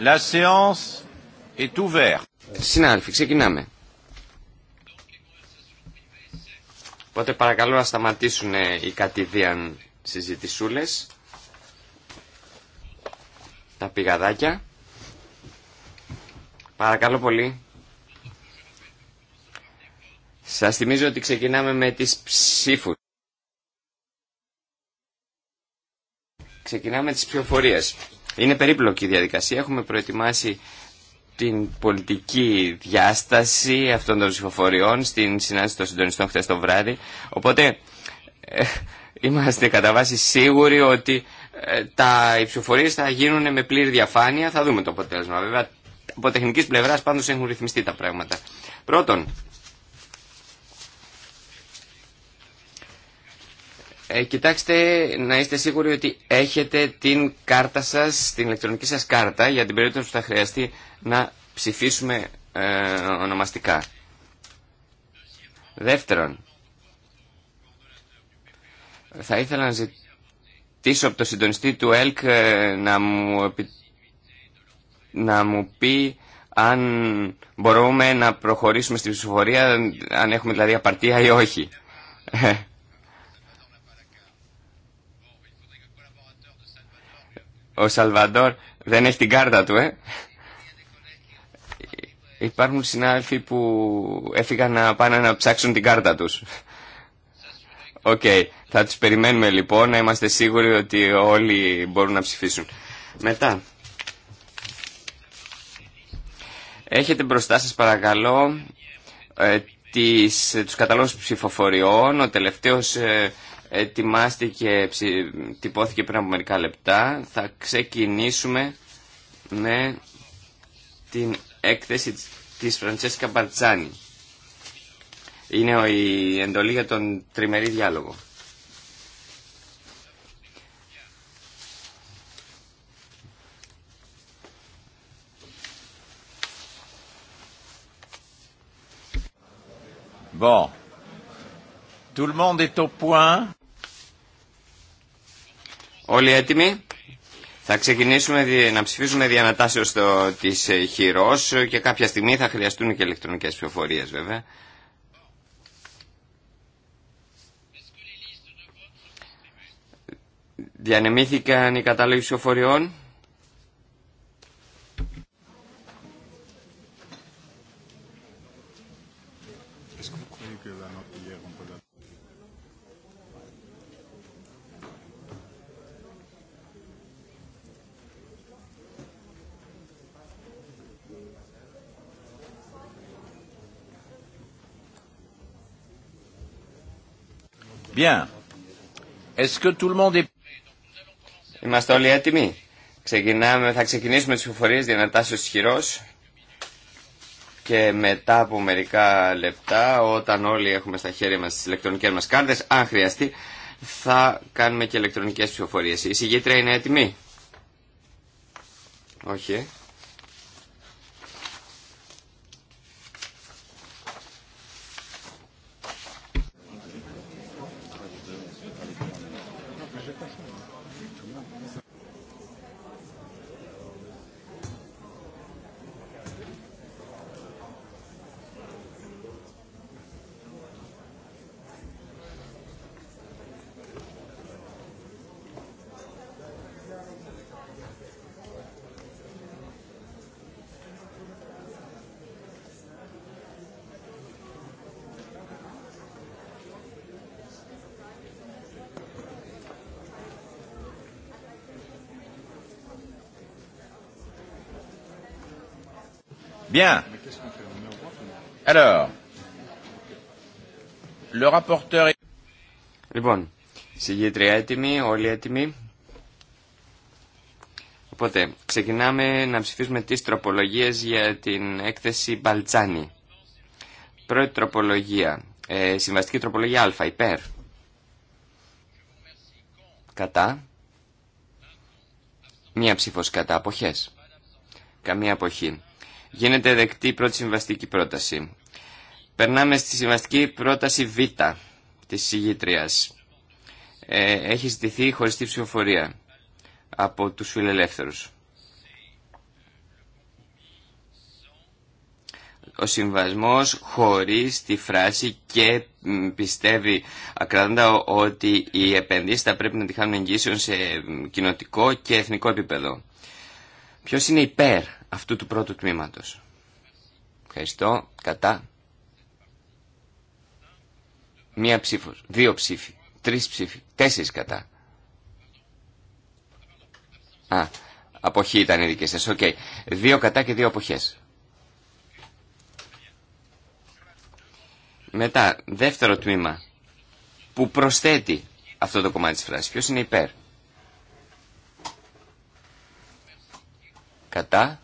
La séance est ouverte. Συνάδελφοι, ξεκινάμε. Οπότε παρακαλώ να σταματήσουν ε, οι κατηδίαν συζητησούλε. τα πηγαδάκια. Παρακαλώ πολύ. Σα θυμίζω ότι ξεκινάμε με τις ψήφους. Ξεκινάμε τις ψηφοφορίες. Είναι περίπλοκη η διαδικασία. Έχουμε προετοιμάσει την πολιτική διάσταση αυτών των ψηφοφοριών στην συνάντηση των συντονιστών χθες το βράδυ. Οπότε ε, είμαστε κατά βάση σίγουροι ότι ε, τα, οι ψηφοφορίε θα γίνουν με πλήρη διαφάνεια. Θα δούμε το αποτέλεσμα. Βέβαια, από τεχνική πλευρά πάντω έχουν ρυθμιστεί τα πράγματα. Πρώτον, Ε, κοιτάξτε να είστε σίγουροι ότι έχετε την κάρτα σας, την ηλεκτρονική σας κάρτα για την περίπτωση που θα χρειαστεί να ψηφίσουμε ε, ονομαστικά. Δεύτερον, θα ήθελα να ζητήσω από το συντονιστή του ΕΛΚ ε, να μου, να μου πει αν μπορούμε να προχωρήσουμε στην ψηφοφορία, αν έχουμε δηλαδή απαρτία ή όχι. Ο Σαλβαντόρ δεν έχει την κάρτα του, ε. Υπάρχουν συνάδελφοι που έφυγαν να πάνε να ψάξουν την κάρτα τους. Οκ, θα τους περιμένουμε λοιπόν να είμαστε σίγουροι ότι όλοι μπορούν να ψηφίσουν. Μετά. Έχετε μπροστά σας παρακαλώ ε, τις, τους καταλόγους ψηφοφοριών. Ο τελευταίος ε, ετοιμάστηκε, τυπώθηκε πριν από μερικά λεπτά. Θα ξεκινήσουμε με την έκθεση της Φραντσέσκα Μπαρτσάνη. Είναι η εντολή για τον τριμερή διάλογο. Tout le monde est au point. Όλοι έτοιμοι. Θα ξεκινήσουμε να ψηφίσουμε διανατάσεις τη της ε, χειρός και κάποια στιγμή θα χρειαστούν και ηλεκτρονικές ψηφοφορίες βέβαια. Διανεμήθηκαν οι κατάλογοι ψηφοφοριών. Είμαστε όλοι έτοιμοι. Ξεκινάμε, θα ξεκινήσουμε τις ψηφοφορίες διανατάσεως χειρός και μετά από μερικά λεπτά όταν όλοι έχουμε στα χέρια μας τις ηλεκτρονικές μας κάρτες, αν χρειαστεί, θα κάνουμε και ηλεκτρονικές ψηφοφορίες. Η συγγήτρια είναι έτοιμη. Όχι. Bien. Alors, le rapporteur... Λοιπόν, συγγήτρια έτοιμη, όλοι έτοιμοι. Οπότε, ξεκινάμε να ψηφίσουμε τις τροπολογίες για την έκθεση Μπαλτσάνη. Πρώτη τροπολογία, ε, συμβαστική τροπολογία α, υπέρ. Κατά. Μία ψήφος κατά αποχές. Καμία αποχή. Γίνεται δεκτή η πρώτη συμβαστική πρόταση. Περνάμε στη συμβαστική πρόταση Β της συγγήτριας. Ε, έχει ζητηθεί χωριστή ψηφοφορία από τους φιλελεύθερους. Ο συμβασμός χωρίς τη φράση και πιστεύει ακράδαντα ότι οι επενδύσεις θα πρέπει να τη χάνουν εγγύσεων σε κοινοτικό και εθνικό επίπεδο. Ποιος είναι υπέρ αυτού του πρώτου τμήματος. Ευχαριστώ. Κατά. Μία ψήφος. Δύο ψήφοι. Τρεις ψήφοι. Τέσσερις κατά. Α, αποχή ήταν οι δική σας. Οκ. Okay. Δύο κατά και δύο αποχές. Μετά, δεύτερο τμήμα που προσθέτει αυτό το κομμάτι της φράσης. Ποιος είναι υπέρ. Κατά.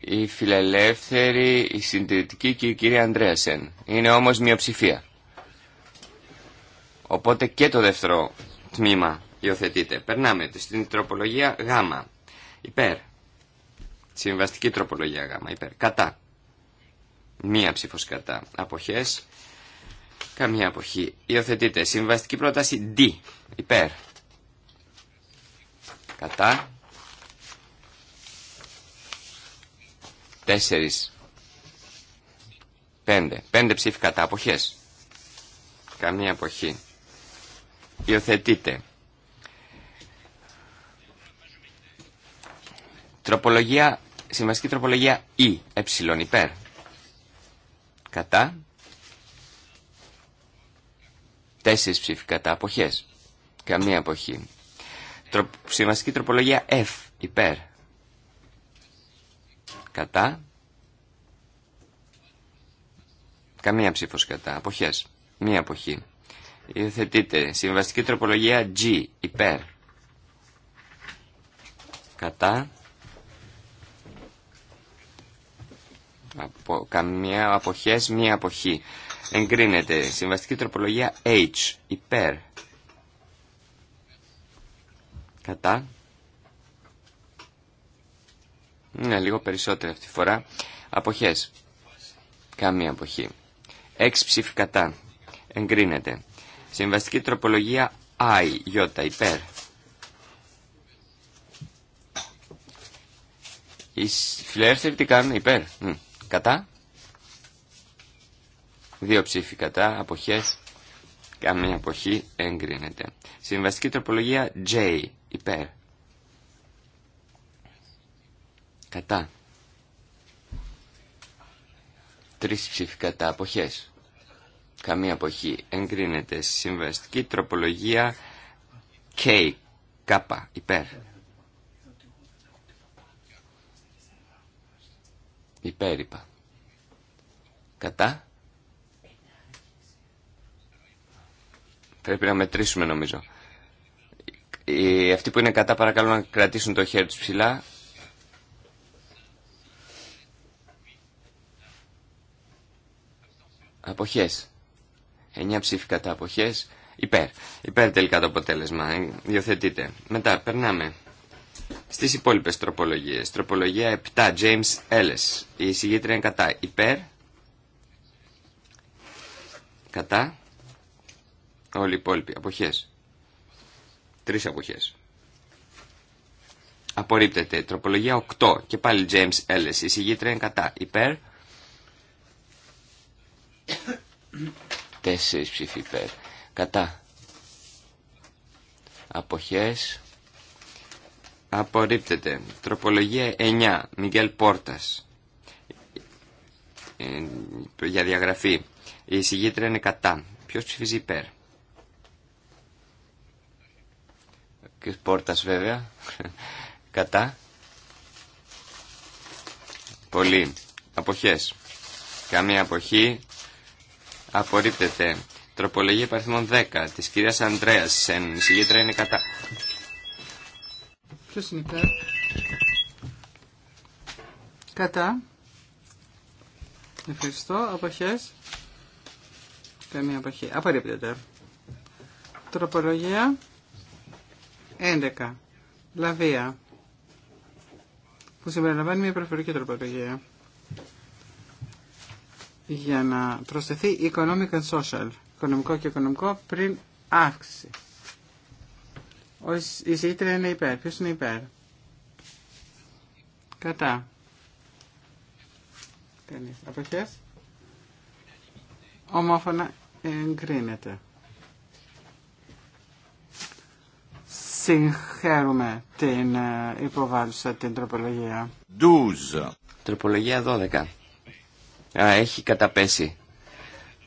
Η φιλελεύθερη, η συντηρητική και η κυρία Ανδρέασεν. Είναι όμως μειοψηφία. Οπότε και το δεύτερο τμήμα υιοθετείται. Περνάμε στην τροπολογία Γ. Υπέρ. Συμβαστική τροπολογία Γ. Υπέρ. Κατά. Μία ψήφος κατά. Αποχές. Καμία αποχή. Υιοθετείται. Συμβαστική πρόταση D. Υπέρ. Κατά. Τέσσερις. Πέντε. Πέντε ψήφοι κατά. Αποχές. Καμία αποχή. Υιοθετείτε. Τροπολογία, συμβασική τροπολογία Ι, ε, υπέρ. Κατά. Τέσσερις ψήφοι κατά. Αποχές. Καμία αποχή. Συμβαστική τροπολογία F. Υπέρ. Κατά. Καμία ψήφος κατά. Αποχές. Μία αποχή. Υιοθετείτε. Συμβαστική τροπολογία G. Υπέρ. Κατά. καμία αποχές, μία αποχή. Εγκρίνεται. Συμβαστική τροπολογία H. Υπέρ. Κατά. Ναι, λίγο περισσότερο αυτή τη φορά. Αποχές. Καμία αποχή. Έξι ψήφι κατά. Εγκρίνεται. Συμβαστική τροπολογία I, J, υπέρ. Οι τι κάνουν, υπέρ. Κατά. Δύο ψήφοι κατά, αποχές. Καμία αποχή εγκρίνεται. Συμβαστική τροπολογία J, υπέρ κατά τρεις ψήφοι κατά αποχές καμία αποχή εγκρίνεται συμβαστική τροπολογία K κάπα υπέρ υπέρ είπα κατά πρέπει να μετρήσουμε νομίζω οι, αυτοί που είναι κατά παρακαλώ να κρατήσουν το χέρι τους ψηλά. Αποχές. 9 ψήφοι κατά αποχές. Υπέρ. Υπέρ τελικά το αποτέλεσμα. Διοθετείτε. Μετά περνάμε στις υπόλοιπες τροπολογίες. Τροπολογία 7. James Ellis. Η εισηγήτρια είναι κατά. Υπέρ. Κατά. Όλοι οι υπόλοιποι. Αποχές. Τρεις αποχές. Απορρίπτεται. Τροπολογία 8. Και πάλι James Ellis. Η συγκίτρια είναι κατά. Υπέρ. Τέσσερις ψηφί υπέρ. Κατά. Αποχές. Απορρίπτεται. Τροπολογία 9. Μιγγέλ Πόρτας. Ε, για διαγραφή. Η συγκίτρια είναι κατά. Ποιος ψηφίζει υπέρ. και πόρτας βέβαια, κατά, πολύ, αποχές, καμία αποχή, απορρίπτεται. Τροπολογία παριθμών 10 της κυρίας Ανδρέας, η συγγήτρα είναι κατά. Ποιος είναι υπέρ. Κατά. Ευχαριστώ. Αποχές. Καμία αποχή. Απορρίπτεται. Τροπολογία 11. Λαβία. Που συμπεριλαμβάνει μια προφορική τροπολογία. Για να προσθεθεί economic and social. Οικονομικό και οικονομικό πριν αύξηση. Ο συγγήτρια είναι υπέρ. Ποιος είναι υπέρ. Κατά. Κανείς. Αποχές. Ομόφωνα εγκρίνεται. συγχαίρουμε την ε, υποβάλλουσα την τροπολογία. 12. Τροπολογία 12. Α, έχει καταπέσει.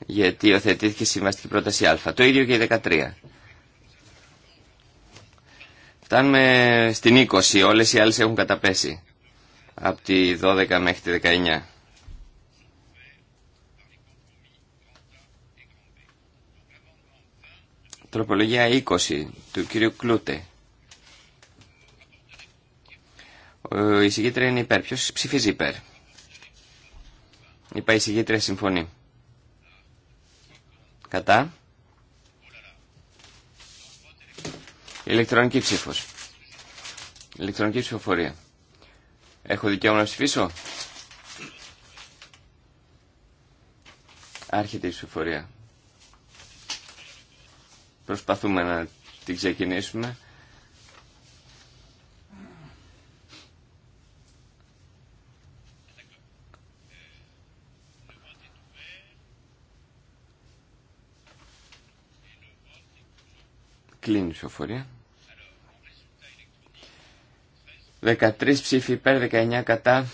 Γιατί οθετήθηκε συμβαστική πρόταση Α. Το ίδιο και η 13. Φτάνουμε στην 20. Όλες οι άλλες έχουν καταπέσει. Από τη 12 μέχρι τη 19. Τροπολογία 20 του κυρίου Κλούτε. Η εισηγήτρια είναι υπέρ. Ποιος ψηφίζει υπέρ. Είπα η συγκεκριμένη συμφωνεί. Κατά. Ηλεκτρονική ψήφος. Ηλεκτρονική ψηφοφορία. Έχω δικαίωμα να ψηφίσω. Άρχεται η ψηφοφορία. Προσπαθούμε να την ξεκινήσουμε. Κλείνει η ψηφοφορία. 13 ψήφοι υπέρ, 19 κατά.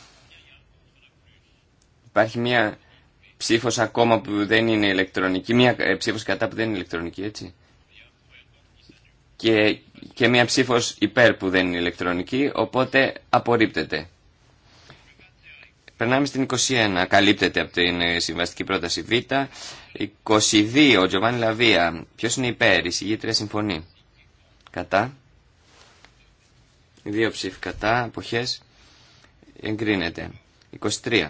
Υπάρχει μία ψήφος ακόμα που δεν είναι ηλεκτρονική, μία ψήφος κατά που δεν είναι ηλεκτρονική, έτσι και, και μία ψήφος υπέρ που δεν είναι ηλεκτρονική, οπότε απορρίπτεται. Περνάμε στην 21, καλύπτεται από την ε, συμβαστική πρόταση Β. 22, ο Τζοβάνι Λαβία, ποιος είναι υπέρ, η συγγήτρια συμφωνεί. Κατά. Δύο ψήφοι κατά, αποχές, εγκρίνεται. 23.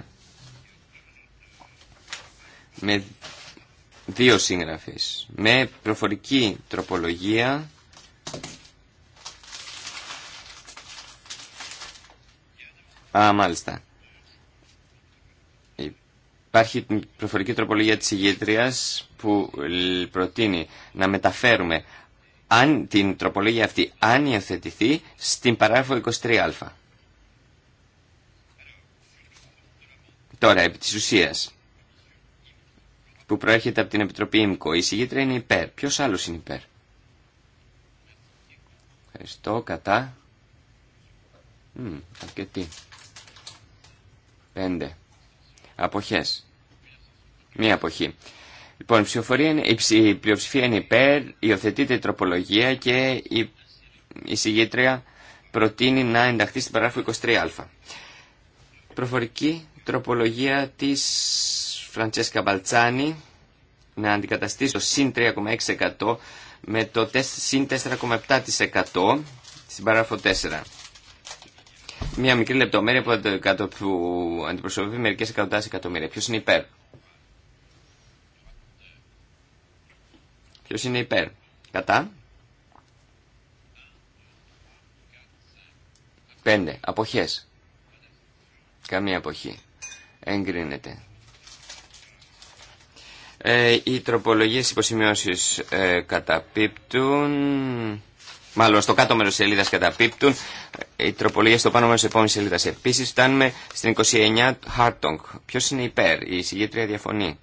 Με δύο συγγραφείς. Με προφορική τροπολογία Α, μάλιστα. Υπάρχει την προφορική τροπολογία της ηγετρίας που προτείνει να μεταφέρουμε αν, την τροπολογία αυτή αν υιοθετηθεί στην παράγραφο 23α. Τώρα, επί της ουσίας, που προέρχεται από την Επιτροπή ΙΜΚΟ, η ηγέτρια είναι υπέρ. Ποιος άλλος είναι υπέρ. Ευχαριστώ, κατά. Μ, αρκετή. Πέντε. Αποχές. Μία αποχή. Λοιπόν, η, η πλειοψηφία είναι υπέρ, υιοθετείται η τροπολογία και η, η συγγήτρια προτείνει να ενταχθεί στην παράγραφο 23α. Προφορική τροπολογία της Φραντσέσκα Μπαλτσάνη να αντικαταστήσει το συν 3,6% με το συν 4,7% στην παράγραφο 4 μια μικρή λεπτομέρεια που αντιπροσωπεύει μερικές εκατοντάς εκατομμύρια. Ποιος είναι υπέρ. Ποιος είναι υπέρ. Κατά. Πέντε. Αποχές. Καμία αποχή. Εγκρίνεται. Ε, οι τροπολογίες υποσημειώσεις ε, καταπίπτουν μάλλον στο κάτω μέρο της σελίδα καταπίπτουν, οι τροπολογία στο πάνω μέρος τη επόμενης σελίδα. Επίσης φτάνουμε στην 29 Χάρτονγκ. Ποιο είναι υπέρ, η συγγήτρια διαφωνεί.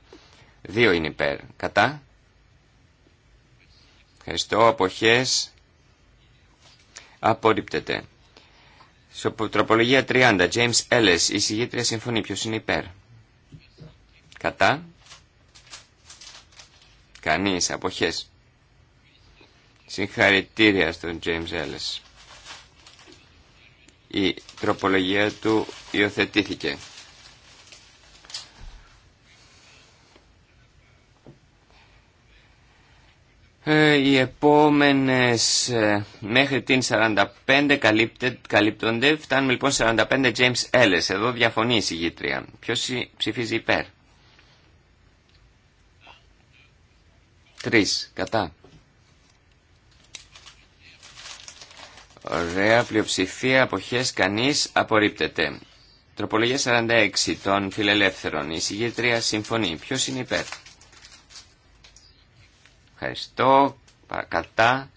Δύο είναι υπέρ. Κατά. Ευχαριστώ. αποχέ. Απορρίπτεται. Στο τροπολογία 30, James Ellis, η συγγήτρια συμφωνεί. ποιο είναι υπέρ. Κατά. Κανεί απόχέ. Συγχαρητήρια στον James Ellis. Η τροπολογία του υιοθετήθηκε. Ε, οι επόμενες ε, μέχρι την 45 καλύπτονται. Φτάνουμε λοιπόν 45 James Ellis. Εδώ διαφωνεί η συγγήτρια. Ποιος ψηφίζει υπέρ. Τρεις. Κατά. Ωραία, πλειοψηφία, αποχές, κανείς, απορρίπτεται. Τροπολογία 46 των φιλελεύθερων. Η συγγήτρια συμφωνεί. Ποιος είναι υπέρ. Ευχαριστώ. Κατά.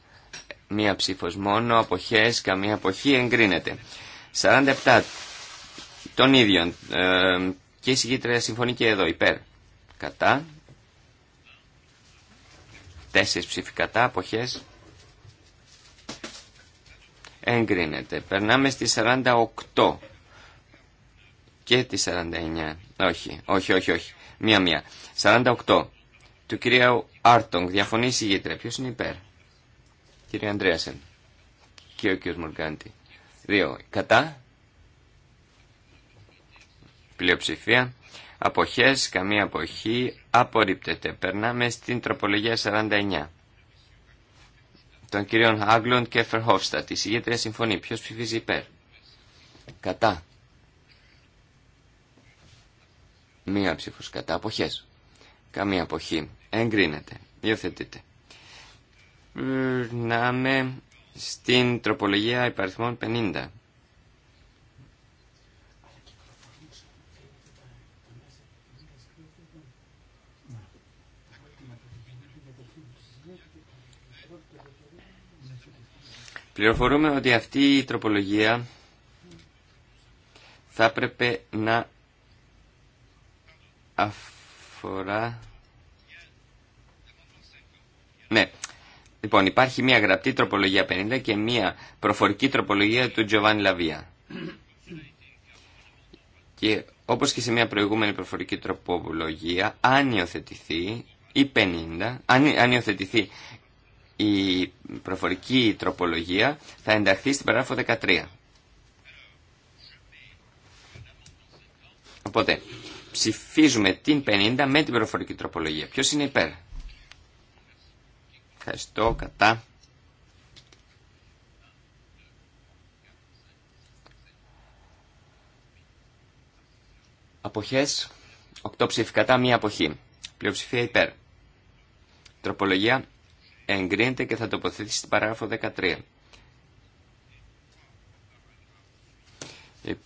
Μία ψήφος μόνο. Αποχές. Καμία αποχή. Εγκρίνεται. 47 των ίδιων. Ε, και η συγγήτρια συμφωνεί και εδώ. Υπέρ. Κατά. Τέσσερις ψήφοι κατά. Αποχές εγκρίνεται. Περνάμε στη 48 και τη 49. Όχι, όχι, όχι, όχι. Μία-μία. 48 του κυρίου Άρτονγκ. Διαφωνεί η συγγήτρια. Ποιο είναι υπέρ. Κύριε Αντρέασεν. Και ο κύριο Μοργκάντη. Δύο. Κατά. Πλειοψηφία. Αποχές. Καμία αποχή. Απορρίπτεται. Περνάμε στην τροπολογία 49 των κυρίων Άγγλων και Φερχόφστατ. Η συγγέντρια συμφωνεί. Ποιο ψηφίζει υπέρ. Κατά. Μία ψήφο. κατά. αποχέ. Καμία αποχή. Εγκρίνεται. Υιοθετείται. Περνάμε στην τροπολογία υπαριθμών 50. Πληροφορούμε ότι αυτή η τροπολογία θα έπρεπε να αφορά... Ναι, λοιπόν υπάρχει μια γραπτή τροπολογία 50 και μια προφορική τροπολογία του Τζοβάν Λαβία. Και όπως και σε μια προηγούμενη προφορική τροπολογία, αν υιοθετηθεί ή 50, άνιοθετηθεί. αν υιοθετηθεί η προφορική τροπολογία θα ενταχθεί στην παράγραφο 13. Οπότε, ψηφίζουμε την 50 με την προφορική τροπολογία. Ποιος είναι υπέρ. Ευχαριστώ, κατά. Αποχές, 8 ψήφι κατά, μία αποχή. Πλειοψηφία υπέρ. Τροπολογία εγκρίνεται και θα τοποθετήσει στην παράγραφο 13. Οι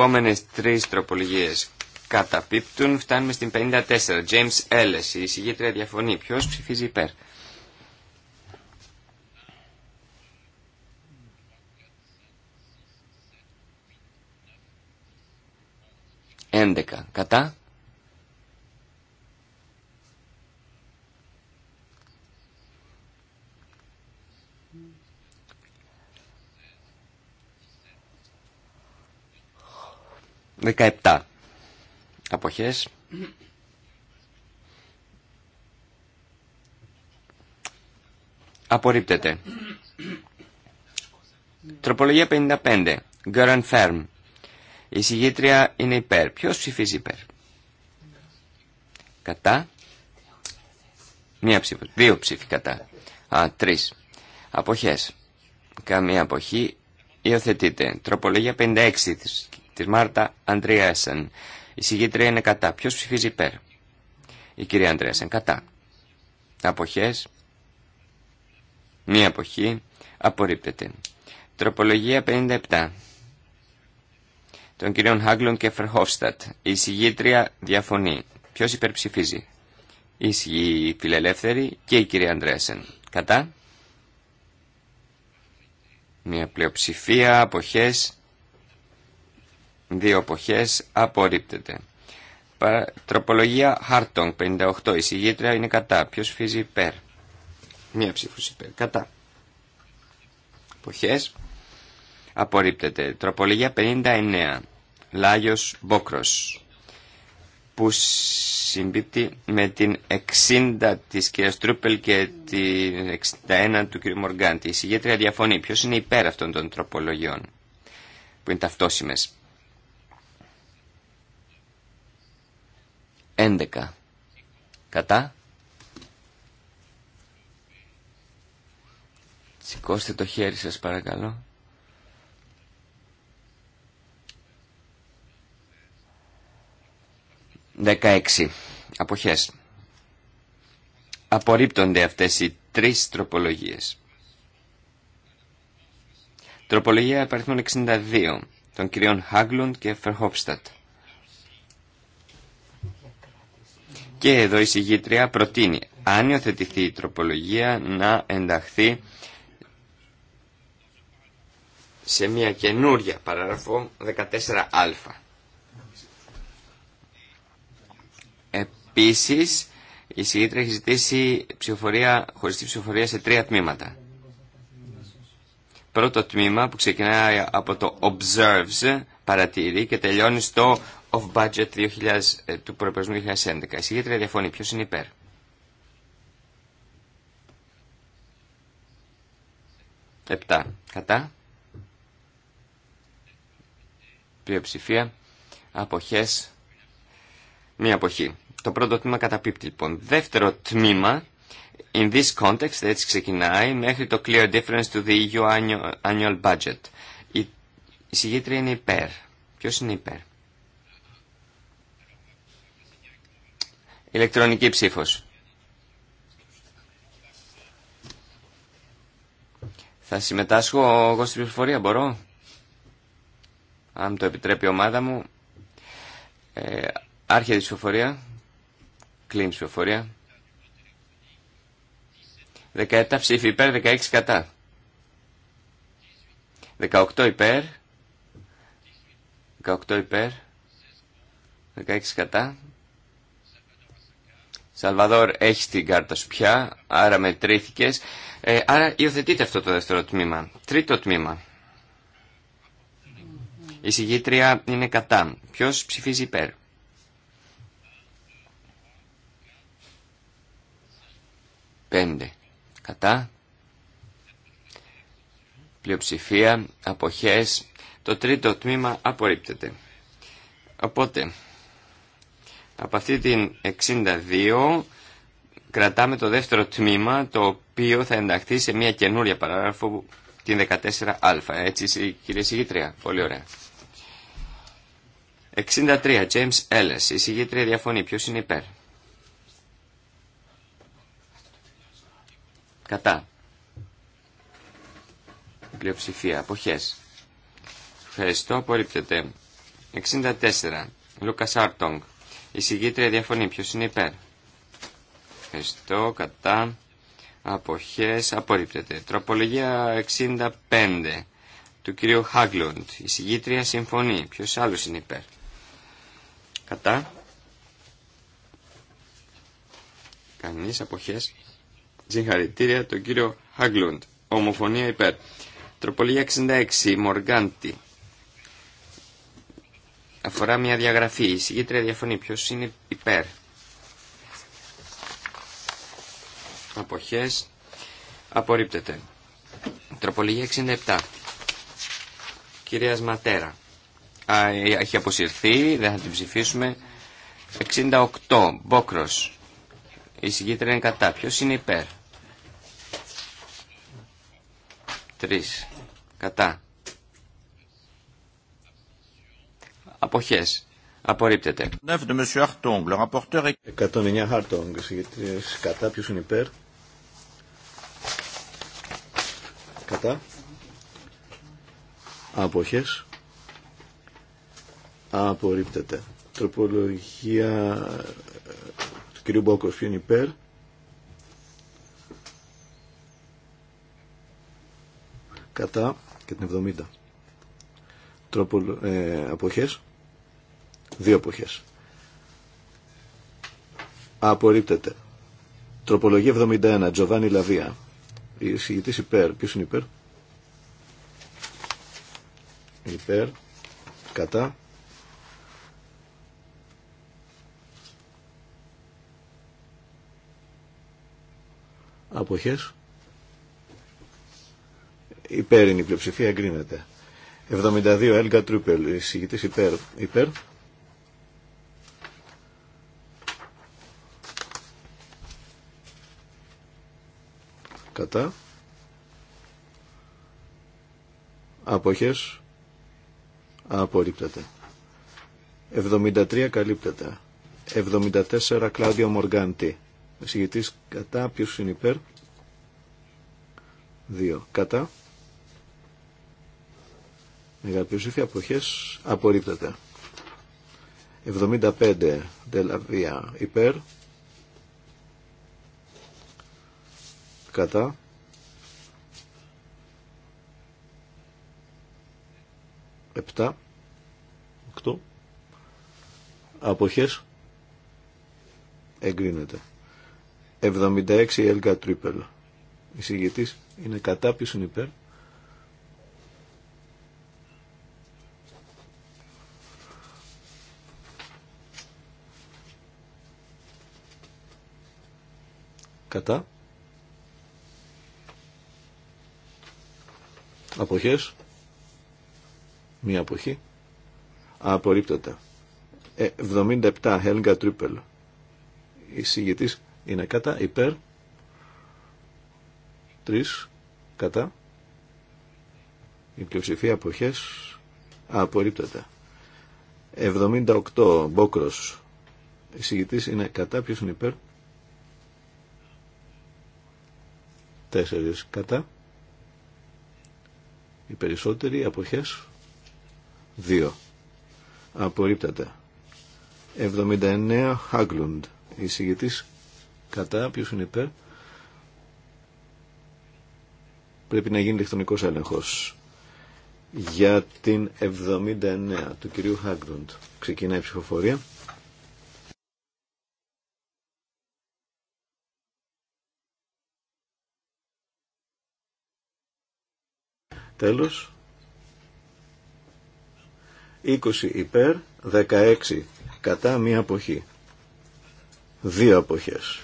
επόμενες τρεις τροπολογίες καταπίπτουν. Φτάνουμε στην 54. James Ellis, η εισηγήτρια διαφωνεί. Ποιος ψηφίζει υπέρ. Έντεκα. Κατά. 17. Αποχές. Απορρίπτεται. Τροπολογία 55. Γκέραν Φέρμ. Η συγγήτρια είναι υπέρ. Ποιος ψηφίζει υπέρ. Κατά. Μία ψήφο. Δύο ψήφοι κατά. Α, τρεις. Αποχές. Καμία αποχή. Υιοθετείται. Τροπολογία 56 της Μάρτα Αντρέασεν. Η συγγήτρια είναι κατά. Ποιος ψηφίζει υπέρ. Η κυρία Αντρέασεν, κατά. Αποχές. Μία αποχή. Απορρίπτεται. Τροπολογία 57 των κυρίων Χάγκλον και Φερχόφστατ. Η συγγήτρια διαφωνεί. Ποιος υπερψηφίζει. Η φιλελεύθερη και η κυρία Αντρέσεν. Κατά. Μια πλειοψηφία, αποχές, Δύο εποχές απορρίπτεται. Τροπολογία Χάρτονγκ 58. Η συγγήτρια είναι κατά. Ποιος φύζει υπέρ. Μία ψήφος υπέρ. Κατά. Εποχές. Απορρίπτεται. Τροπολογία 59. Λάγιος Μπόκρος. Που συμπίπτει με την 60 της κ. Τρούπελ και την 61 του κυρίου Μοργκάντη. Η συγγήτρια διαφωνεί. Ποιος είναι υπέρ αυτών των τροπολογιών. Που είναι ταυτόσιμες. 11. Κατά. Σηκώστε το χέρι σας παρακαλώ. 16. Αποχές. Απορρίπτονται αυτές οι τρεις τροπολογίες. Τροπολογία 62 των κυρίων Χάγκλουντ και Φερχόπστατ. Και εδώ η συγγήτρια προτείνει, αν υιοθετηθεί η τροπολογία, να ενταχθεί σε μια καινούρια παράγραφο 14α. Επίσης, η συγγήτρια έχει ζητήσει ψηφοφορία, χωριστή ψηφοφορία σε τρία τμήματα. Πρώτο τμήμα που ξεκινάει από το observes, παρατηρεί και τελειώνει στο of budget 2000, ε, του προεπισμού 2011. Η γιατί διαφωνεί. Ποιος είναι υπέρ. Επτά. Κατά. Πλειοψηφία. Αποχές. Μία αποχή. Το πρώτο τμήμα καταπίπτει λοιπόν. Δεύτερο τμήμα. In this context, έτσι ξεκινάει, μέχρι το clear difference to the EU annual budget. Η συγγήτρια είναι υπέρ. Ποιος είναι υπέρ. Ηλεκτρονική ψήφος. Θα συμμετάσχω εγώ στην πληροφορία, μπορώ. Αν το επιτρέπει η ομάδα μου. Ε, άρχεια ψηφοφορία. Κλείνει η ψηφοφορία. 17 ψήφοι υπέρ, 16 κατά. 18 υπέρ. 18 υπέρ. 16 κατά. Σαλβαδόρ, έχει την κάρτα σου πια, άρα μετρήθηκε. Ε, άρα υιοθετείτε αυτό το δεύτερο τμήμα. Τρίτο τμήμα. Η συγγήτρια είναι κατά. Ποιο ψηφίζει υπέρ. Πέντε. Κατά. Πλειοψηφία. Αποχές. Το τρίτο τμήμα απορρίπτεται. Οπότε, από αυτή την 62 κρατάμε το δεύτερο τμήμα το οποίο θα ενταχθεί σε μια καινούρια παράγραφο την 14α. Έτσι κύριε Συγήτρια, πολύ ωραία. 63. James Ellis. Η συγγήτρια διαφωνεί. Ποιος είναι υπέρ. Κατά. Πλειοψηφία. Αποχές. Ευχαριστώ. Απορρίπτεται. 64. Λούκα Άρτογκ. Η συγκίτρια διαφωνεί. Ποιος είναι υπέρ. Ευχαριστώ. Κατά. Αποχέ Απορρίπτεται. Τροπολογία 65 του κυρίου Χάγκλοντ. Η συμφωνή. συμφωνεί. Ποιος άλλος είναι υπέρ. Κατά. Κανεί αποχές. Συγχαρητήρια τον κύριο Χάγκλοντ. Ομοφωνία υπέρ. Τροπολογία 66. Μοργάντη αφορά μια διαγραφή. Η συγκήτρια διαφωνεί Ποιο είναι υπέρ. Αποχέ. Απορρίπτεται. Τροπολογία 67. Κύρια Ματέρα. Α, ε, έχει αποσυρθεί, δεν θα την ψηφίσουμε. 68. Μπόκρο. Η συγκήτρια είναι κατά. Ποιο είναι υπέρ. 3. Κατά. εποχέ. απορρίπτεται. 109 Χαρτόγκ, κατά ποιο είναι υπέρ. Κατά. Αποχέ. Απορρίπτεται. Τροπολογία ε, του κυρίου Μπόκο, ποιο είναι υπέρ. Κατά και την 70. Τρόπο, ε, αποχές Δύο εποχές. Απορρίπτεται. Τροπολογία 71. Τζοβάνι Λαβία. Η συγητής υπέρ. Ποιος είναι υπέρ. Υπέρ. Κατά. Αποχές. Υπέρ είναι η πλειοψηφία. Εγκρίνεται. 72. Έλγα Τρούπελ. Η συγητής υπέρ. Υπέρ. Αποχέ. αποχές απορρίπτεται 73 καλύπτεται 74 Κλάδιο Μοργάντη εισηγητής κατά ποιος είναι υπέρ 2 κατά μεγαπλειοψήφια αποχές απορρίπτεται 75 Δελαβία υπέρ κατά 7, 8, αποχές, εγκρίνεται. 76 Triple Τρίπελ. Εισηγητής είναι κατά πίσουν υπέρ. Κατά. Αποχές μία αποχή, απορρίπτωτα. 77, ε, Helga Trippel. Η συγγετής είναι κατά, υπέρ, 3, κατά. Η πλειοψηφία αποχές Απορρίπτωτα. 78, Μπόκρος. Η συγγετής είναι κατά, ποιος είναι υπέρ. 4, κατά. Οι περισσότεροι αποχές 2. Απορρίπταται. 79 Χάγκλουντ. Εισηγητή κατά. ποιο είναι υπέρ. Πρέπει να γίνει ηλεκτρονικός έλεγχο Για την 79 του κυρίου Χάγκλουντ. Ξεκινάει η ψηφοφορία. Τέλος. 20 υπέρ, 16 κατά μία αποχή. Δύο αποχές.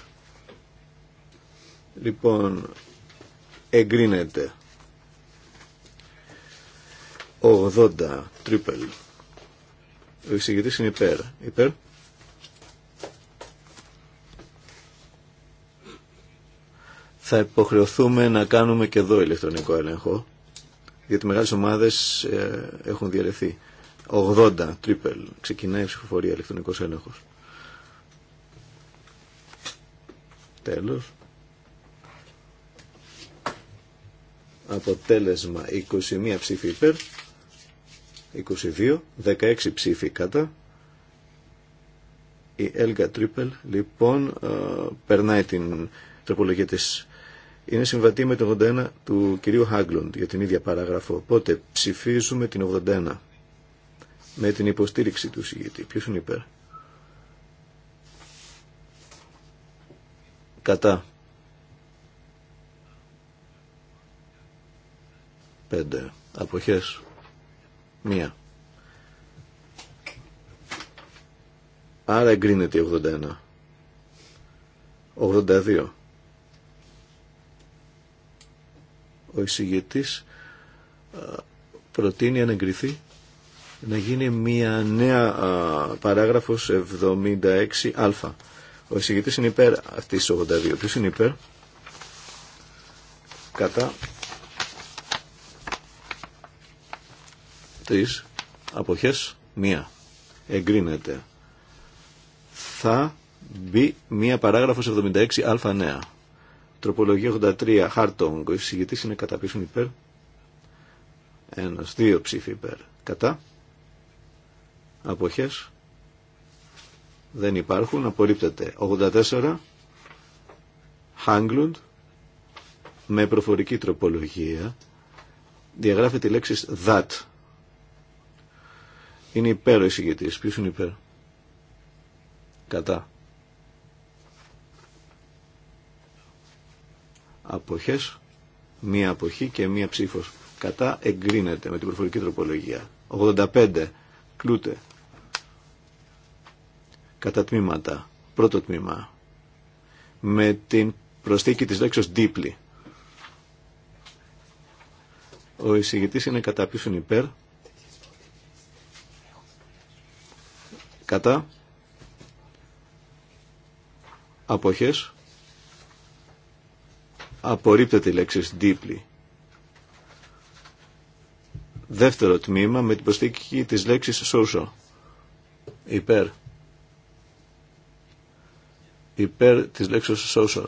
Λοιπόν, εγκρίνεται 80 τρίπελ. Ο εισηγητής είναι υπέρ. Υπέρ. Θα υποχρεωθούμε να κάνουμε και εδώ ηλεκτρονικό έλεγχο, γιατί μεγάλες ομάδες ε, έχουν διαρρεθεί. 80 τρίπελ. Ξεκινάει η ψηφοφορία ηλεκτρονικό έλεγχο. Τέλο. Αποτέλεσμα 21 ψήφι υπέρ, 22, 16 ψήφοι κατά. Η Έλγα Τρίπελ λοιπόν ε, περνάει την τροπολογία τη. Είναι συμβατή με το 81 του κυρίου Χάγκλοντ για την ίδια παράγραφο. Οπότε ψηφίζουμε την 81 με την υποστήριξη του εισηγητή. Ποιος είναι υπέρ. Κατά. Πέντε. Αποχές. Μία. Άρα εγκρίνεται η 81. 82. Ο εισηγητής προτείνει να εγκριθεί να γίνει μια νέα παράγραφος 76α. Ο εισηγητής είναι υπέρ αυτής της 82. Ποιος είναι υπέρ? Κατά. Τρεις. Αποχές. Μία. Εγκρίνεται. Θα μπει μία παράγραφος 76α νέα. Τροπολογία 83. Χάρτογκ. Ο εισηγητής είναι κατά. Ποιος είναι υπέρ? Ένας. Δύο ψήφοι υπέρ. Κατά αποχές δεν υπάρχουν, απορρίπτεται 84 Χάγκλουντ με προφορική τροπολογία διαγράφεται η λέξη that είναι υπέρ οι εισηγητής ποιος είναι υπέρ κατά αποχές μία αποχή και μία ψήφος κατά εγκρίνεται με την προφορική τροπολογία 85 κλούτε κατά τμήματα. Πρώτο τμήμα. Με την προσθήκη της λέξης Δίπλη. Ο εισηγητής είναι κατά πίσω υπέρ. Κατά. Αποχές. Απορρίπτεται η λέξη deeply. Δεύτερο τμήμα με την προσθήκη της λέξης social. Υπέρ υπέρ της λέξης social.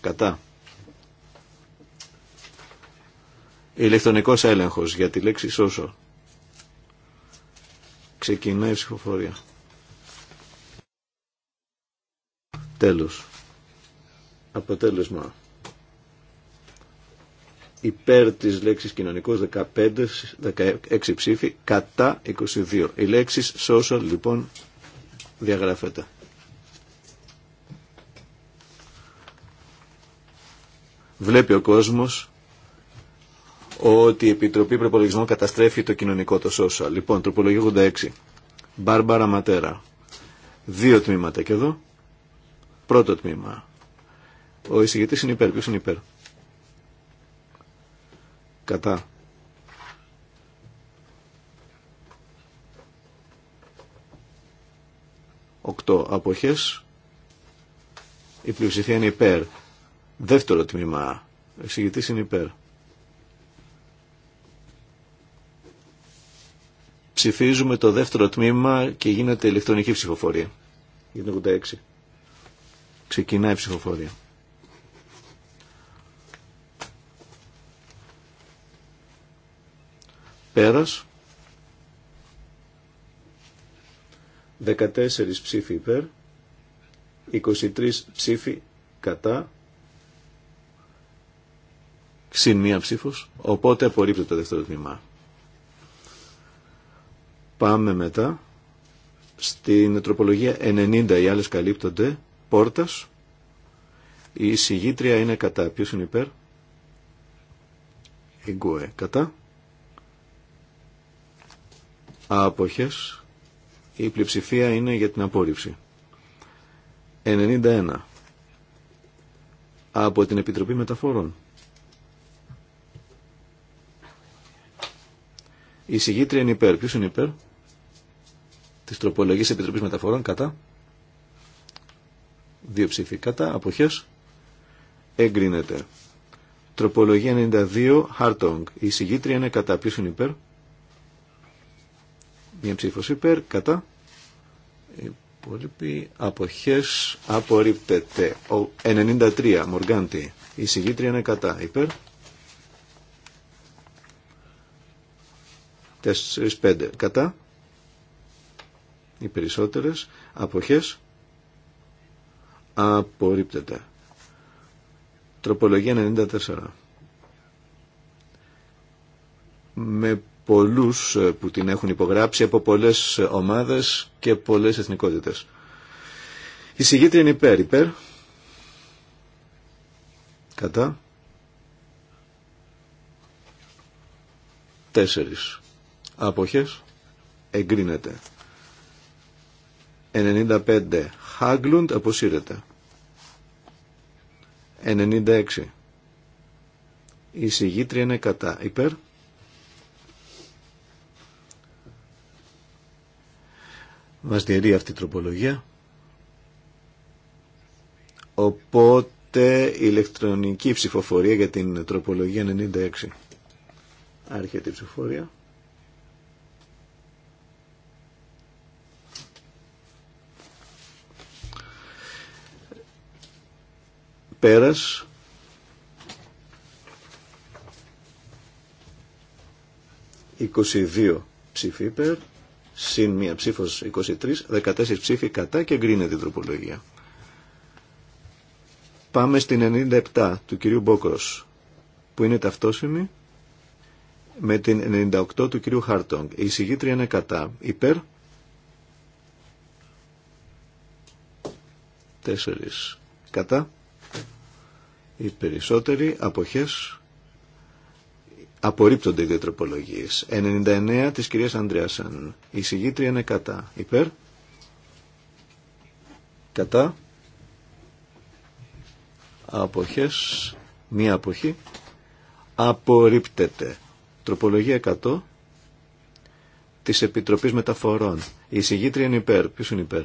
Κατά. Ηλεκτρονικός έλεγχος για τη λέξη social. Ξεκινάει η ψηφοφορία. Τέλος. Αποτέλεσμα. Υπέρ της λέξης κοινωνικός 15, 16 ψήφοι, κατά 22. Η λέξη social λοιπόν διαγράφεται. βλέπει ο κόσμος ότι η Επιτροπή Προπολογισμών καταστρέφει το κοινωνικό το σώσα. Λοιπόν, τροπολογία 86. Μπάρμπαρα Ματέρα. Δύο τμήματα και εδώ. Πρώτο τμήμα. Ο εισηγητής είναι υπέρ. Ποιος είναι υπέρ. Κατά. Οκτώ αποχές. Η πλειοψηφία είναι υπέρ. Δεύτερο τμήμα. Εξηγητή είναι υπέρ. Ψηφίζουμε το δεύτερο τμήμα και γίνεται ηλεκτρονική ψηφοφορία. Γίνεται 86. Ξεκινάει η ψηφοφορία. Πέρας. 14 ψήφοι υπέρ. 23 ψήφοι κατά συν μία ψήφο. οπότε απορρίπτεται το δεύτερο τμήμα. Πάμε μετά στην τροπολογία 90, οι άλλε καλύπτονται, πόρτας, η συγγήτρια είναι κατά. Ποιος είναι υπέρ? Η Γκουέ. Κατά. Άποχες. Η πλειοψηφία είναι για την απόρριψη. 91. Από την Επιτροπή Μεταφορών. Η συγγήτρια είναι υπέρ. Ποιος είναι υπέρ της τροπολογίας Επιτροπής Μεταφορών κατά. Δύο ψήφοι κατά. απόχέ. Εγκρίνεται. Τροπολογία 92 Χαρτόγκ. Η συγγήτρια είναι κατά. Ποιο είναι υπέρ. Μία ψήφο υπέρ. Κατά. Οι υπόλοιποι αποχές απορρίπτεται. 93 Μοργάντι. Η συγγήτρια είναι κατά. Υπέρ. 4-5 κατά οι περισσότερες αποχές απορρίπτεται τροπολογία 94 με πολλούς που την έχουν υπογράψει από πολλές ομάδες και πολλές εθνικότητες η συγγήτρια είναι υπέρ υπέρ κατά τέσσερις αποχές εγκρίνεται 95 Χάγκλουντ αποσύρεται 96 η συγγήτρια είναι κατά υπέρ μας διαιρεί αυτή η τροπολογία οπότε η ηλεκτρονική ψηφοφορία για την τροπολογία 96 άρχεται η ψηφοφορία Πέρας. «22 ψήφοι υπέρ, συν μία ψήφος 23, 14 ψήφοι κατά και εγκρίνεται η τροπολογία». Πάμε στην 97 του κυρίου Μπόκρος, που είναι ταυτόσημη, με την 98 του κυρίου Χάρτονγκ. Η εισηγήτρια είναι κατά. Υπέρ. 4. Κατά. Οι περισσότεροι αποχές απορρίπτονται οι δύο 99 της κυρίας Ανδρέασαν. Η συγγήτρια είναι κατά. Υπέρ. Κατά. Αποχές. Μία αποχή. Απορρίπτεται. Τροπολογία 100 της Επιτροπής Μεταφορών. Η συγγήτρια είναι υπέρ. Ποιος είναι υπέρ.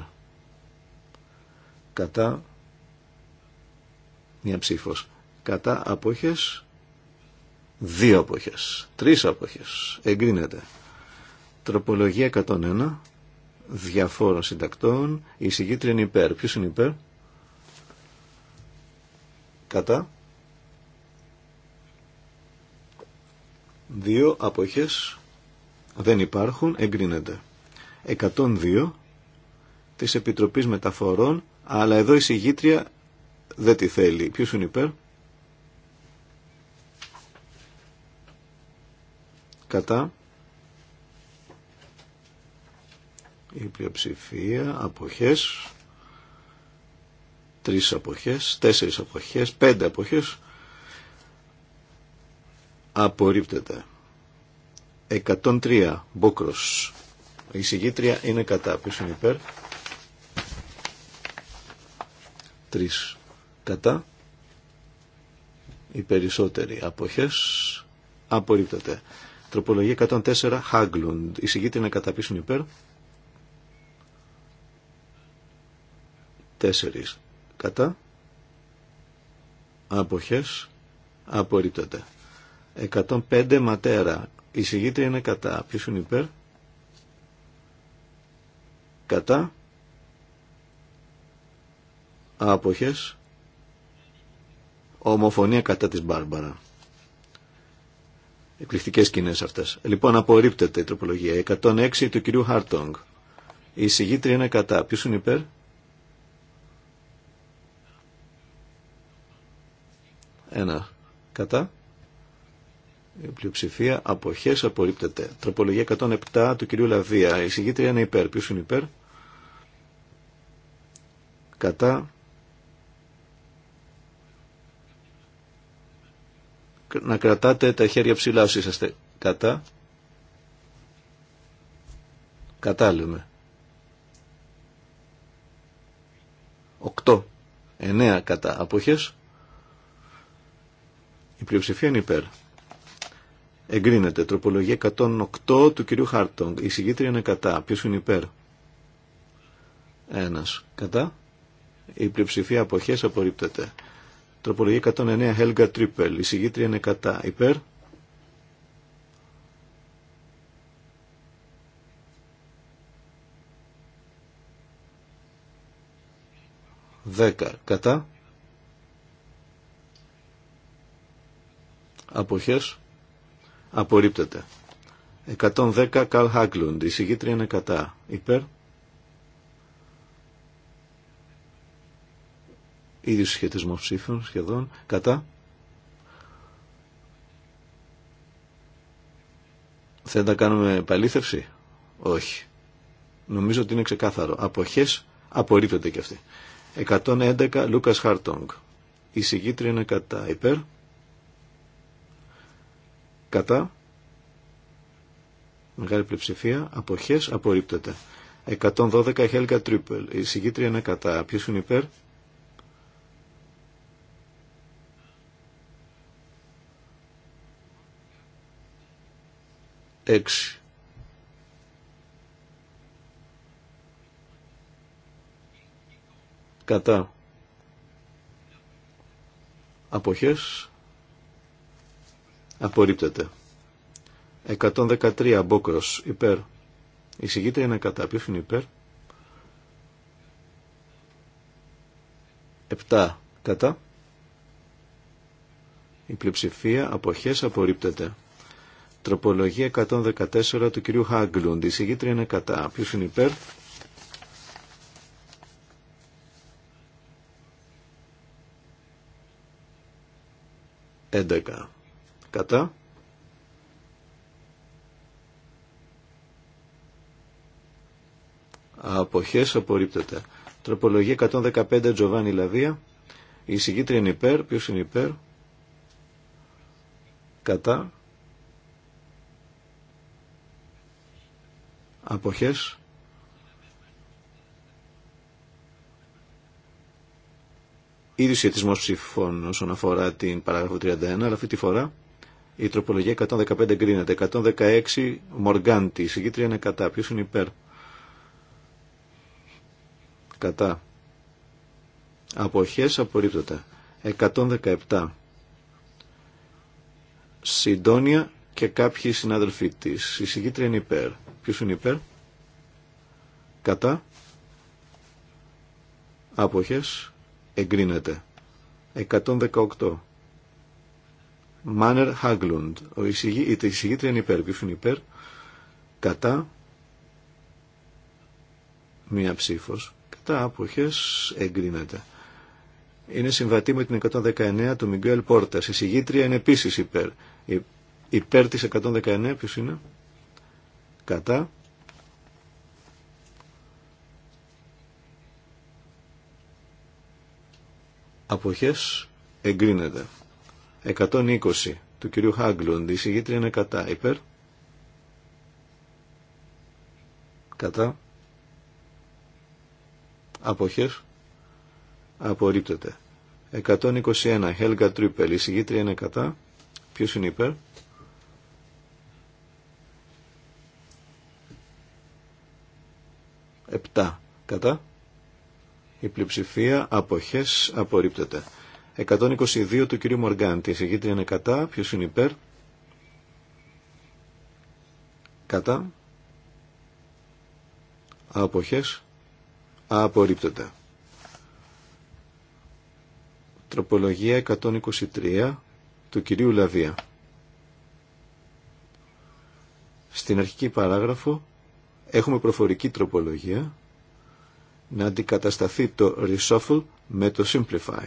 Κατά μία ψήφος. Κατά αποχές, δύο αποχές, τρεις αποχές, εγκρίνεται. Τροπολογία 101, διαφόρων συντακτών, η συγκίτρια είναι υπέρ. Ποιος είναι υπέρ? Κατά. Δύο αποχές δεν υπάρχουν, εγκρίνεται. 102 της Επιτροπής Μεταφορών, αλλά εδώ η συγγήτρια δεν τη θέλει. Ποιος είναι υπέρ. Κατά. Η πλειοψηφία. Αποχές. Τρεις αποχές. Τέσσερις αποχές. Πέντε αποχές. Απορρίπτεται. 103. Μπόκρος. Η συγκήτρια είναι κατά. Ποιος είναι υπέρ. Τρεις κατά οι περισσότεροι αποχές απορρίπτεται. Τροπολογία 104 Χάγκλουντ. Η συγκίτρια να καταπίσουν υπέρ. 4 κατά αποχές απορρίπτεται. 105 Ματέρα. Η συγκίτρια είναι κατά. πίσω υπέρ. Κατά. Άποχες ομοφωνία κατά της Μπάρμπαρα. Εκπληκτικές σκηνές αυτές. Λοιπόν, απορρίπτεται η τροπολογία. 106 του κυρίου Χαρτόγκ. Η εισηγήτρια είναι κατά. Ποιος είναι υπέρ? Ένα. Κατά. Η πλειοψηφία αποχές απορρίπτεται. Τροπολογία 107 του κυρίου Λαβία. Η εισηγήτρια είναι υπέρ. Ποιος είναι υπέρ? Κατά να κρατάτε τα χέρια ψηλά όσοι είσαστε κατά. Κατά λέμε. Οκτώ. Εννέα κατά αποχές. Η πλειοψηφία είναι υπέρ. Εγκρίνεται. Τροπολογία 108 του κυρίου Χάρτονγκ. Η συγκήτρια είναι κατά. Ποιος είναι υπέρ. Ένας. Κατά. Η πλειοψηφία αποχές απορρίπτεται. Τροπολογία 109 Helga Triple. Η συγγήτρια είναι κατά. Υπέρ. Δέκα. Κατά. Αποχές. Απορρίπτεται. 110 Καλ Χάγκλουντ. Η συγγήτρια είναι κατά. Υπέρ. ίδιο σχετισμό ψήφων σχεδόν, κατά. Θέλετε να κάνουμε επαλήθευση. Όχι. Νομίζω ότι είναι ξεκάθαρο. Αποχές απορρίπτεται και αυτοί. 111 Λούκας Χάρτογκ. Η συγκήτρια είναι κατά υπέρ. Κατά. Μεγάλη πλειοψηφία. Αποχές απορρίπτεται. 112 Χέλκα Τρίπελ. Η συγκήτρια είναι κατά. Ποιος είναι υπέρ. 6. Κατά αποχές απορρίπτεται. 113 μπόκρος υπέρ. Η συγκίτρια είναι κατά. Ποιος είναι υπέρ. 7 κατά. Η πλειοψηφία αποχές απορρίπτεται. Τροπολογία 114 του κυρίου Χάγκλουντ. Η συγγήτρια είναι κατά. Ποιο είναι υπέρ. Έντεκα. Κατά. Αποχές απορρίπτεται. Τροπολογία 115 Τζοβάνι Λαβία. Η συγγήτρια είναι υπέρ. Ποιος είναι υπέρ. Κατά. αποχές ήδη σχετισμός ψηφών όσον αφορά την παράγραφο 31 αλλά αυτή τη φορά η τροπολογία 115 γκρίνεται. 116 Μοργάντη η είναι κατά ποιος είναι υπέρ κατά αποχές απορρίπτωτα 117 Συντόνια και κάποιοι συνάδελφοί τη Η συγκήτρια είναι υπέρ. Ποιο είναι υπέρ? Κατά. άποχε. Εγκρίνεται. 118. Μάνερ Χάγκλουντ. η συγκίτρια είναι υπέρ. Ποιο είναι υπέρ? Κατά. Μία ψήφο, Κατά άποχε, εγκρίνεται. Είναι συμβατή με την 119 του Μιγκέλ Πόρτα. Η συγκίτρια είναι επίση υπέρ. Υπέρ της 119 ποιος είναι. Κατά. Αποχές εγκρίνεται. 120 του κυρίου Χάγκλοντ. Η συγγήτρια είναι κατά. Υπέρ. Κατά. Αποχές. Απορρίπτεται. 121. Χέλγα Τρίπελ. Η συγγήτρια είναι κατά. Ποιος είναι υπέρ. Η πλειοψηφία αποχές απορρίπτεται. 122 του κυρίου Μοργάντη. Η είναι κατά. Ποιος είναι υπέρ. Κατά. Αποχές απορρίπτεται. Τροπολογία 123 του κυρίου Λαβία. Στην αρχική παράγραφο έχουμε προφορική τροπολογία να αντικατασταθεί το reshuffle με το simplify.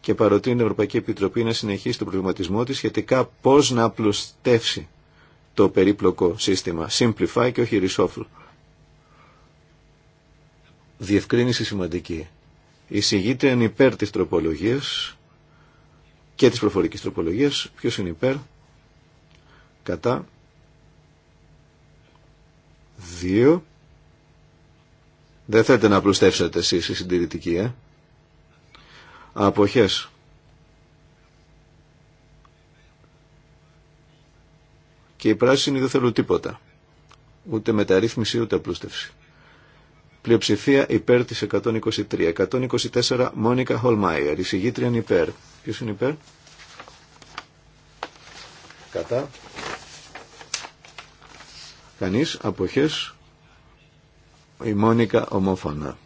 Και παροτείνει η Ευρωπαϊκή Επιτροπή να συνεχίσει τον προβληματισμό της σχετικά πώς να απλουστεύσει το περίπλοκο σύστημα simplify και όχι reshuffle. Διευκρίνηση σημαντική. Εισηγείται εν υπέρ της τροπολογίας και της προφορικής τροπολογίας. Ποιος είναι υπέρ, κατά, δύο Δεν θέλετε να απλουστεύσετε εσεί οι συντηρητικοί, ε. Αποχές. Και οι πράσινοι δεν θέλουν τίποτα. Ούτε μεταρρύθμιση, ούτε απλούστευση. Πλειοψηφία υπέρ της 123. 124 Μόνικα Χολμάιερ. Εισηγήτριαν υπέρ. Ποιος είναι υπέρ. Κατά. Κανείς, αποχές, η Μόνικα ομόφωνα.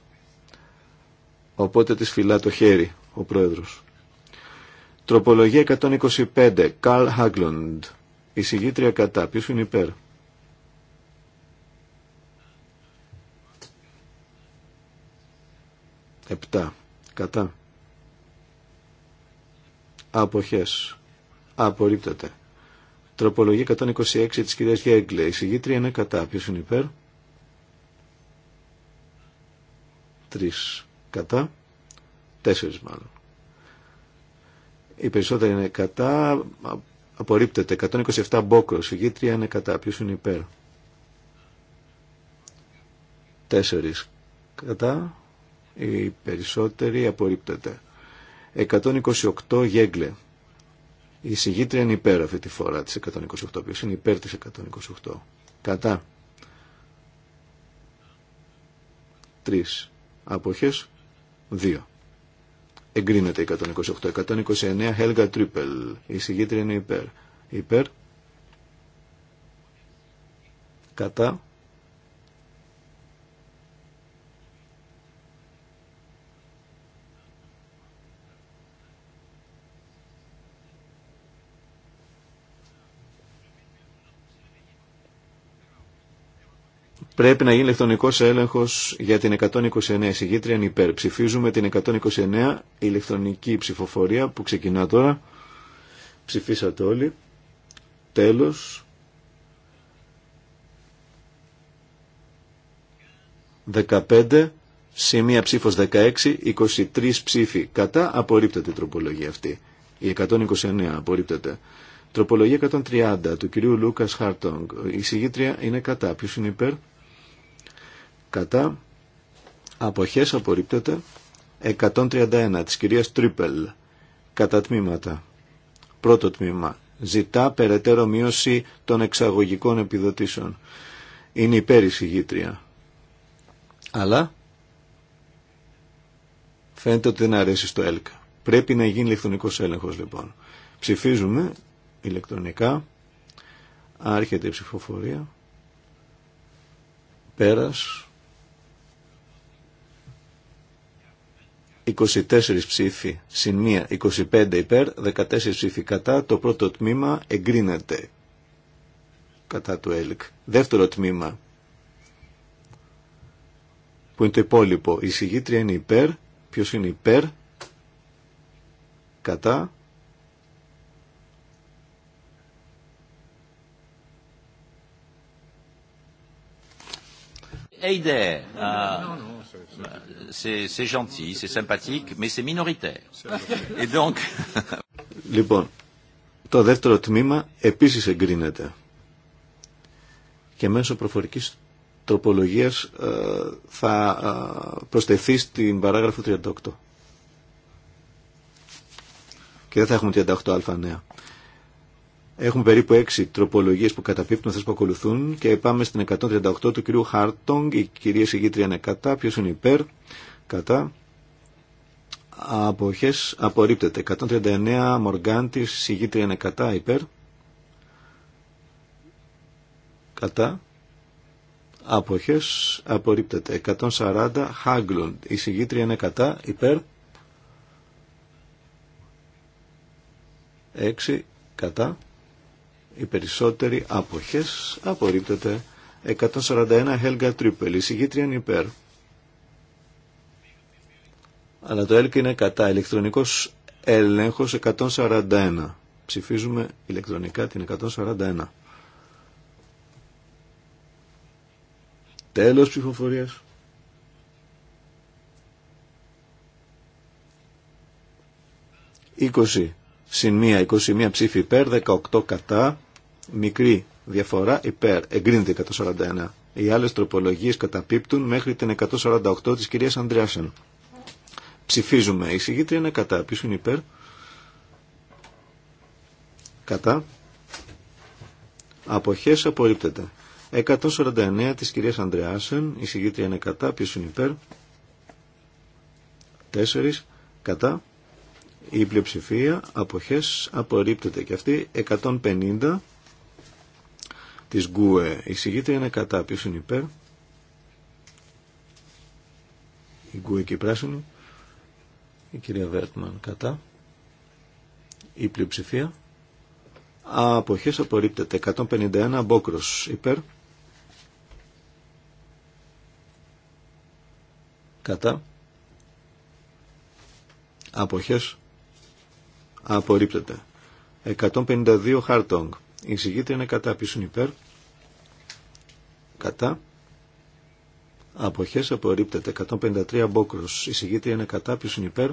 Οπότε της φυλά το χέρι ο πρόεδρος. Τροπολογία 125. Καρλ Χάγκλοντ. συγγήτρια κατά. Ποιος είναι υπέρ. Επτά. Κατά. Αποχές. Απορρίπτεται. Τροπολογία 126 της κυρίας Γέγκλε. Η είναι κατά. Ποιος είναι υπέρ. Τρεις. κατά. Τέσσερις μάλλον. Οι περισσότεροι είναι κατά. Απορρίπτεται. 127 μπόκρος. Η είναι κατά. Ποιος είναι υπέρ. Τέσσερις. κατά. Οι περισσότεροι απορρίπτεται. 128 γέγκλε. Η συγγήτρια είναι υπέρ αυτή τη φορά της 128. Ποιος είναι υπέρ της 128. Κατά. Τρεις. Αποχές. Δύο. Εγκρίνεται 128. 129 Helga Triple. Η συγγήτρια είναι υπέρ. Υπέρ. Κατά. Πρέπει να γίνει ηλεκτρονικό έλεγχος για την 129. Συγγήτρια είναι υπέρ. Ψηφίζουμε την 129 ηλεκτρονική ψηφοφορία που ξεκινά τώρα. Ψηφίσατε όλοι. τέλο 15 σε μία ψήφος 16, 23 ψήφοι. Κατά απορρίπτεται η τροπολογία αυτή. Η 129 απορρίπτεται. Τροπολογία 130 του κυρίου Λούκα Χάρτονγκ. Η συγγήτρια είναι κατά. ποιο είναι υπέρ? κατά αποχές απορρίπτεται 131 της κυρίας Τρίπελ κατά τμήματα. Πρώτο τμήμα ζητά περαιτέρω μείωση των εξαγωγικών επιδοτήσεων. Είναι υπέρ εισηγήτρια. Αλλά φαίνεται ότι δεν αρέσει στο ΕΛΚΑ. Πρέπει να γίνει ηλεκτρονικός έλεγχος λοιπόν. Ψηφίζουμε ηλεκτρονικά. Άρχεται η ψηφοφορία. Πέρας. 24 ψήφοι συν 1, 25 υπέρ, 14 ψήφοι κατά, το πρώτο τμήμα εγκρίνεται κατά του ΕΛΚ. Δεύτερο τμήμα που είναι το υπόλοιπο. Η συγγήτρια είναι υπέρ. Ποιος είναι υπέρ. Κατά. Hey there. Uh c'est gentil, c'est sympathique, mais c'est minoritaire. Et donc... Λοιπόν, το δεύτερο τμήμα επίσης εγκρίνεται. Και μέσω προφορικής τροπολογίας ε, θα ε, προσθεθεί στην παράγραφο 38. Και δεν θα έχουμε 38α νέα. Έχουμε περίπου 6 τροπολογίες που καταπίπτουν αυτές που ακολουθούν και πάμε στην 138 του κυρίου Χάρτονγκ. Η κυρία Σιγήτρια είναι κατά. Ποιος είναι υπέρ. Κατά. Αποχές απορρίπτεται. 139 Μοργάντη. Σιγήτρια είναι κατά. Υπέρ. Κατά. Αποχές απορρίπτεται. 140 Χάγκλοντ. Η Σιγήτρια είναι κατά. Υπέρ. 6 κατά οι περισσότεροι άποχες απορρίπτεται 141 Helga Triple, η συγγήτρια είναι υπέρ αλλά το έλκ είναι κατά ηλεκτρονικός έλεγχος 141 ψηφίζουμε ηλεκτρονικά την 141 τέλος ψηφοφορίας «20 συν 21 ψήφι υπέρ, 18 κατά, μικρή διαφορά υπέρ, εγκρίνεται 141. Οι άλλες τροπολογίες καταπίπτουν μέχρι την 148 της κυρίας Ανδρέασεν. Ψηφίζουμε. Η συγγήτρια είναι κατά. Ποιος είναι υπέρ. Κατά. Αποχές απορρίπτεται. 149 της κυρίας Ανδρεάσεν. Η συγγήτρια είναι κατά. Ποιος είναι υπέρ. 4. Κατά. Η πλειοψηφία. Αποχές απορρίπτεται. Και αυτή 150 της Γκουε. Η συγκίτρια είναι κατά. Ποιος είναι υπέρ. Η Γκουε και η πράσινη. Η κυρία Βέρτμαν κατά. Η πλειοψηφία. Αποχές απορρίπτεται. 151 μπόκρος υπέρ. Κατά. Αποχές απορρίπτεται. 152 Χαρτόγκ. Η είναι κατά. Πίσουν υπέρ. Κατά. Αποχές απορρίπτεται. 153 μπόκρους. Η είναι κατά. Πίσουν υπέρ.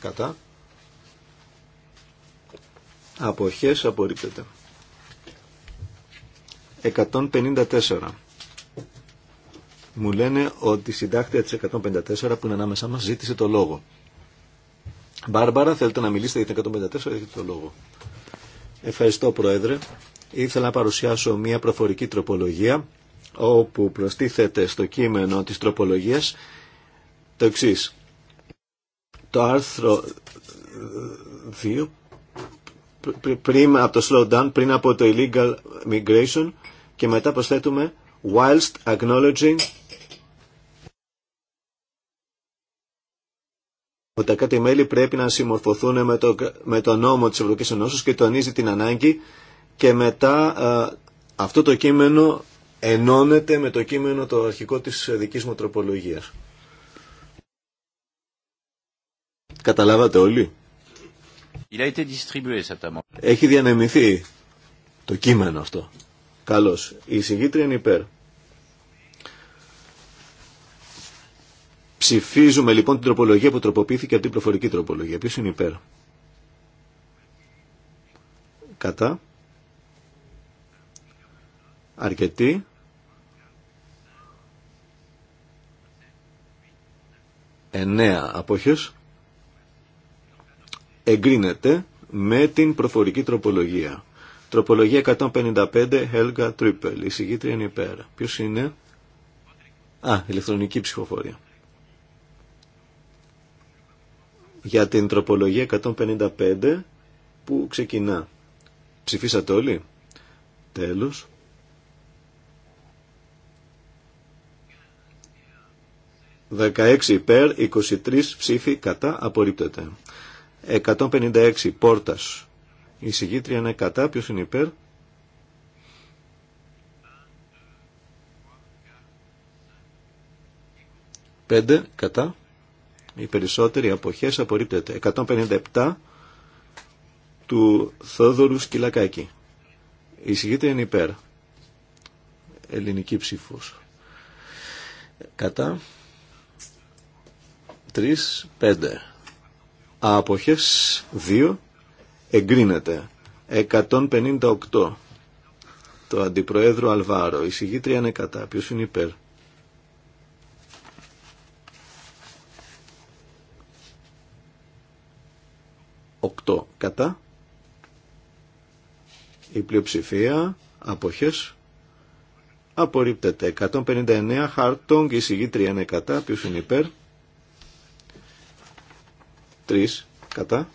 Κατά. Αποχές απορρίπτεται. 154. Μου λένε ότι η συντάκτρια της 154 που είναι ανάμεσά μας ζήτησε το λόγο. Μπάρμπαρα, θέλετε να μιλήσετε για την 154, έχετε το λόγο. Ευχαριστώ, Πρόεδρε. Ήθελα να παρουσιάσω μια προφορική τροπολογία, όπου προστίθεται στο κείμενο της τροπολογίας το εξή. Το άρθρο 2, πριν από το slowdown, πριν από το illegal migration, και μετά προσθέτουμε whilst acknowledging ότι τα κάτι μέλη πρέπει να συμμορφωθούν με το, με το νόμο της Ευρωπαϊκής Ενώσης και τονίζει την ανάγκη και μετά αυτό το κείμενο ενώνεται με το κείμενο το αρχικό της δικής μου τροπολογίας. Καταλάβατε όλοι. Έχει διανεμηθεί το κείμενο αυτό. Καλώς. Η συγκίτρια είναι υπέρ. Ψηφίζουμε λοιπόν την τροπολογία που τροποποιήθηκε από την προφορική τροπολογία. Ποιος είναι υπέρ. Κατά. Αρκετή. Εννέα απόχειος. Εγκρίνεται με την προφορική τροπολογία. Τροπολογία 155 Helga Triple. Η συγκήτρια είναι υπέρ. Ποιος είναι. Α, ηλεκτρονική ψηφοφορία. για την τροπολογία 155 που ξεκινά. Ψηφίσατε όλοι. Τέλος. ...16 υπέρ, 23 ψήφοι κατά, απορρίπτεται. 156 πόρτας. Η συγκήτρια είναι κατά, ποιος είναι υπέρ. 5 κατά οι περισσότεροι αποχές απορρίπτεται 157 του Θόδωρου Σκυλακάκη η συγκίτρια είναι υπέρ ελληνική ψήφος κατά 3, 5 αποχές 2 εγκρίνεται 158 το αντιπροέδρο Αλβάρο η συγκίτρια είναι κατά ποιος είναι υπέρ 8 κατά η πλειοψηφία αποχές απορρίπτεται 159 χάρτον και η 3 είναι κατά ποιος είναι υπέρ 3 κατά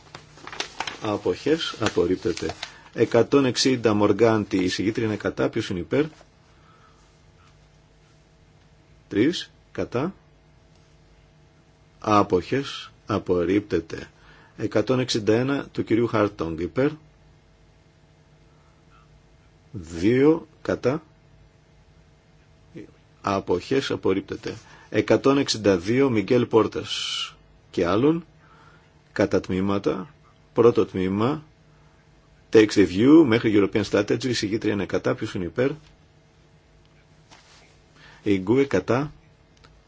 αποχές απορρίπτεται 160 μοργάντι η 3 είναι κατά ποιος είναι υπέρ 3 κατά άποχες απορρίπτεται 161 του κυρίου Χάρτονγκ υπέρ 2 κατά αποχές απορρίπτεται 162 Μιγγέλ Πόρτας και άλλων κατά τμήματα πρώτο τμήμα takes the view μέχρι European Strategy η είναι κατά ποιος είναι υπέρ η Γκουε κατά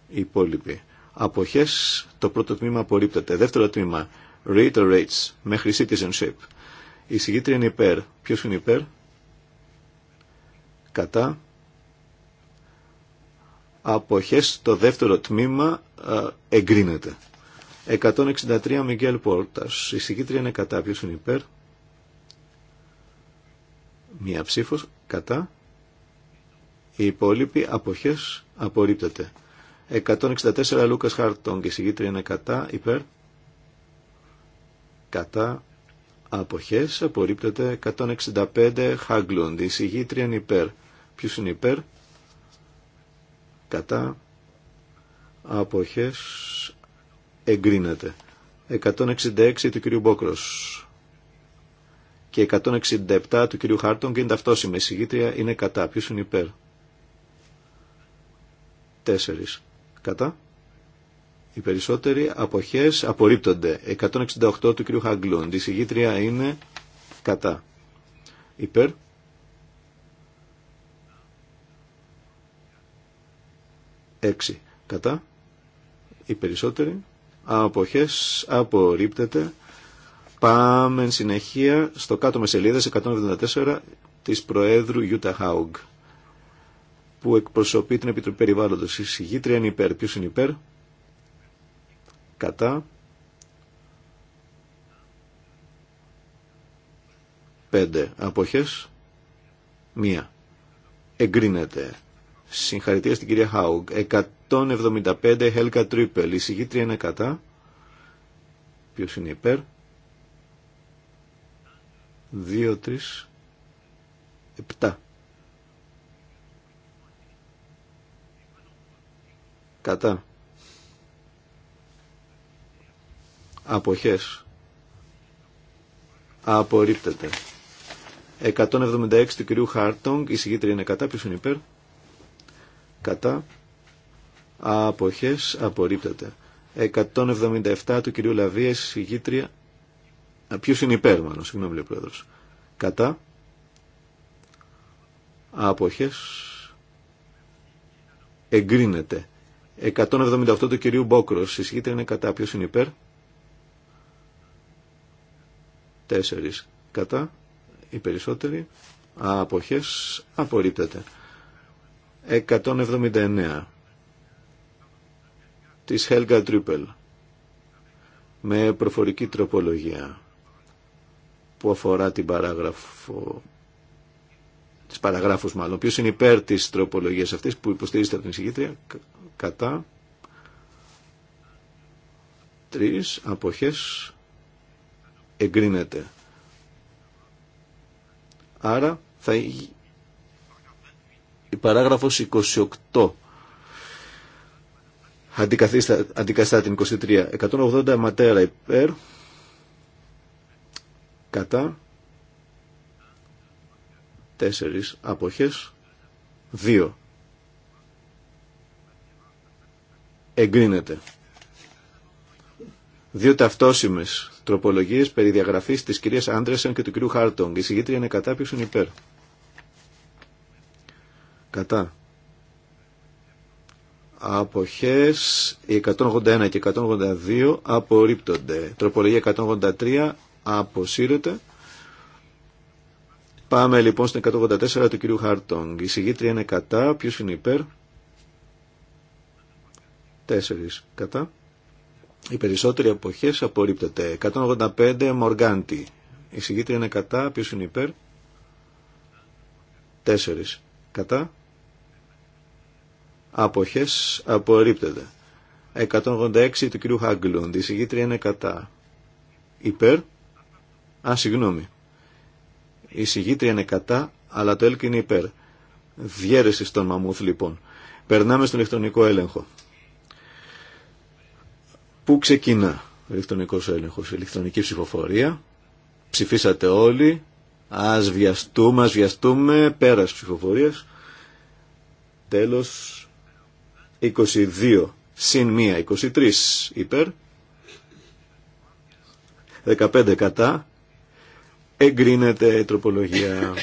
υπόλοιποι αποχές το πρώτο τμήμα απορρίπτεται δεύτερο τμήμα reiterates μέχρι citizenship. Η συγκήτρια είναι υπέρ. Ποιος είναι υπέρ? Κατά. Αποχές το δεύτερο τμήμα εγκρίνεται. 163 Μιγγέλ Πόρτας. Η συγκήτρια είναι κατά. Ποιος είναι υπέρ? Μία ψήφος κατά. Οι υπόλοιποι αποχές απορρίπτεται. 164 Λούκας Χάρτον και η συγκήτρια είναι κατά. Υπέρ κατά αποχές απορρίπτεται 165 Χάγκλουντ, εισηγήτρια είναι υπέρ. Ποιος είναι υπέρ, κατά αποχές εγκρίνεται. 166 του κυρίου Μπόκρος και 167 του κυρίου Χάρτον και είναι ταυτόσιμη. συγγήτρια είναι κατά. Ποιος είναι υπέρ. Τέσσερις. Κατά. Οι περισσότεροι αποχές απορρίπτονται. 168 του κ. Χαγκλούν. Η είναι κατά. Υπέρ. Έξι. Κατά. Οι περισσότεροι. Αποχές απορρίπτεται. Πάμε συνεχεία στο κάτω με σελίδες 174 της Προέδρου Ιούτα Χάουγκ που εκπροσωπεί την Επιτροπή Περιβάλλοντος. Η συγγήτρια είναι υπέρ. Ποιος είναι υπέρ κατά 5 αποχές 1 εγκρίνεται συγχαρητήρια στην κυρία Χάουγκ 175 Χέλκα Triple η είναι κατά ποιος είναι υπέρ 2, 3 7 κατά αποχές απορρίπτεται 176 του κυρίου Χάρτονγκ η είναι κατά ποιος είναι υπέρ κατά αποχές απορρίπτεται 177 του κυρίου Λαβία η Α, ποιος είναι υπέρ μάλλον συγγνώμη λέει πρόεδρος κατά αποχές εγκρίνεται 178 του κυρίου Μπόκρος η είναι κατά ποιος είναι υπέρ τέσσερις κατά οι περισσότεροι αποχές απορρίπτεται 179 της Helga Trippel με προφορική τροπολογία που αφορά την παράγραφο τις παραγράφους μάλλον ποιος είναι υπέρ της τροπολογίας αυτής που υποστηρίζεται από την εισηγήτρια κατά τρεις αποχές εγκρίνεται. Άρα θα η παράγραφος 28 αντικαθιστά, την 23 180 ματέρα υπέρ κατά τέσσερις αποχές 2 εγκρίνεται Δύο ταυτόσιμε τροπολογίε περί διαγραφή τη κυρία Άντρεσεν και του κυρίου Χάρτονγκ. Η συγγήτρια είναι κατά ποιο υπέρ. Κατά. Αποχές 181 και 182 απορρίπτονται. Τροπολογία 183 αποσύρεται. Πάμε λοιπόν στην 184 του κυρίου Χάρτονγκ. Η συγγήτρια είναι κατά. Ποιο είναι υπέρ. Τέσσερις κατά. Οι περισσότεροι εποχές απορρίπτεται. 185 Μοργάντι. Η συγκίτρια είναι κατά. Ποιος είναι υπέρ. Τέσσερις. Κατά. Αποχές απορρίπτεται. 186 του κυρίου Χάγκλουντ. Η συγκίτρια είναι κατά. Υπέρ. Α, συγγνώμη. Η συγκίτρια είναι κατά, αλλά το έλκυν υπέρ. Διέρεση στον μαμούθ λοιπόν. Περνάμε στον ηλεκτρονικό έλεγχο. Πού ξεκινά ο έλεγχος, η ηλεκτρονική ψηφοφορία. Ψηφίσατε όλοι. Ας βιαστούμε, ας βιαστούμε. Πέρας ψηφοφορίας. Τέλος 22 συν 1, 23 υπέρ. 15 κατά. Εγκρίνεται η τροπολογία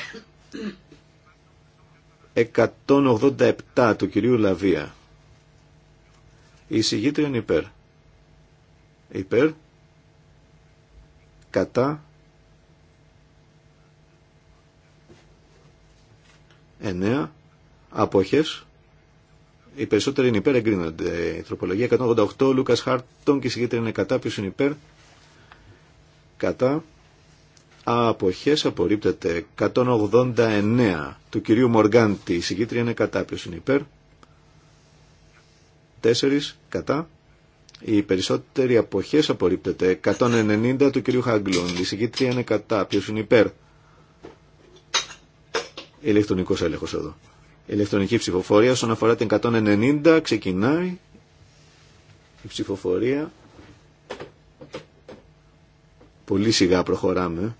187 του κυρίου Λαβία. Η συγγήτρια είναι υπέρ υπέρ κατά εννέα αποχές οι περισσότεροι είναι υπέρ εγκρίνονται η τροπολογία 188 Λούκας Χάρτον και η συγκέντρια είναι κατά ποιος είναι υπέρ κατά αποχές απορρίπτεται 189 του κυρίου Μοργάντη η συγκίτρια είναι κατά ποιος είναι υπέρ 4 κατά οι περισσότεροι αποχές απορρίπτεται. 190 του κυρίου Χαγκλούν. Η συγκήτρια είναι κατά. Ποιος είναι υπέρ. Ηλεκτρονικός έλεγχος εδώ. Ηλεκτρονική ψηφοφορία όσον αφορά την 190 ξεκινάει η ψηφοφορία. Πολύ σιγά προχωράμε.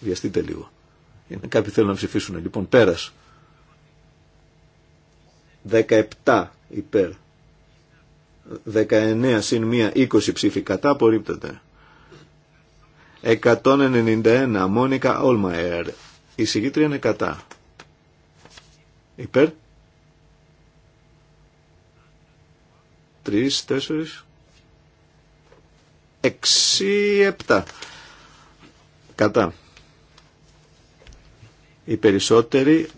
Βιαστείτε λίγο. Είναι κάποιοι θέλουν να ψηφίσουν. Λοιπόν, πέρας. 17 υπέρ. 19 συν 1, 20 ψήφοι κατά, απορρίπτονται. 191, Μόνικα Όλμαερ. Η συγκήτρια είναι κατά. Υπέρ. 3, 4, 6, 7. Κατά. Οι περισσότεροι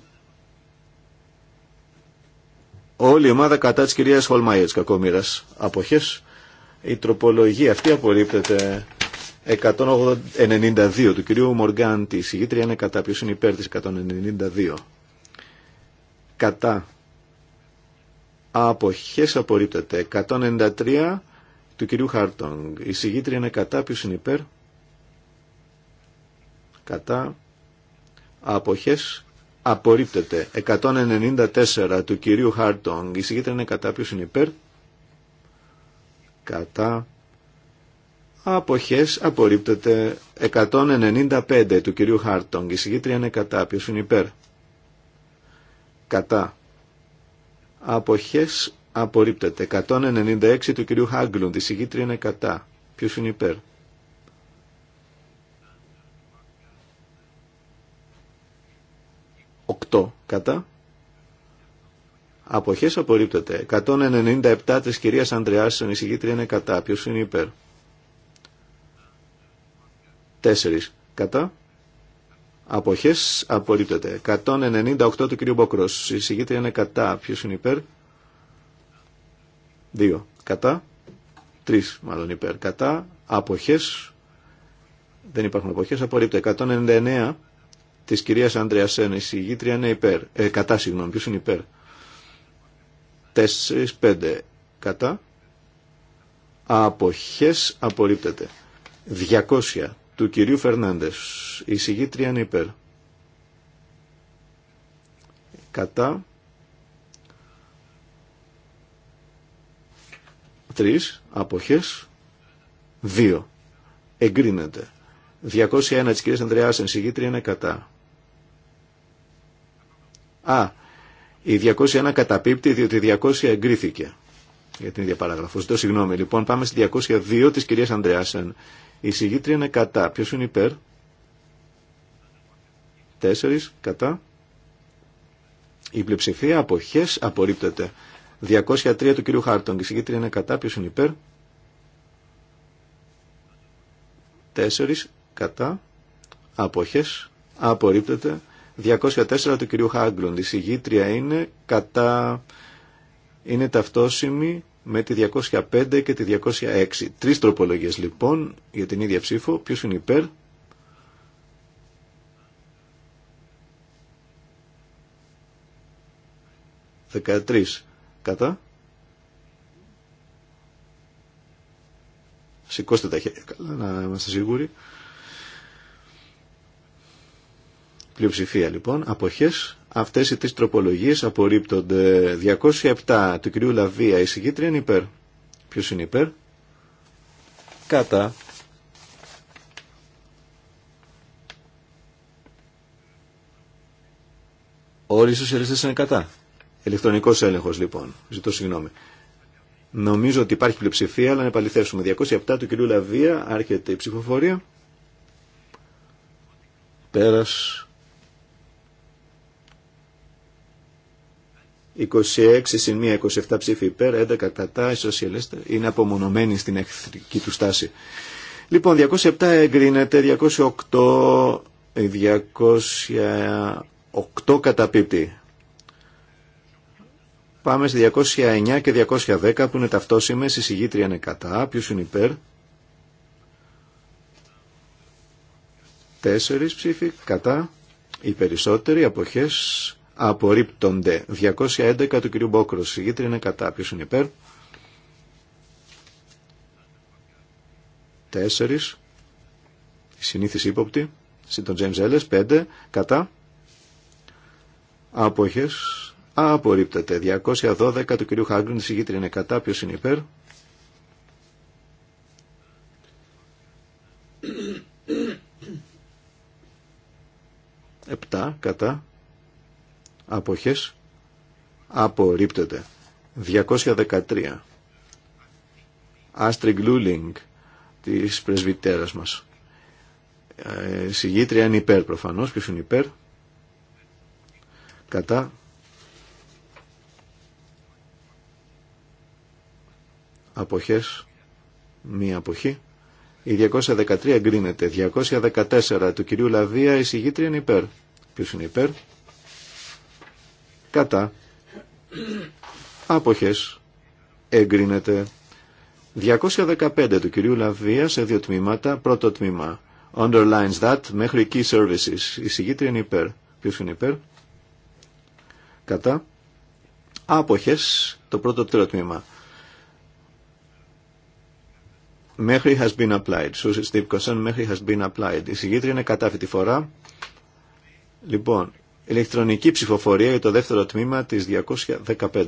Όλη η ομάδα κατά της κυρίας Χολμάιερ αποχές. Η τροπολογία αυτή απορρίπτεται 192 του κυρίου Μοργκάν Η συγγήτρια είναι κατά ποιος είναι υπέρ της 192. Κατά αποχές απορρίπτεται 193 του κυρίου Χάρτονγκ. Η συγγήτρια είναι κατά ποιος είναι υπέρ. Κατά αποχές απορρίπτεται 194 του κυρίου Χάρτονγκ εισηγείται είναι κατά ποιος είναι υπέρ κατά αποχές απορρίπτεται 195 του κυρίου Χάρτονγκ εισηγείται είναι κατά ποιος είναι υπέρ κατά αποχές απορρίπτεται 196 του κυρίου Χάγκλουντ εισηγήτρια είναι κατά ποιος είναι υπέρ 8 κατά. Αποχές απορρίπτεται. 197 της κυρίας Ανδρεάσης, εισηγήτρια είναι κατά. Ποιος είναι υπέρ. 4 κατά. Αποχές απορρίπτεται. 198 του κυρίου Μποκρός. Εισηγήτρια είναι κατά. Ποιος είναι υπέρ. 2 κατά. 3 μάλλον υπέρ. Κατά. Αποχές. Δεν υπάρχουν αποχές. Απορρίπτεται. 199 της κυρίας Αντρεασέν, η συγγήτρια είναι υπέρ, ε, κατά συγγνώμη, ποιο είναι υπέρ. 4-5 κατά. απόχέ απορρίπτεται. 200 του κυρίου Φερνάντες, η συγγήτρια είναι υπέρ. Κατά. 3 Αποχέ, 2 εγκρίνεται. 201 της κυρίας εν συγγήτρια είναι κατά. Α, η 201 καταπίπτει διότι 200 εγκρίθηκε για την ίδια παράγραφο. Ζητώ συγγνώμη. Λοιπόν, πάμε στη 202 τη κυρία Ανδρεάσεν. Η συγγήτρια είναι κατά. ποιο είναι υπέρ? Τέσσερις κατά. Η πλειοψηφία αποχές απορρίπτεται. 203 του κυρίου Χάρτον. Η συγγήτρια είναι κατά. ποιο είναι υπέρ? Τέσσερις κατά. Αποχές απορρίπτεται. 204 του κυρίου Χάγκλον. Η συγγήτρια είναι, κατά... είναι ταυτόσιμη με τη 205 και τη 206. Τρεις τροπολογίες λοιπόν για την ίδια ψήφο. Ποιος είναι υπέρ. 13 Κατά. Σηκώστε τα χέρια. Καλά να είμαστε σίγουροι. Πλειοψηφία λοιπόν, αποχές, αυτές οι τρεις τροπολογίες απορρίπτονται. 207 του κυρίου Λαβία, εισηγήτρια είναι υπέρ. Ποιος είναι υπέρ? Κατά. Όλοι οι σοσιαλιστές είναι κατά. Ηλεκτρονικός έλεγχος λοιπόν. Ζητώ συγγνώμη. Νομίζω ότι υπάρχει πλειοψηφία, αλλά να επαληθεύσουμε. 207 του κυρίου Λαβία, άρχεται η ψηφοφορία. Πέρας 26 συν 1, 27 ψήφοι υπέρ, 11 κατά, οι είναι απομονωμένοι στην εχθρική του στάση. Λοιπόν, 207 εγκρίνεται, 208, 208 ε, καταπίπτει. Πάμε σε 209 και 210 που είναι ταυτόσημες, η συγγήτρια είναι κατά, ποιος είναι υπέρ. Τέσσερις ψήφοι κατά, οι περισσότεροι αποχές απορρίπτονται. 211 του κ. Μπόκρος. Η είναι κατά. Ποιος είναι υπέρ. 4. Η ύποπτη. Συν τον Τζέιμς Έλλες... 5. Κατά. Άποχες. Απορρίπτεται. 212 του κ. Χάγκριν. Η είναι κατά. Ποιος είναι υπέρ. Επτά κατά αποχές απορρίπτεται. 213. Άστριγκ Λούλινγκ της πρεσβυτέρας μας. Ε, είναι υπέρ προφανώς. Ποιος είναι υπέρ. Κατά. Αποχές. Μία αποχή. Η 213 εγκρίνεται. 214 του κυρίου Λαβία η συγήτρια είναι υπέρ. Ποιος είναι υπέρ κατά άποχες εγκρίνεται 215 του κυρίου Λαβία σε δύο τμήματα πρώτο τμήμα underlines that μέχρι key services η συγγήτρια είναι υπέρ ποιος είναι υπέρ κατά άποχες το πρώτο τρίτο τμήμα μέχρι has been applied. so Steve μέχρι has been applied. Η συγγήτρια είναι κατά αυτή τη φορά. Λοιπόν, Ηλεκτρονική ψηφοφορία για το δεύτερο τμήμα της 215.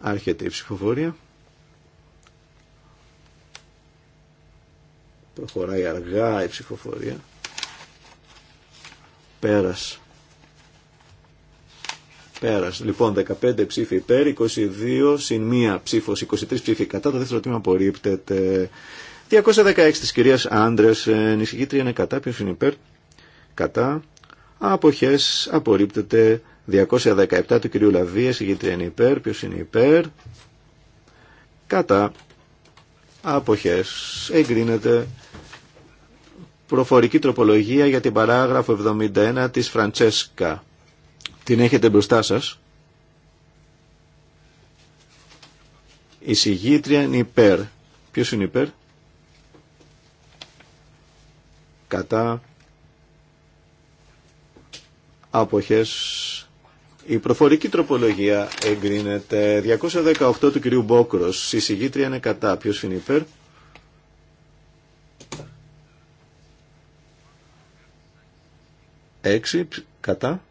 Άρχεται η ψηφοφορία. Προχωράει αργά η ψηφοφορία. Πέρας. Πέρας. Λοιπόν, 15 ψήφοι υπέρ, 22 συν 1 ψήφος, 23 ψήφοι κατά. Το δεύτερο τμήμα απορρίπτεται. 216 της κυρίας Άντρες, ενισχύτρια είναι κατά, ποιος είναι υπέρ. Κατά. Αποχές απορρίπτεται 217 του κυρίου Λαβίας, η γητρία είναι υπέρ, ποιος είναι υπέρ. Κατά αποχές εγκρίνεται προφορική τροπολογία για την παράγραφο 71 της Φραντσέσκα. Την έχετε μπροστά σας. Η συγγήτρια είναι υπέρ. Ποιος είναι υπέρ? Κατά Αποχές. Η προφορική τροπολογία εγκρίνεται. 218 του κυρίου Μπόκρος. Η είναι κατά. Ποιος είναι υπέρ. Έξι κατά.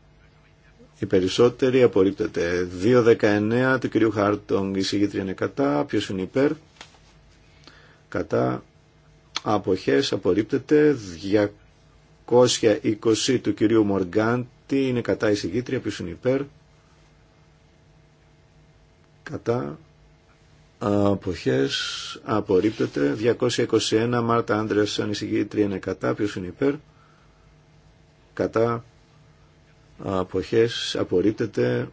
Η περισσότερη απορρίπτεται. 2.19 του κυρίου Χάρτονγκ. Η συγγήτρια είναι κατά. Ποιο είναι υπέρ. Κατά. Αποχές απορρίπτεται. 220 του κυρίου Μοργκάντ τι είναι κατά η συγκήτρια, ποιος είναι υπέρ. Κατά αποχές απορρίπτεται. 221 Μάρτα Άντρεσαν η συγκήτρια είναι κατά, ποιος είναι υπέρ. Κατά αποχές απορρίπτεται.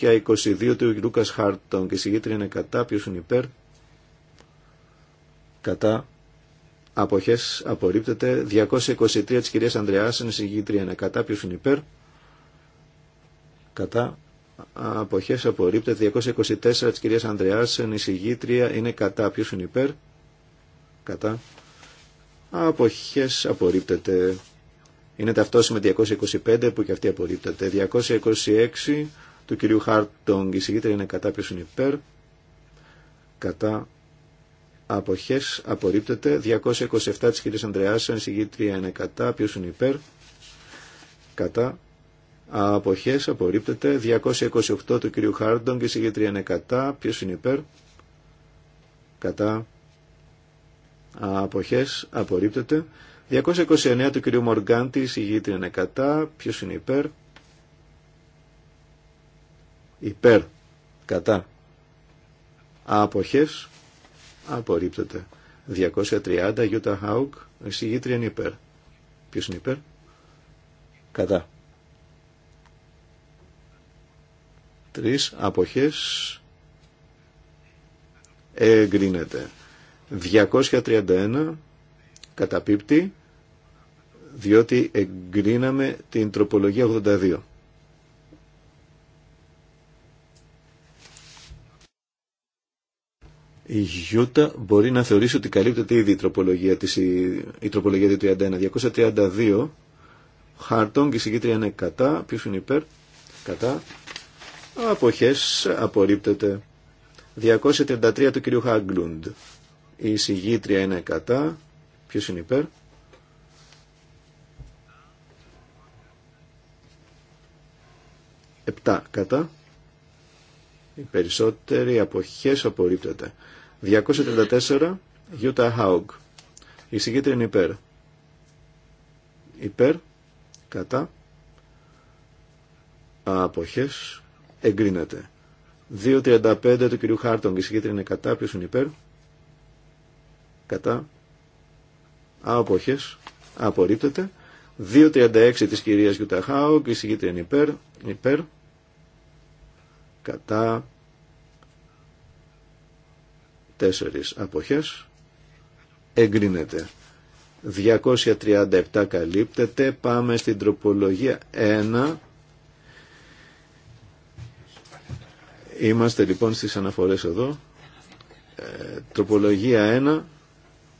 222 του Λούκας Χάρτον και η συγκήτρια είναι κατά, ποιος είναι υπέρ. Κατά Αποχές απορρίπτεται. 223 της κυρίας είναι συγγήτρια. είναι κατά. ποιο είναι υπέρ. Κατά. Αποχές απορρίπτεται. 224 της κυρίας Η συγγήτρια. είναι κατά. ποιο είναι υπέρ. Κατά. Αποχές απορρίπτεται. Είναι ταυτόση με 225 που και αυτή απορρίπτεται. 226 του κυρίου Χάρτονγκ συγγήτρια είναι κατά. Ποιος είναι υπέρ. Κατά Αποχέ, απορρίπτεται 227 της κυρίας Ανδρεάσεν συγγήτρια είναι κατά ποιος είναι υπέρ κατά Αποχέ, απορρίπτεται 228 του κυρίου Χάρντον και συγγήτρια είναι κατά Ποιο είναι υπέρ κατά Αποχέ, απορρίπτεται 229 του κυρίου Μοργκάντη συγγήτρια είναι κατά ποιος είναι υπέρ υπέρ κατά αποχές απορρίπτεται. 230 Γιούτα Χάουκ, εισηγήτρια είναι υπέρ. Ποιο είναι υπέρ? Κατά. Τρεις αποχές εγκρίνεται. 231 καταπίπτει διότι εγκρίναμε την τροπολογία 82. η Γιούτα μπορεί να θεωρήσει ότι καλύπτεται ήδη η τροπολογία της, η, η τροπολογία του 31. 232, Χάρτονγκ, η συγκήτρια είναι κατά, ποιος είναι υπέρ, κατά, αποχές, απορρίπτεται. 233 του κυρίου Χάγκλουντ, η συγκήτρια είναι κατά, Ποιο είναι υπέρ, Επτά κατά. Οι περισσότεροι αποχές απορρίπτεται. 234 Γιούτα Χάουγκ. Η συγκέντρια είναι υπέρ. Υπέρ, κατά, αποχές, εγκρίνεται. 2.35 του κυρίου Χάρτονγκ, η συγκέντρια είναι κατά, ποιος είναι υπέρ, κατά, αποχές, απορρίπτεται. 2.36 της κυρίας Γιούτα η συγκέντρια είναι υπέρ, υπέρ, κατά, τέσσερις αποχές εγκρίνεται 237 καλύπτεται πάμε στην τροπολογία 1 είμαστε λοιπόν στις αναφορές εδώ ε, τροπολογία 1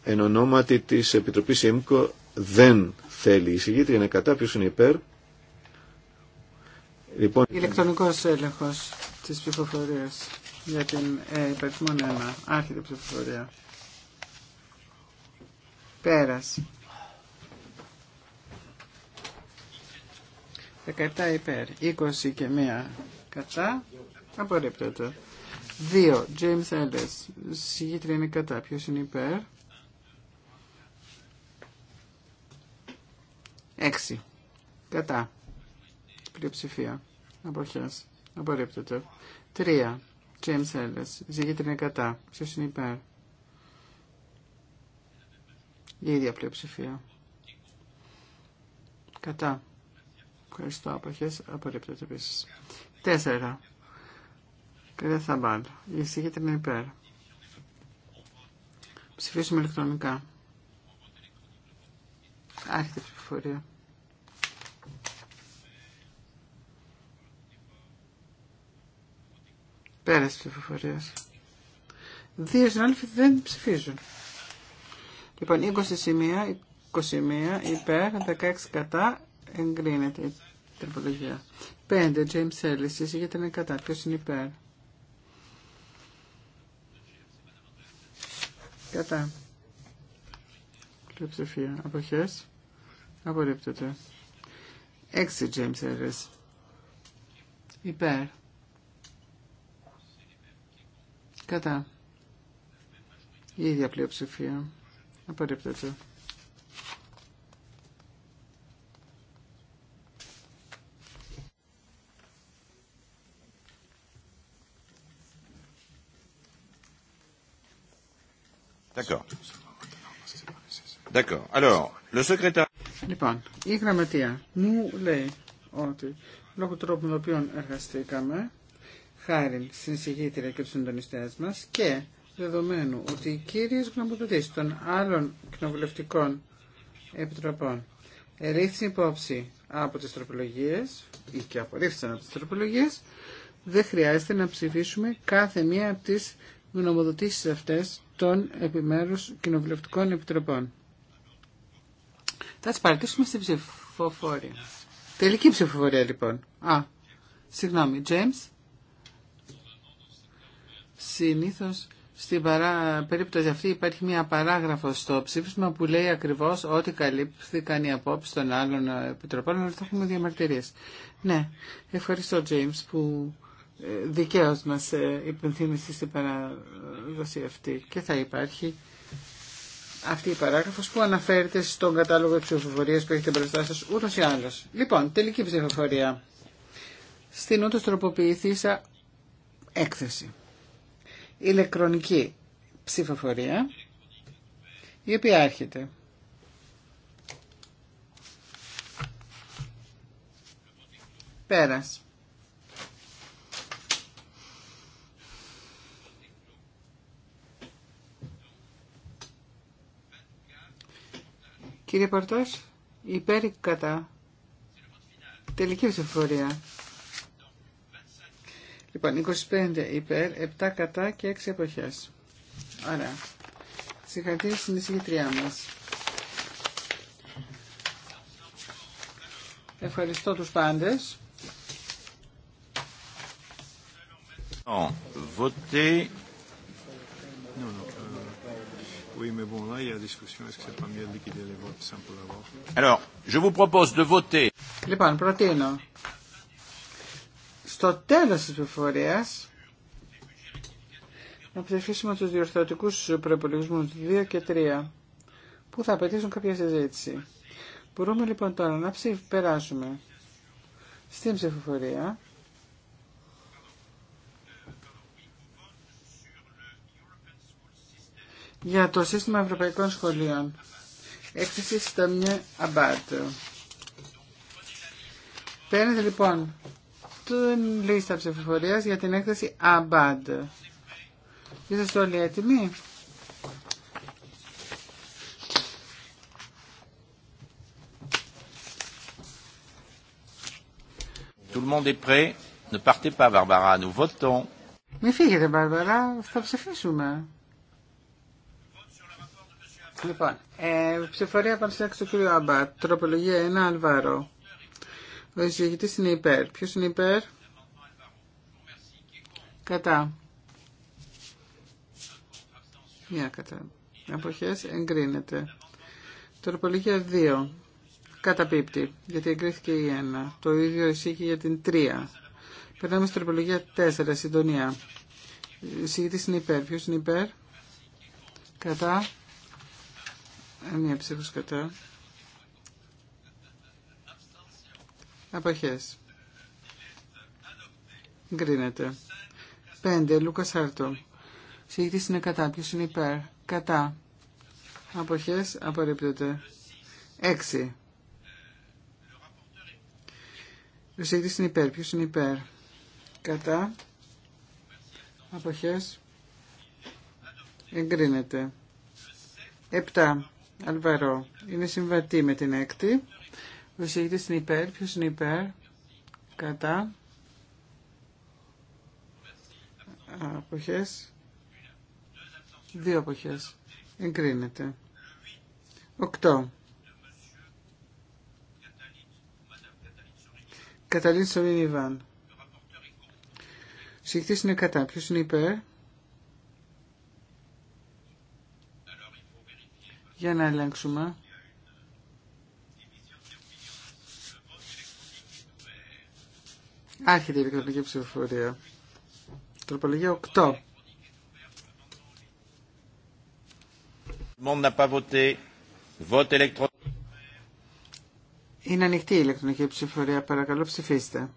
εν ονόματι της Επιτροπής ΕΜΚΟ δεν θέλει η συγγήτρια είναι κατά είναι υπέρ λοιπόν... ηλεκτρονικός έλεγχος της ψηφοφορίας για την ε, υπαριθμόν 1. άρχιτε ψηφοφορία. Πέρασε. 17 υπέρ, 20 και 1 κατά, απορρίπτεται. 2. James Ellis. Συγγήτρια είναι κατά. Ποιο είναι υπέρ. 6. Κατά. Πλειοψηφία. Αποχέ. Απορρίπτεται. 3. James Ellis. Ζηγείται είναι κατά. Ποιος είναι υπέρ. Η ίδια πλειοψηφία. Κατά. Ευχαριστώ. Αποχές απορρίπτεται επίσης. Τέσσερα. Κυρία Θαμπάλ. Η εισηγήτρια είναι υπέρ. Ψηφίσουμε ηλεκτρονικά. Άρχεται η ψηφοφορία. Πέρασε ψηφοφορία. Δύο συνάδελφοι δεν ψηφίζουν. Λοιπόν, 20 σημεία, 21 υπέρ, 16 κατά, εγκρίνεται η τροπολογία. 5. James Ellis, εσύ γιατί είναι κατά, ποιος είναι υπέρ. Κατά. Πλειοψηφία. αποχέ. Απορρίπτεται. 6. James Ellis. Υπέρ. Κατά. Η ίδια πλειοψηφία. Απορρίπτεται. Λοιπόν, η γραμματεία μου λέει ότι λόγω τρόπου με τον οποίο εργαστήκαμε χάρη στην και του συντονιστέ μα και δεδομένου ότι οι κύριε γνωμοδοτήσεις των άλλων κοινοβουλευτικών επιτροπών ρίχνει υπόψη από τις τροπολογίες ή και απορρίφθησαν από τις τροπολογίε, δεν χρειάζεται να ψηφίσουμε κάθε μία από τις γνωμοδοτήσεις αυτές των επιμέρους κοινοβουλευτικών επιτροπών. Θα τι παρατήσουμε στην ψηφοφορία. Τελική ψηφοφορία λοιπόν. Α, συγγνώμη, James. Συνήθως στην παρά... περίπτωση αυτή υπάρχει μια παράγραφο στο ψήφισμα που λέει ακριβώς ότι καλύπθηκαν οι απόψει των άλλων επιτροπών, αλλά θα έχουμε διαμαρτυρίες. Ναι, ευχαριστώ James που ε, δικαίως μας ε, υπενθύμησε στην παράδοση αυτή και θα υπάρχει αυτή η παράγραφο που αναφέρεται στον κατάλογο ψηφοφορία που έχετε μπροστά σα ούτω ή άλλω. Λοιπόν, τελική ψηφοφορία. Στην ούτω τροποποιηθήσα έκθεση ηλεκτρονική ψηφοφορία η οποία έρχεται. Πέρας. Κύριε Πορτός, υπέρ τελική ψηφοφορία. Λοιπόν, 25 υπέρ, 7 κατά και 6 εποχές. Ωραία. Συγχαρητήρια στην εισηγητριά μας. Ευχαριστώ τους πάντες. Non, voter. Non, non. Euh, oui, mais bon, là, il y a discussion. Est-ce que c'est pas mieux de liquider les votes simples avant Alors, je vous propose de voter. Les Λοιπόν, προτείνω στο τέλος της πληροφορίας να ψηφίσουμε τους διορθωτικούς προεπιλογισμούς 2 και 3 που θα απαιτήσουν κάποια συζήτηση. Μπορούμε λοιπόν τώρα να περάσουμε στην ψηφοφορία για το σύστημα ευρωπαϊκών σχολείων. Έκθεση Σταμιέ Αμπάτ. Παίρνετε λοιπόν την λίστα ψηφοφορία για την έκθεση Αμπάντ. Είσαστε όλοι έτοιμοι. Tout le monde est prêt. Ne partez pas, Barbara. Nous votons. φύγετε, Μπαρμπαρά. Θα ψηφίσουμε. Λοιπόν, ε, ψηφορία πάνω στην του κ. Αμπά. Τροπολογία 1, Αλβάρο. Ο εισηγητής είναι υπέρ. Ποιος είναι υπέρ? Κατά. Μια κατά. Αποχές εγκρίνεται. Τροπολογία 2. Καταπίπτει. Γιατί εγκρίθηκε η 1. Το ίδιο ισχύει για την 3. Περνάμε στην τροπολογία 4. Συντονία. Ο Εισηγητής είναι υπέρ. Ποιος είναι υπέρ? Κατά. Ε, Μια ψήφος κατά. Αποχές. Γκρίνεται. 5. Λούκα Χάρτο. Συγητή είναι κατά. Ποιο είναι υπέρ. Κατά. Αποχέ. Απορρίπτεται. 6. Ο είναι υπέρ. Ποιο είναι υπέρ. Κατά. Αποχέ. Εγκρίνεται. 7. Αλβαρό. Είναι συμβατή με την έκτη. Ο εισηγητής είναι υπέρ. Ποιος είναι υπέρ. Κατά. Αποχές. Δύο αποχές. Εγκρίνεται. Οκτώ. Καταλήν Σολήν Ιβάν. Συγχτής είναι κατά. Ποιος είναι υπέρ. Για να ελέγξουμε. Άρχεται η ηλεκτρονική ψηφοφορία. Τροπολογία 8. Είναι ανοιχτή η ηλεκτρονική ψηφοφορία. Παρακαλώ ψηφίστε.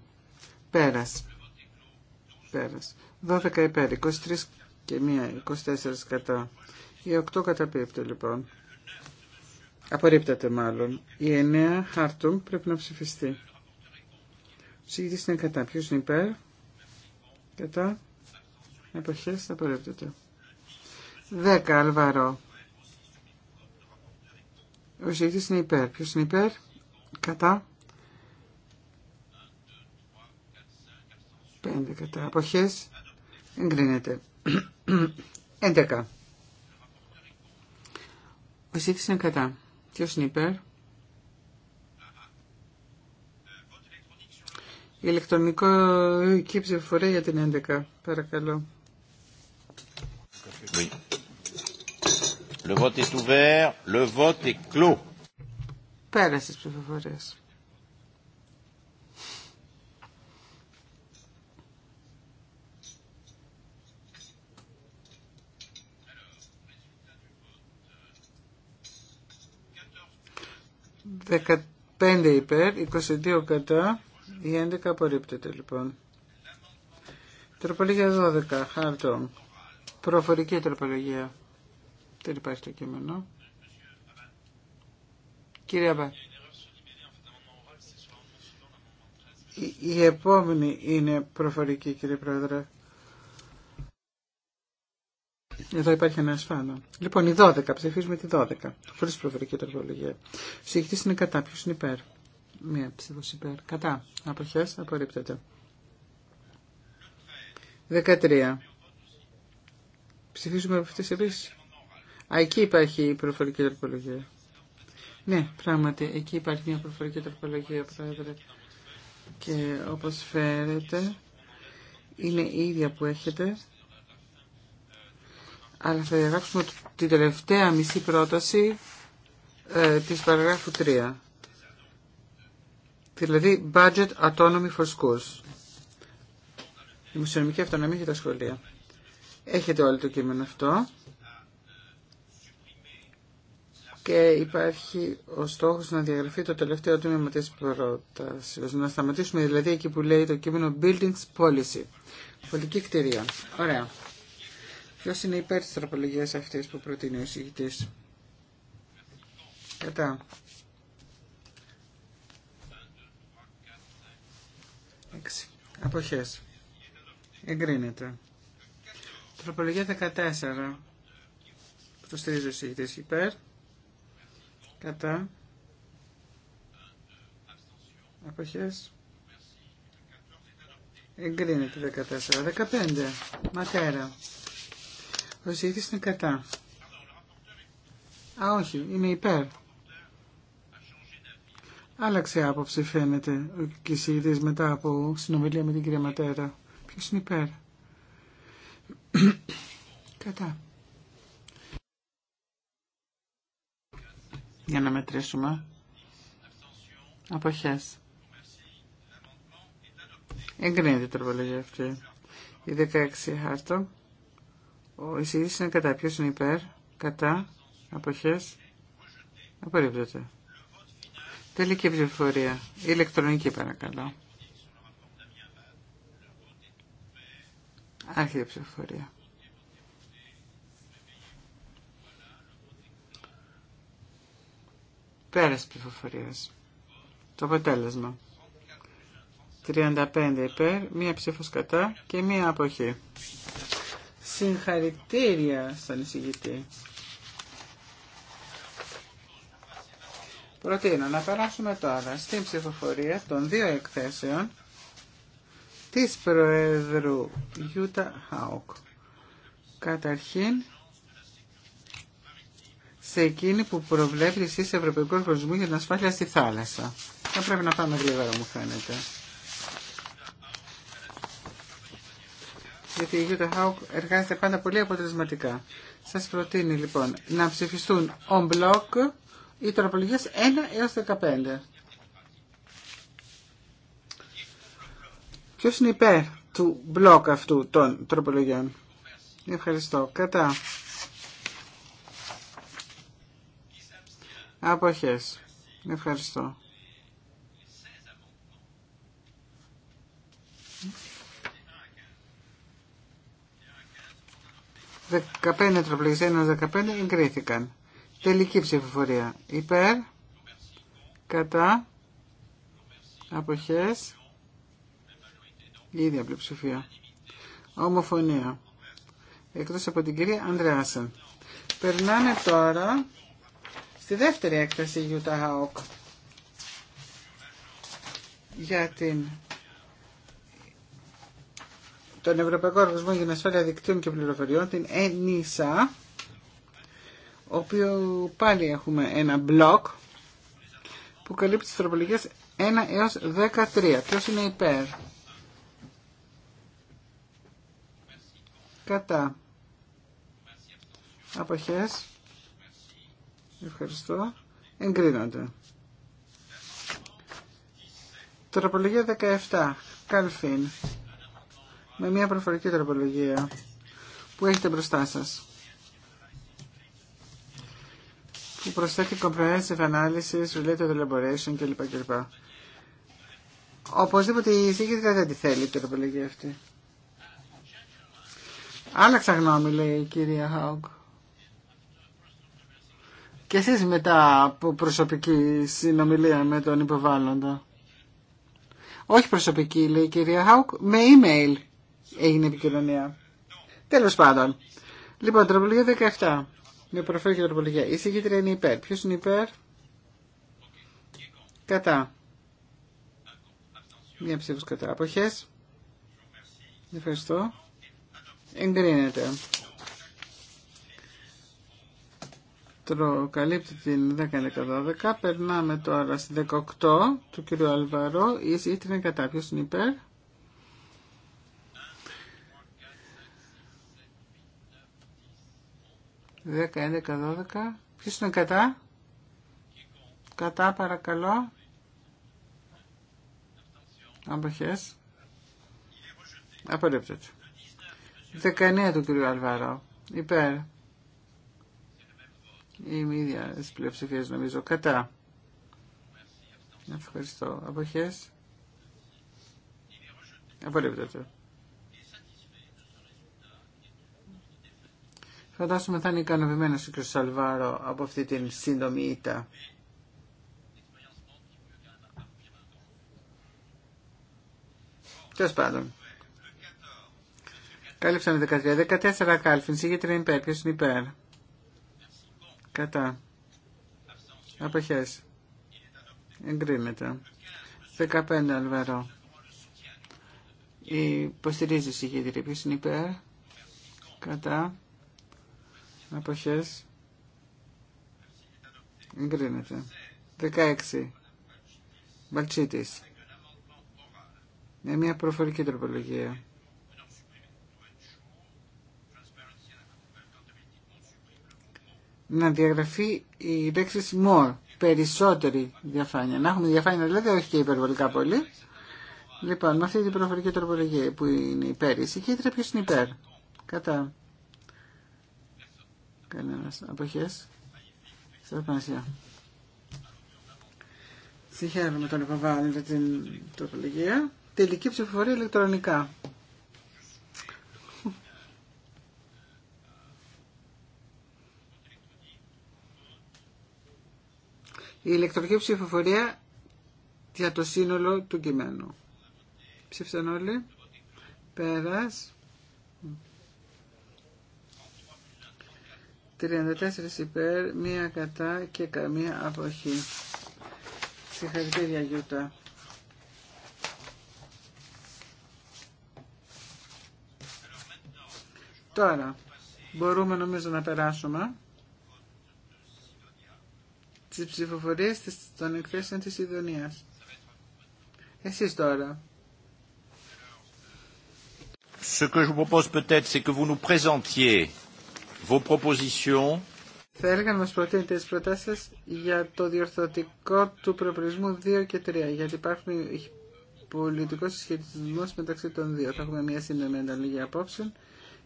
Πέρας. Πέρας. 12 υπέρ, 23 και 1, 24 κατά. Η 8 καταπίπτει λοιπόν. Απορρίπτεται μάλλον. Η 9 χάρτου πρέπει να ψηφιστεί. Ψηγητής είναι κατά. Ποιος είναι υπέρ. Κατά. Εποχές απορρίπτεται. Δέκα, Αλβαρό. Ο ψηγητής είναι υπέρ. Ποιος είναι υπέρ. Κατά. Πέντε. κατά. Εποχές. εγκρίνεται. Έντεκα. Ο ψηγητής είναι κατά. Ποιος είναι υπέρ. ηλεκτρονικό και ψηφοφορία για την 11. Παρακαλώ. Oui. Le vote est ouvert. Le vote est clos. Πέρασε τις ψηφοφορίες. Δεκαπέντε υπέρ, 22 κατά. Η 11 απορρίπτεται λοιπόν. Τροπολογία 12. Χάρτον. Προφορική τροπολογία. Δεν υπάρχει το κείμενο. Κύριε Αμπά. Η, επόμενη είναι προφορική κύριε Πρόεδρε. Εδώ υπάρχει ένα ασφανο. Λοιπόν, η 12. Ψηφίζουμε τη 12. Χωρί προφορική τροπολογία. Συγχωρείτε είναι κατά. Ποιο είναι υπέρ. Μία ψήφος υπέρ. Κατά. Αποχές. Απορρίπτεται. 13. Ψηφίζουμε από αυτές επίσης. Α, εκεί υπάρχει η προφορική τροπολογία. Ναι, πράγματι, εκεί υπάρχει μια ψηφο υπερ τροπολογία, πρόεδρε. Και όπως φαίνεται, είναι η ίδια που έχετε. Αλλά θα διαγράψουμε την τελευταία μισή πρόταση ε, της παραγράφου 3 δηλαδή budget autonomy for schools. Η μουσιονομική αυτονομία για τα σχολεία. Έχετε όλο το κείμενο αυτό. Και υπάρχει ο στόχος να διαγραφεί το τελευταίο τμήμα τη πρόταση. Να σταματήσουμε δηλαδή εκεί που λέει το κείμενο Buildings Policy. Πολιτική κτηρία. Ωραία. Ποιο είναι υπέρ τη τροπολογία αυτή που προτείνει ο εισηγητή. Κατά. Αποχές. Εγκρίνεται. Τροπολογία 14. Το στηρίζει ο συγητής υπέρ. Κατά. Αποχές. Εγκρίνεται 14. 15. Ματέρα. Ο συγητής είναι κατά. Α, όχι. Είμαι υπέρ άλλαξε άποψη φαίνεται ο Κισίδης μετά από συνομιλία με την κυρία Ματέρα. Ποιος είναι υπέρ. Κατά. Για να μετρήσουμε. Αποχές. Εγκρίνεται η τροπολογία αυτή. Η 16 χάρτο. Ο εισηγητής είναι κατά. Ποιος είναι υπέρ. Κατά. Αποχές. Απορρίπτεται. Τελική ψηφοφορία. Ηλεκτρονική παρακαλώ. Άρχιε ψηφοφορία. Πέρας ψηφοφορίας. Το αποτέλεσμα. 35 υπέρ, μία ψήφος κατά και μία αποχή. Συγχαρητήρια στον εισηγητή. Προτείνω να περάσουμε τώρα στην ψηφοφορία των δύο εκθέσεων της Προέδρου Γιούτα Χάουκ. Καταρχήν, σε εκείνη που προβλέπει εσύ σε Ευρωπαϊκό Οργανισμό για την Ασφάλεια στη Θάλασσα. Θα πρέπει να πάμε γλυβέρα μου φαίνεται. Γιατί η Γιούτα Χάουκ εργάζεται πάντα πολύ αποτελεσματικά. Σας προτείνει λοιπόν να ψηφιστούν on block οι τροπολογίες 1 έως 15. Ποιος είναι υπέρ του μπλοκ αυτού των τροπολογιών. Ευχαριστώ. Κατά. Αποχές. Ευχαριστώ. Δεκαπέντε τροπολογίες, 1 15 εγκρίθηκαν. Τελική ψηφοφορία. Υπέρ. Κατά. Αποχές. Η ίδια πλειοψηφία. Ομοφωνία. Εκτός από την κυρία Ανδρεάσεν. Περνάμε τώρα στη δεύτερη έκταση Γιούτα Χαόκ για την... τον Ευρωπαϊκό Οργανισμό για την Ασφάλεια Δικτύων και Πληροφοριών, την ΕΝΙΣΑ οποίο πάλι έχουμε ένα μπλοκ που καλύπτει τις τροπολογίες 1 έως 13. Ποιος είναι υπέρ. Κατά. Αποχές. Ευχαριστώ. Εγκρίνονται. Τροπολογία 17. Καλφίν. Με μια προφορική τροπολογία που έχετε μπροστά σας. που προσθέτει comprehensive analysis, related elaboration κλπ. κλπ. Οπωσδήποτε η εισήγητρια δεν τη θέλει η επιλογή αυτή. Άλλαξα γνώμη, λέει η κυρία Χάουγκ. Και εσείς μετά από προσωπική συνομιλία με τον υποβάλλοντα. Όχι προσωπική, λέει η κυρία Χάουκ, με email έγινε επικοινωνία. Τέλος πάντων. Λοιπόν, τροπολογία 17. Με προφέρει και τροπολογία. Η συγκίτρια είναι υπέρ. Ποιο είναι υπέρ? Κατά. Μία ψήφος κατά. Αποχές. Ευχαριστώ. Εγκρίνεται. Τροκαλύπτει την 10 Περνάμε τώρα στη 18 του κυρίου Αλβαρό. Η συγκίτρια είναι κατά. Ποιος είναι υπέρ? 10, 11, 12. Ποιος είναι κατά? Κατά παρακαλώ. Αμπαχές. Απορρίπτεται. 19 του κυρίου Αλβάρο. Υπέρ. Η ίδια της πλειοψηφίας νομίζω. Κατά. Ευχαριστώ. Αποχές. Απορρίπτεται. Φαντάζομαι θα είναι ικανοποιημένος ο κ. Σαλβάρο από αυτή την σύντομη ήττα. Τέλο πάντων. Κάλυψαν 13. 14 κάλυψαν. για την υπέρ. Ποιο είναι υπέρ. Κατά. Αποχέ. Εγκρίνεται. 15 Αλβαρό. Υποστηρίζει η συγκεντρή. Ποιο είναι υπέρ. Κατά. Αποχές. Εγκρίνεται. 16. Μπαλτσίτης. Με μια προφορική τροπολογία. Να διαγραφεί η λέξη more, περισσότερη διαφάνεια. Να έχουμε διαφάνεια δηλαδή, όχι και υπερβολικά πολύ. Λοιπόν, με αυτή την προφορική τροπολογία που είναι υπέρ, η συγκέντρα ποιος είναι υπέρ. Κατά. Σε αποχές Σαρπάσια Συγχαίρουμε τον Παπαδάλη για την τροπολογία τελική ψηφοφορία ηλεκτρονικά Η ηλεκτρονική ψηφοφορία για το σύνολο του κειμένου. Ψήφισαν όλοι. Πέρας. 34 υπέρ, μία κατά και καμία αποχή. Συγχαρητήρια Γιούτα. Τώρα, μπορούμε νομίζω να περάσουμε τις ψηφοφορίες των εκθέσεων της Ιδονίας. Εσείς τώρα. Ce que je vous propose peut-être, c'est que vous nous présentiez θα έλεγα να μας προτείνετε τις προτάσεις για το διορθωτικό του προπορισμού 2 και 3, γιατί υπάρχουν πολιτικός συσχετισμός μεταξύ των δύο. Θα έχουμε μια σύντομη ανταλλαγή απόψεων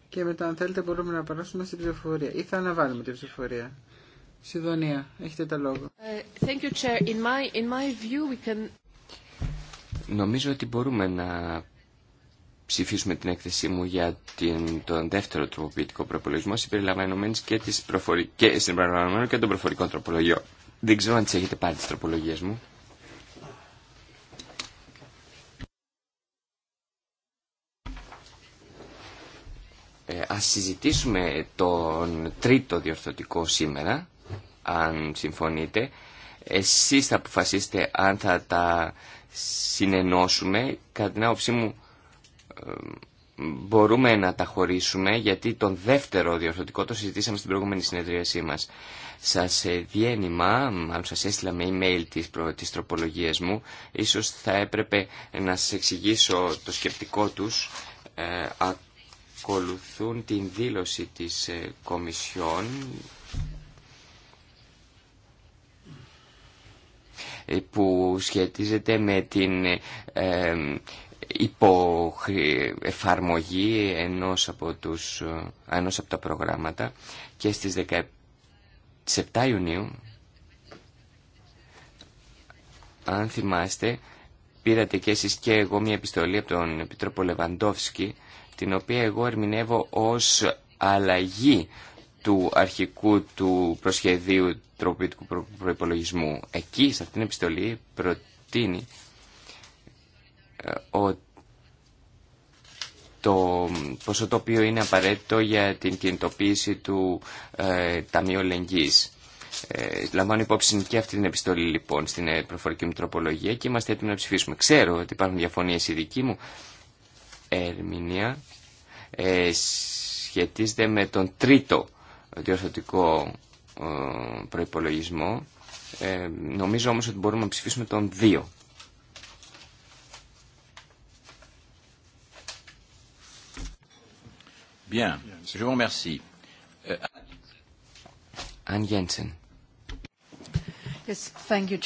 και μετά αν θέλετε μπορούμε να περάσουμε στην ψηφοφορία ή θα αναβάλουμε την ψηφοφορία. Συνδονία. έχετε τα λόγο. Νομίζω ότι μπορούμε να ψηφίσουμε την έκθεσή μου για την, τον δεύτερο τροποποιητικό προπολογισμό συμπεριλαμβανομένη και, της προφορι... και, και των προφορικών τροπολογιών. Δεν ξέρω αν τι έχετε πάρει τις τροπολογίες μου. Ε, ας συζητήσουμε τον τρίτο διορθωτικό σήμερα, αν συμφωνείτε. Εσείς θα αποφασίσετε αν θα τα συνενώσουμε. Κατά την άποψή μου μπορούμε να τα χωρίσουμε γιατί τον δεύτερο διορθωτικό το συζητήσαμε στην προηγούμενη συνεδρίασή μας. Σας διένυμα, μάλλον σας έστειλα με email της, προ, μου, ίσως θα έπρεπε να σας εξηγήσω το σκεπτικό τους. Ε, ακολουθούν την δήλωση της ε, Κομισιόν ε, που σχετίζεται με την ε, υπό εφαρμογή ενός από, τους, ενός από τα προγράμματα και στις 17 Ιουνίου αν θυμάστε πήρατε και εσείς και εγώ μια επιστολή από τον Επιτρόπο Λεβαντόφσκι την οποία εγώ ερμηνεύω ως αλλαγή του αρχικού του προσχεδίου τροποποιητικού προϋπολογισμού. Εκεί, σε αυτήν την επιστολή, προτείνει ε, το ποσό το οποίο είναι απαραίτητο για την κινητοποίηση του ε, Ταμείου Λεγγύης. Ε, λαμβάνω υπόψη και αυτή την επιστολή λοιπόν στην ε, προφορική μου τροπολογία και είμαστε έτοιμοι να ψηφίσουμε. Ξέρω ότι υπάρχουν διαφωνίες η δική μου ερμηνεία ε, σχετίζεται με τον τρίτο διορθωτικό ε, προϋπολογισμό. Ε, νομίζω όμως ότι μπορούμε να ψηφίσουμε τον δύο. Bien, je vous remercie. Euh, Anne Jensen. Yes, thank you,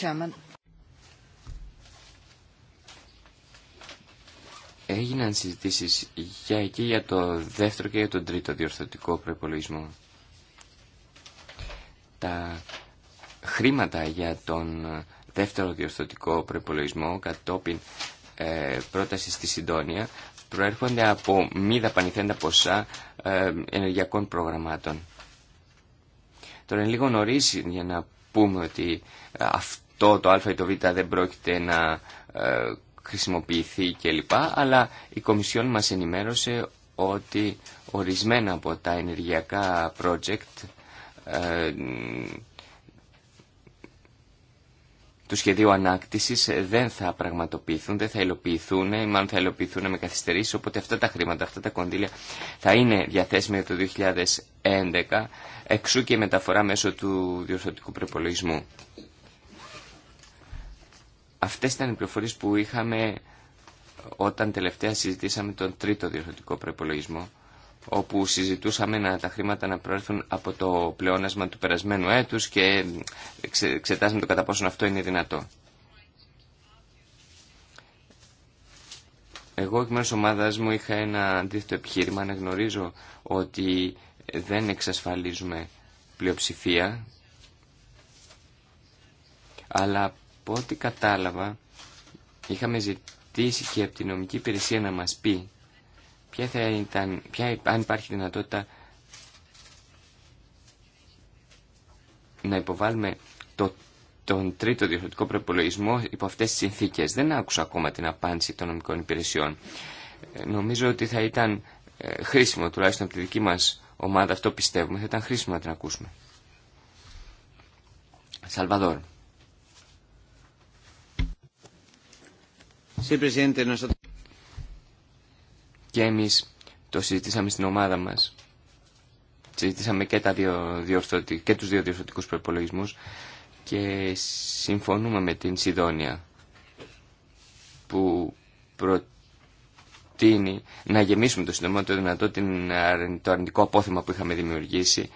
Έγιναν συζητήσεις για, εκεί για το δεύτερο και για τον τρίτο διορθωτικό προπολογισμό. Τα χρήματα για τον δεύτερο διορθωτικό προπολογισμό κατόπιν ε, πρόταση στη Συντόνια προέρχονται από μη δαπανηθέντα ποσά ε, ενεργειακών προγραμμάτων. Τώρα είναι λίγο νωρί για να πούμε ότι ε, αυτό το α ή το β δεν πρόκειται να ε, χρησιμοποιηθεί κλπ. Αλλά η Κομισιόν μας ενημέρωσε ότι ορισμένα από τα ενεργειακά project του σχεδίου ανάκτηση δεν θα πραγματοποιηθούν, δεν θα υλοποιηθούν ή μάλλον θα υλοποιηθούν με καθυστερήσει, οπότε αυτά τα χρήματα, αυτά τα κονδύλια θα είναι διαθέσιμα για το 2011, εξού και η μεταφορά μέσω του διορθωτικού προπολογισμού. Αυτές ήταν οι πληροφορίες που είχαμε όταν τελευταία συζητήσαμε τον τρίτο διορθωτικό προπολογισμό όπου συζητούσαμε να, τα χρήματα να προέρθουν από το πλεόνασμα του περασμένου έτους και εξετάσαμε το κατά πόσο αυτό είναι δυνατό. Εγώ εκ μέρους ομάδας μου είχα ένα αντίθετο επιχείρημα να γνωρίζω ότι δεν εξασφαλίζουμε πλειοψηφία αλλά από ό,τι κατάλαβα είχαμε ζητήσει και από την νομική υπηρεσία να μας πει ποια θα ήταν, ποια, αν υπάρχει δυνατότητα να υποβάλουμε τον τρίτο διορθωτικό προπολογισμό υπό αυτές τις συνθήκες. Δεν άκουσα ακόμα την απάντηση των νομικών υπηρεσιών. Ε, νομίζω ότι θα ήταν ε, χρήσιμο, τουλάχιστον από τη δική μας ομάδα, αυτό πιστεύουμε, θα ήταν χρήσιμο να την ακούσουμε. Σαλβαδόρ και εμείς το συζητήσαμε στην ομάδα μας. Συζητήσαμε και, τα δύο, και τους δύο διορθωτικούς προπολογισμούς και συμφωνούμε με την Σιδόνια που προτείνει να γεμίσουμε το συντομότερο δυνατό την, το αρνητικό απόθεμα που είχαμε δημιουργήσει.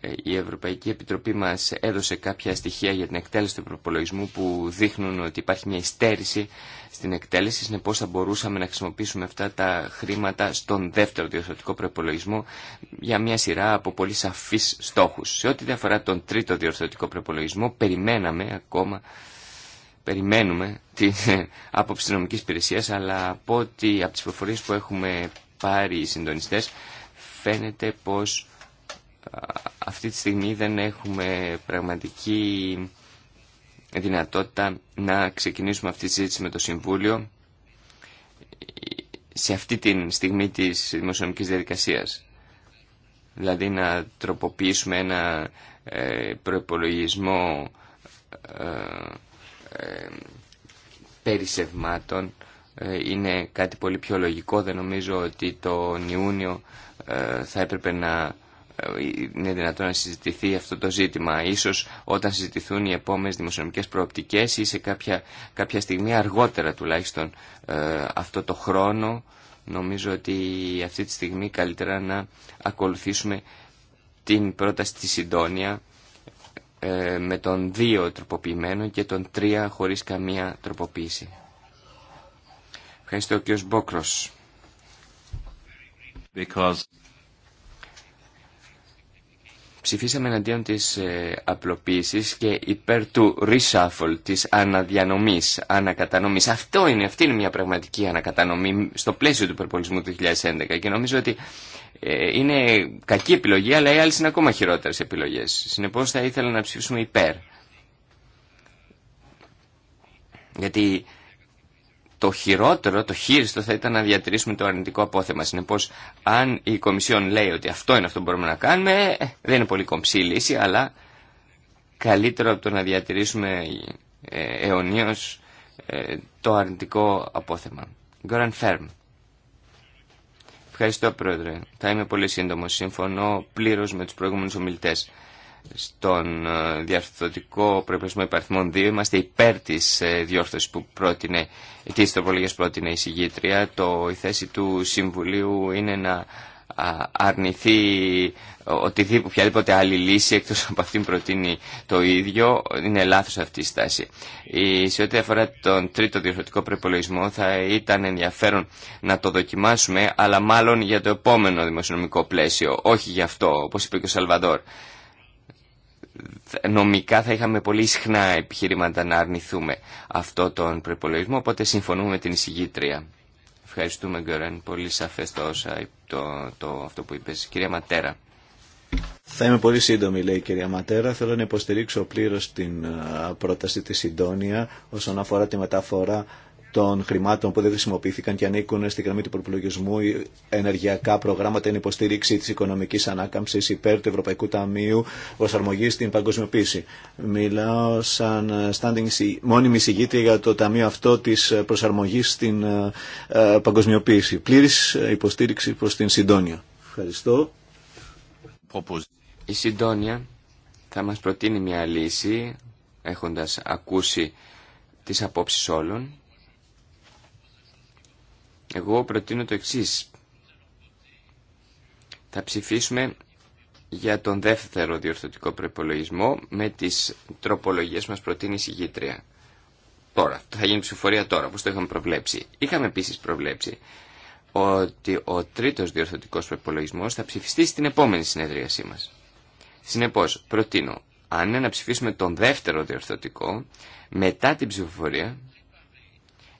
Ε, η Ευρωπαϊκή Επιτροπή μας έδωσε κάποια στοιχεία για την εκτέλεση του προπολογισμού που δείχνουν ότι υπάρχει μια υστέρηση στην εκτέλεση. Είναι θα μπορούσαμε να χρησιμοποιήσουμε αυτά τα χρήματα στον δεύτερο διορθωτικό προπολογισμό για μια σειρά από πολύ σαφείς στόχους. Σε ό,τι αφορά τον τρίτο διορθωτικό προπολογισμό, περιμέναμε ακόμα περιμένουμε την άποψη τη νομική υπηρεσία, αλλά από, ότι, από τις προφορίες που έχουμε πάρει οι συντονιστές φαίνεται πως αυτή τη στιγμή δεν έχουμε πραγματική δυνατότητα να ξεκινήσουμε αυτή τη συζήτηση με το Συμβούλιο σε αυτή τη στιγμή της δημοσιονομικής διαδικασίας. Δηλαδή να τροποποιήσουμε ένα ε, προπολογισμό ε, ε, περισσευμάτων είναι κάτι πολύ πιο λογικό. Δεν νομίζω ότι τον Ιούνιο θα έπρεπε να είναι δυνατόν να συζητηθεί αυτό το ζήτημα. Ίσως όταν συζητηθούν οι επόμενες δημοσιονομικές προοπτικές ή σε κάποια, κάποια στιγμή αργότερα τουλάχιστον ε, αυτό το χρόνο νομίζω ότι αυτή τη στιγμή καλύτερα να ακολουθήσουμε την πρόταση τη συντόνια ε, με τον δύο τροποποιημένο και τον τρία χωρίς καμία τροποποίηση. Ευχαριστώ ο κ. Μπόκρος. Because ψηφίσαμε εναντίον της ε, απλοποίησης και υπέρ του reshuffle, της αναδιανομής, ανακατανομής. Αυτό είναι, αυτή είναι μια πραγματική ανακατανομή στο πλαίσιο του υπερπολισμού του 2011 και νομίζω ότι ε, είναι κακή επιλογή, αλλά οι άλλες είναι ακόμα χειρότερες επιλογές. Συνεπώς θα ήθελα να ψηφίσουμε υπέρ. Γιατί το χειρότερο, το χείριστο θα ήταν να διατηρήσουμε το αρνητικό απόθεμα. Συνεπώ, αν η Κομισιόν λέει ότι αυτό είναι αυτό που μπορούμε να κάνουμε, ε, ε, δεν είναι πολύ κομψή η λύση, αλλά καλύτερο από το να διατηρήσουμε ε, αιωνίω το αρνητικό απόθεμα. Γκόραν Φέρμ. Ευχαριστώ, Πρόεδρε. Θα είμαι πολύ σύντομο. Συμφωνώ πλήρω με του προηγούμενου ομιλητέ στον ε, διαρθρωτικό προϋπλασμό υπαριθμών 2 είμαστε υπέρ της ε, διόρθωσης που πρότεινε της τροπολογίας πρότεινε η συγγήτρια το, η θέση του Συμβουλίου είναι να αρνηθεί ε, οτιδήποτε, οποιαδήποτε άλλη λύση εκτός από αυτήν προτείνει το ίδιο είναι λάθος αυτή η στάση σε ό,τι αφορά τον τρίτο διορθωτικό προπολογισμό θα ήταν ενδιαφέρον να το δοκιμάσουμε αλλά μάλλον για το επόμενο δημοσιονομικό πλαίσιο όχι για αυτό όπως είπε και ο Σαλβαδόρ νομικά θα είχαμε πολύ συχνά επιχειρήματα να αρνηθούμε αυτό τον προπολογισμό, οπότε συμφωνούμε με την εισηγήτρια. Ευχαριστούμε, Γκέρεν, Πολύ σαφές το, το, αυτό που είπες. Κυρία Ματέρα. Θα είμαι πολύ σύντομη, λέει η κυρία Ματέρα. Θέλω να υποστηρίξω πλήρω την πρόταση τη Συντόνια όσον αφορά τη μεταφορά των χρημάτων που δεν χρησιμοποιήθηκαν και ανήκουν στη γραμμή του προπολογισμού ενεργειακά προγράμματα είναι υποστήριξη τη οικονομική ανάκαμψη υπέρ του Ευρωπαϊκού Ταμείου προσαρμογή στην παγκοσμιοποίηση. Μιλάω σαν standing, μόνιμη συγγήτρια για το Ταμείο αυτό τη προσαρμογή στην ε, ε, παγκοσμιοποίηση. Πλήρη υποστήριξη προ την συντόνια. Ευχαριστώ. Η συντόνια θα μας προτείνει μια λύση έχοντας ακούσει τις απόψεις όλων εγώ προτείνω το εξή. Θα ψηφίσουμε για τον δεύτερο διορθωτικό προπολογισμό με τις τροπολογίες που μας προτείνει η συγκήτρια. Τώρα, θα γίνει ψηφοφορία τώρα, όπω το είχαμε προβλέψει. Είχαμε επίση προβλέψει ότι ο τρίτος διορθωτικός προπολογισμό θα ψηφιστεί στην επόμενη συνεδρίασή μας. Συνεπώ, προτείνω, αν είναι να ψηφίσουμε τον δεύτερο διορθωτικό, μετά την ψηφοφορία,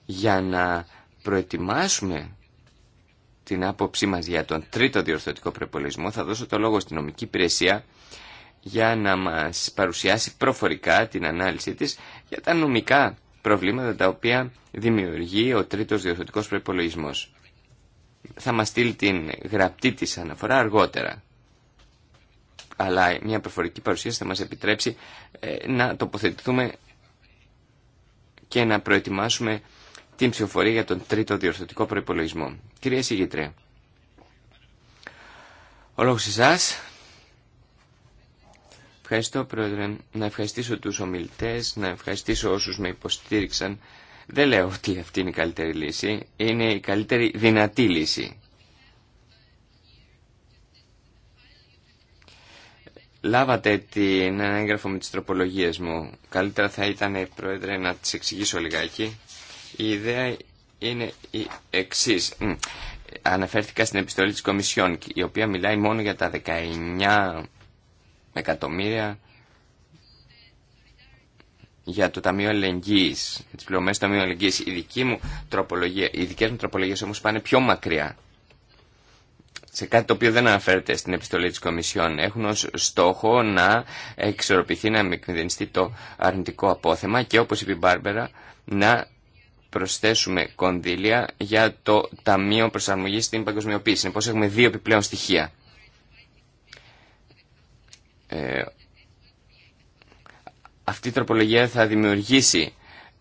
για να προετοιμάσουμε την άποψή μας για τον τρίτο διορθωτικό προπολογισμό, θα δώσω το λόγο στην νομική υπηρεσία για να μας παρουσιάσει προφορικά την ανάλυση της για τα νομικά προβλήματα τα οποία δημιουργεί ο τρίτος διορθωτικός προπολογισμό. Θα μας στείλει την γραπτή της αναφορά αργότερα. Αλλά μια προφορική παρουσίαση θα μας επιτρέψει ε, να τοποθετηθούμε και να προετοιμάσουμε την ψηφοφορία για τον τρίτο διορθωτικό προπολογισμό. Κυρία Σίγητρε, ο λόγος εσά. Ευχαριστώ Πρόεδρε, να ευχαριστήσω τους ομιλητέ, να ευχαριστήσω όσους με υποστήριξαν. Δεν λέω ότι αυτή είναι η καλύτερη λύση, είναι η καλύτερη δυνατή λύση. Λάβατε την έγγραφο με τις τροπολογίες μου. Καλύτερα θα ήταν, Πρόεδρε, να τις εξηγήσω λιγάκι. Η ιδέα είναι η εξή. Αναφέρθηκα στην επιστολή της Κομισιόν, η οποία μιλάει μόνο για τα 19 εκατομμύρια για το Ταμείο Ελεγγύης, τις πληρωμές του Ταμείου Ελεγγύης. μου οι δικές μου τροπολογίες όμως πάνε πιο μακριά. Σε κάτι το οποίο δεν αναφέρεται στην επιστολή της Κομισιόν. Έχουν ως στόχο να εξορροπηθεί, να μικρυνιστεί το αρνητικό απόθεμα και όπως είπε η Μπάρμπερα, να προσθέσουμε κονδύλια για το Ταμείο Προσαρμογής στην Παγκοσμιοποίηση. Πώ έχουμε δύο επιπλέον στοιχεία. Ε, αυτή η τροπολογία θα δημιουργήσει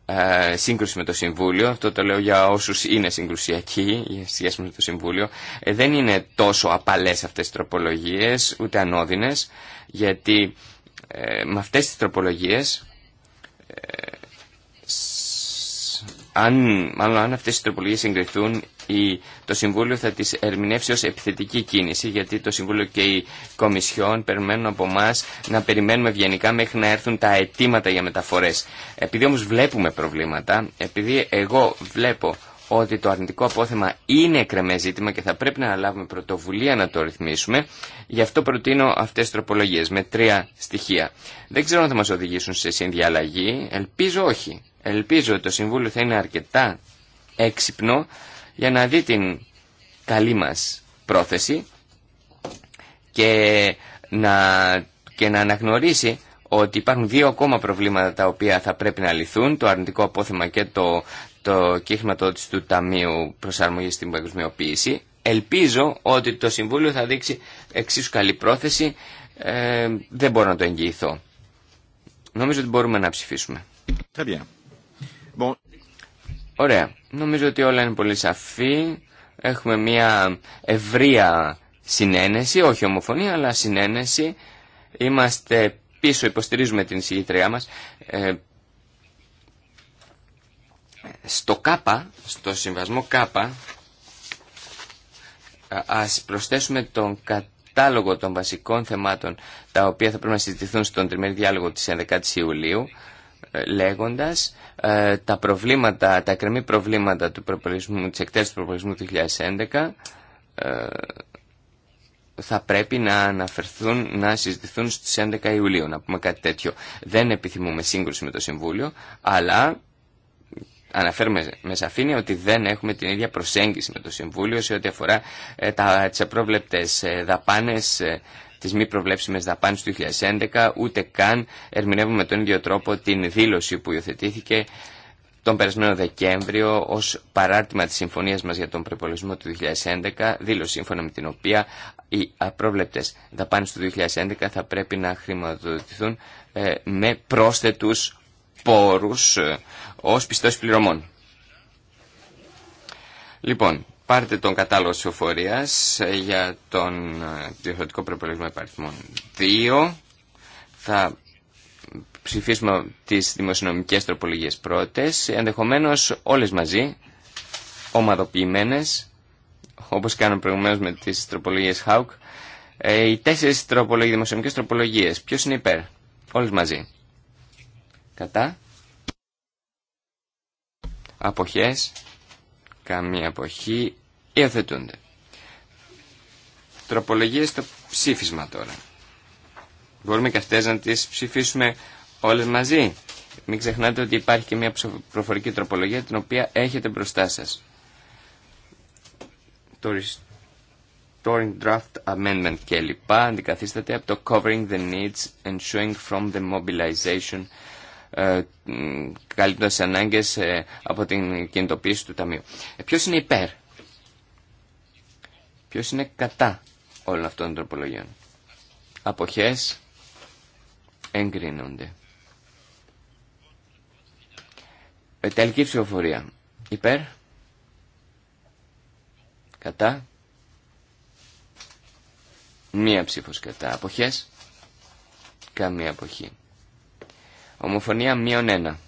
ε, σύγκρουση με το Συμβούλιο. Αυτό το λέω για όσους είναι συγκρουσιακοί για σχέση με το Συμβούλιο. Ε, δεν είναι τόσο απαλές αυτές οι τροπολογίες, ούτε ανώδυνε, γιατί ε, με αυτές τις τροπολογίες ε, αν, μάλλον αν αυτές οι τροπολογίες συγκριθούν η, το Συμβούλιο θα τις ερμηνεύσει ως επιθετική κίνηση, γιατί το Συμβούλιο και οι Κομισιόν περιμένουν από εμά να περιμένουμε ευγενικά μέχρι να έρθουν τα αιτήματα για μεταφορές. Επειδή όμως βλέπουμε προβλήματα, επειδή εγώ βλέπω ότι το αρνητικό απόθεμα είναι εκρεμέ ζήτημα και θα πρέπει να λάβουμε πρωτοβουλία να το ρυθμίσουμε. Γι' αυτό προτείνω αυτέ τι τροπολογίε με τρία στοιχεία. Δεν ξέρω αν θα μα οδηγήσουν σε συνδιαλλαγή. Ελπίζω όχι. Ελπίζω ότι το Συμβούλιο θα είναι αρκετά έξυπνο για να δει την καλή μας πρόθεση και να, και να αναγνωρίσει ότι υπάρχουν δύο ακόμα προβλήματα τα οποία θα πρέπει να λυθούν, το αρνητικό απόθεμα και το, το της του Ταμείου Προσαρμογής στην Παγκοσμιοποίηση. Ελπίζω ότι το Συμβούλιο θα δείξει εξίσου καλή πρόθεση, ε, δεν μπορώ να το εγγυηθώ. Νομίζω ότι μπορούμε να ψηφίσουμε. Ωραία. Νομίζω ότι όλα είναι πολύ σαφή. Έχουμε μια ευρεία συνένεση, όχι ομοφωνία, αλλά συνένεση. Είμαστε πίσω, υποστηρίζουμε την συγκήτριά μας. Ε, στο ΚΑΠΑ, στο συμβασμό ΚΑΠΑ, ας προσθέσουμε τον κατάλογο των βασικών θεμάτων τα οποία θα πρέπει να συζητηθούν στον τριμερή διάλογο της 11 η Ιουλίου λέγοντας ε, τα προβλήματα, τα εκκρεμή προβλήματα του προπολισμού, της εκτέλεσης του προπολισμού του 2011 ε, θα πρέπει να αναφερθούν, να συζητηθούν στις 11 Ιουλίου, να πούμε κάτι τέτοιο. Δεν επιθυμούμε σύγκρουση με το Συμβούλιο, αλλά αναφέρουμε με σαφήνεια ότι δεν έχουμε την ίδια προσέγγιση με το Συμβούλιο σε ό,τι αφορά ε, τα, τις απρόβλεπτες ε, δαπάνες ε, τις μη προβλέψιμες δαπάνες του 2011, ούτε καν ερμηνεύουμε με τον ίδιο τρόπο την δήλωση που υιοθετήθηκε τον περασμένο Δεκέμβριο ως παράρτημα της συμφωνίας μας για τον προπολογισμό του 2011, δήλωση σύμφωνα με την οποία οι απρόβλεπτες δαπάνες του 2011 θα πρέπει να χρηματοδοτηθούν ε, με πρόσθετους πόρους ε, ως πιστός πληρωμών. Λοιπόν, Πάρτε τον κατάλογο ψηφοφορία ε, για τον ε, διορθωτικό προπολογισμό υπαριθμών 2. Θα ψηφίσουμε τις δημοσιονομικές τροπολογίες πρώτες, ενδεχομένως όλες μαζί, ομαδοποιημένες, όπως κάνουν προηγουμένως με τις τροπολογίες Χάουκ. Ε, οι τέσσερις τροπολογίες, δημοσιονομικές τροπολογίες, ποιος είναι υπέρ, όλες μαζί. Κατά. Αποχές καμία αποχή, υιοθετούνται. Τροπολογίες στο ψήφισμα τώρα. Μπορούμε και αυτές να τις ψηφίσουμε όλες μαζί. Μην ξεχνάτε ότι υπάρχει και μια προφορική τροπολογία την οποία έχετε μπροστά σας. Το Restoring Draft Amendment κλπ. αντικαθίσταται από το Covering the Needs Showing from the Mobilization ε, τι ανάγκε ανάγκες ε, από την κινητοποίηση του Ταμείου. Ε, ποιο είναι υπέρ, ποιο είναι κατά όλων αυτών των τροπολογιών. Αποχές εγκρίνονται. Τελική ψηφοφορία. Υπέρ. Κατά. Μία ψήφος κατά. Αποχές. Καμία αποχή. Ομοφωνία μείον ένα.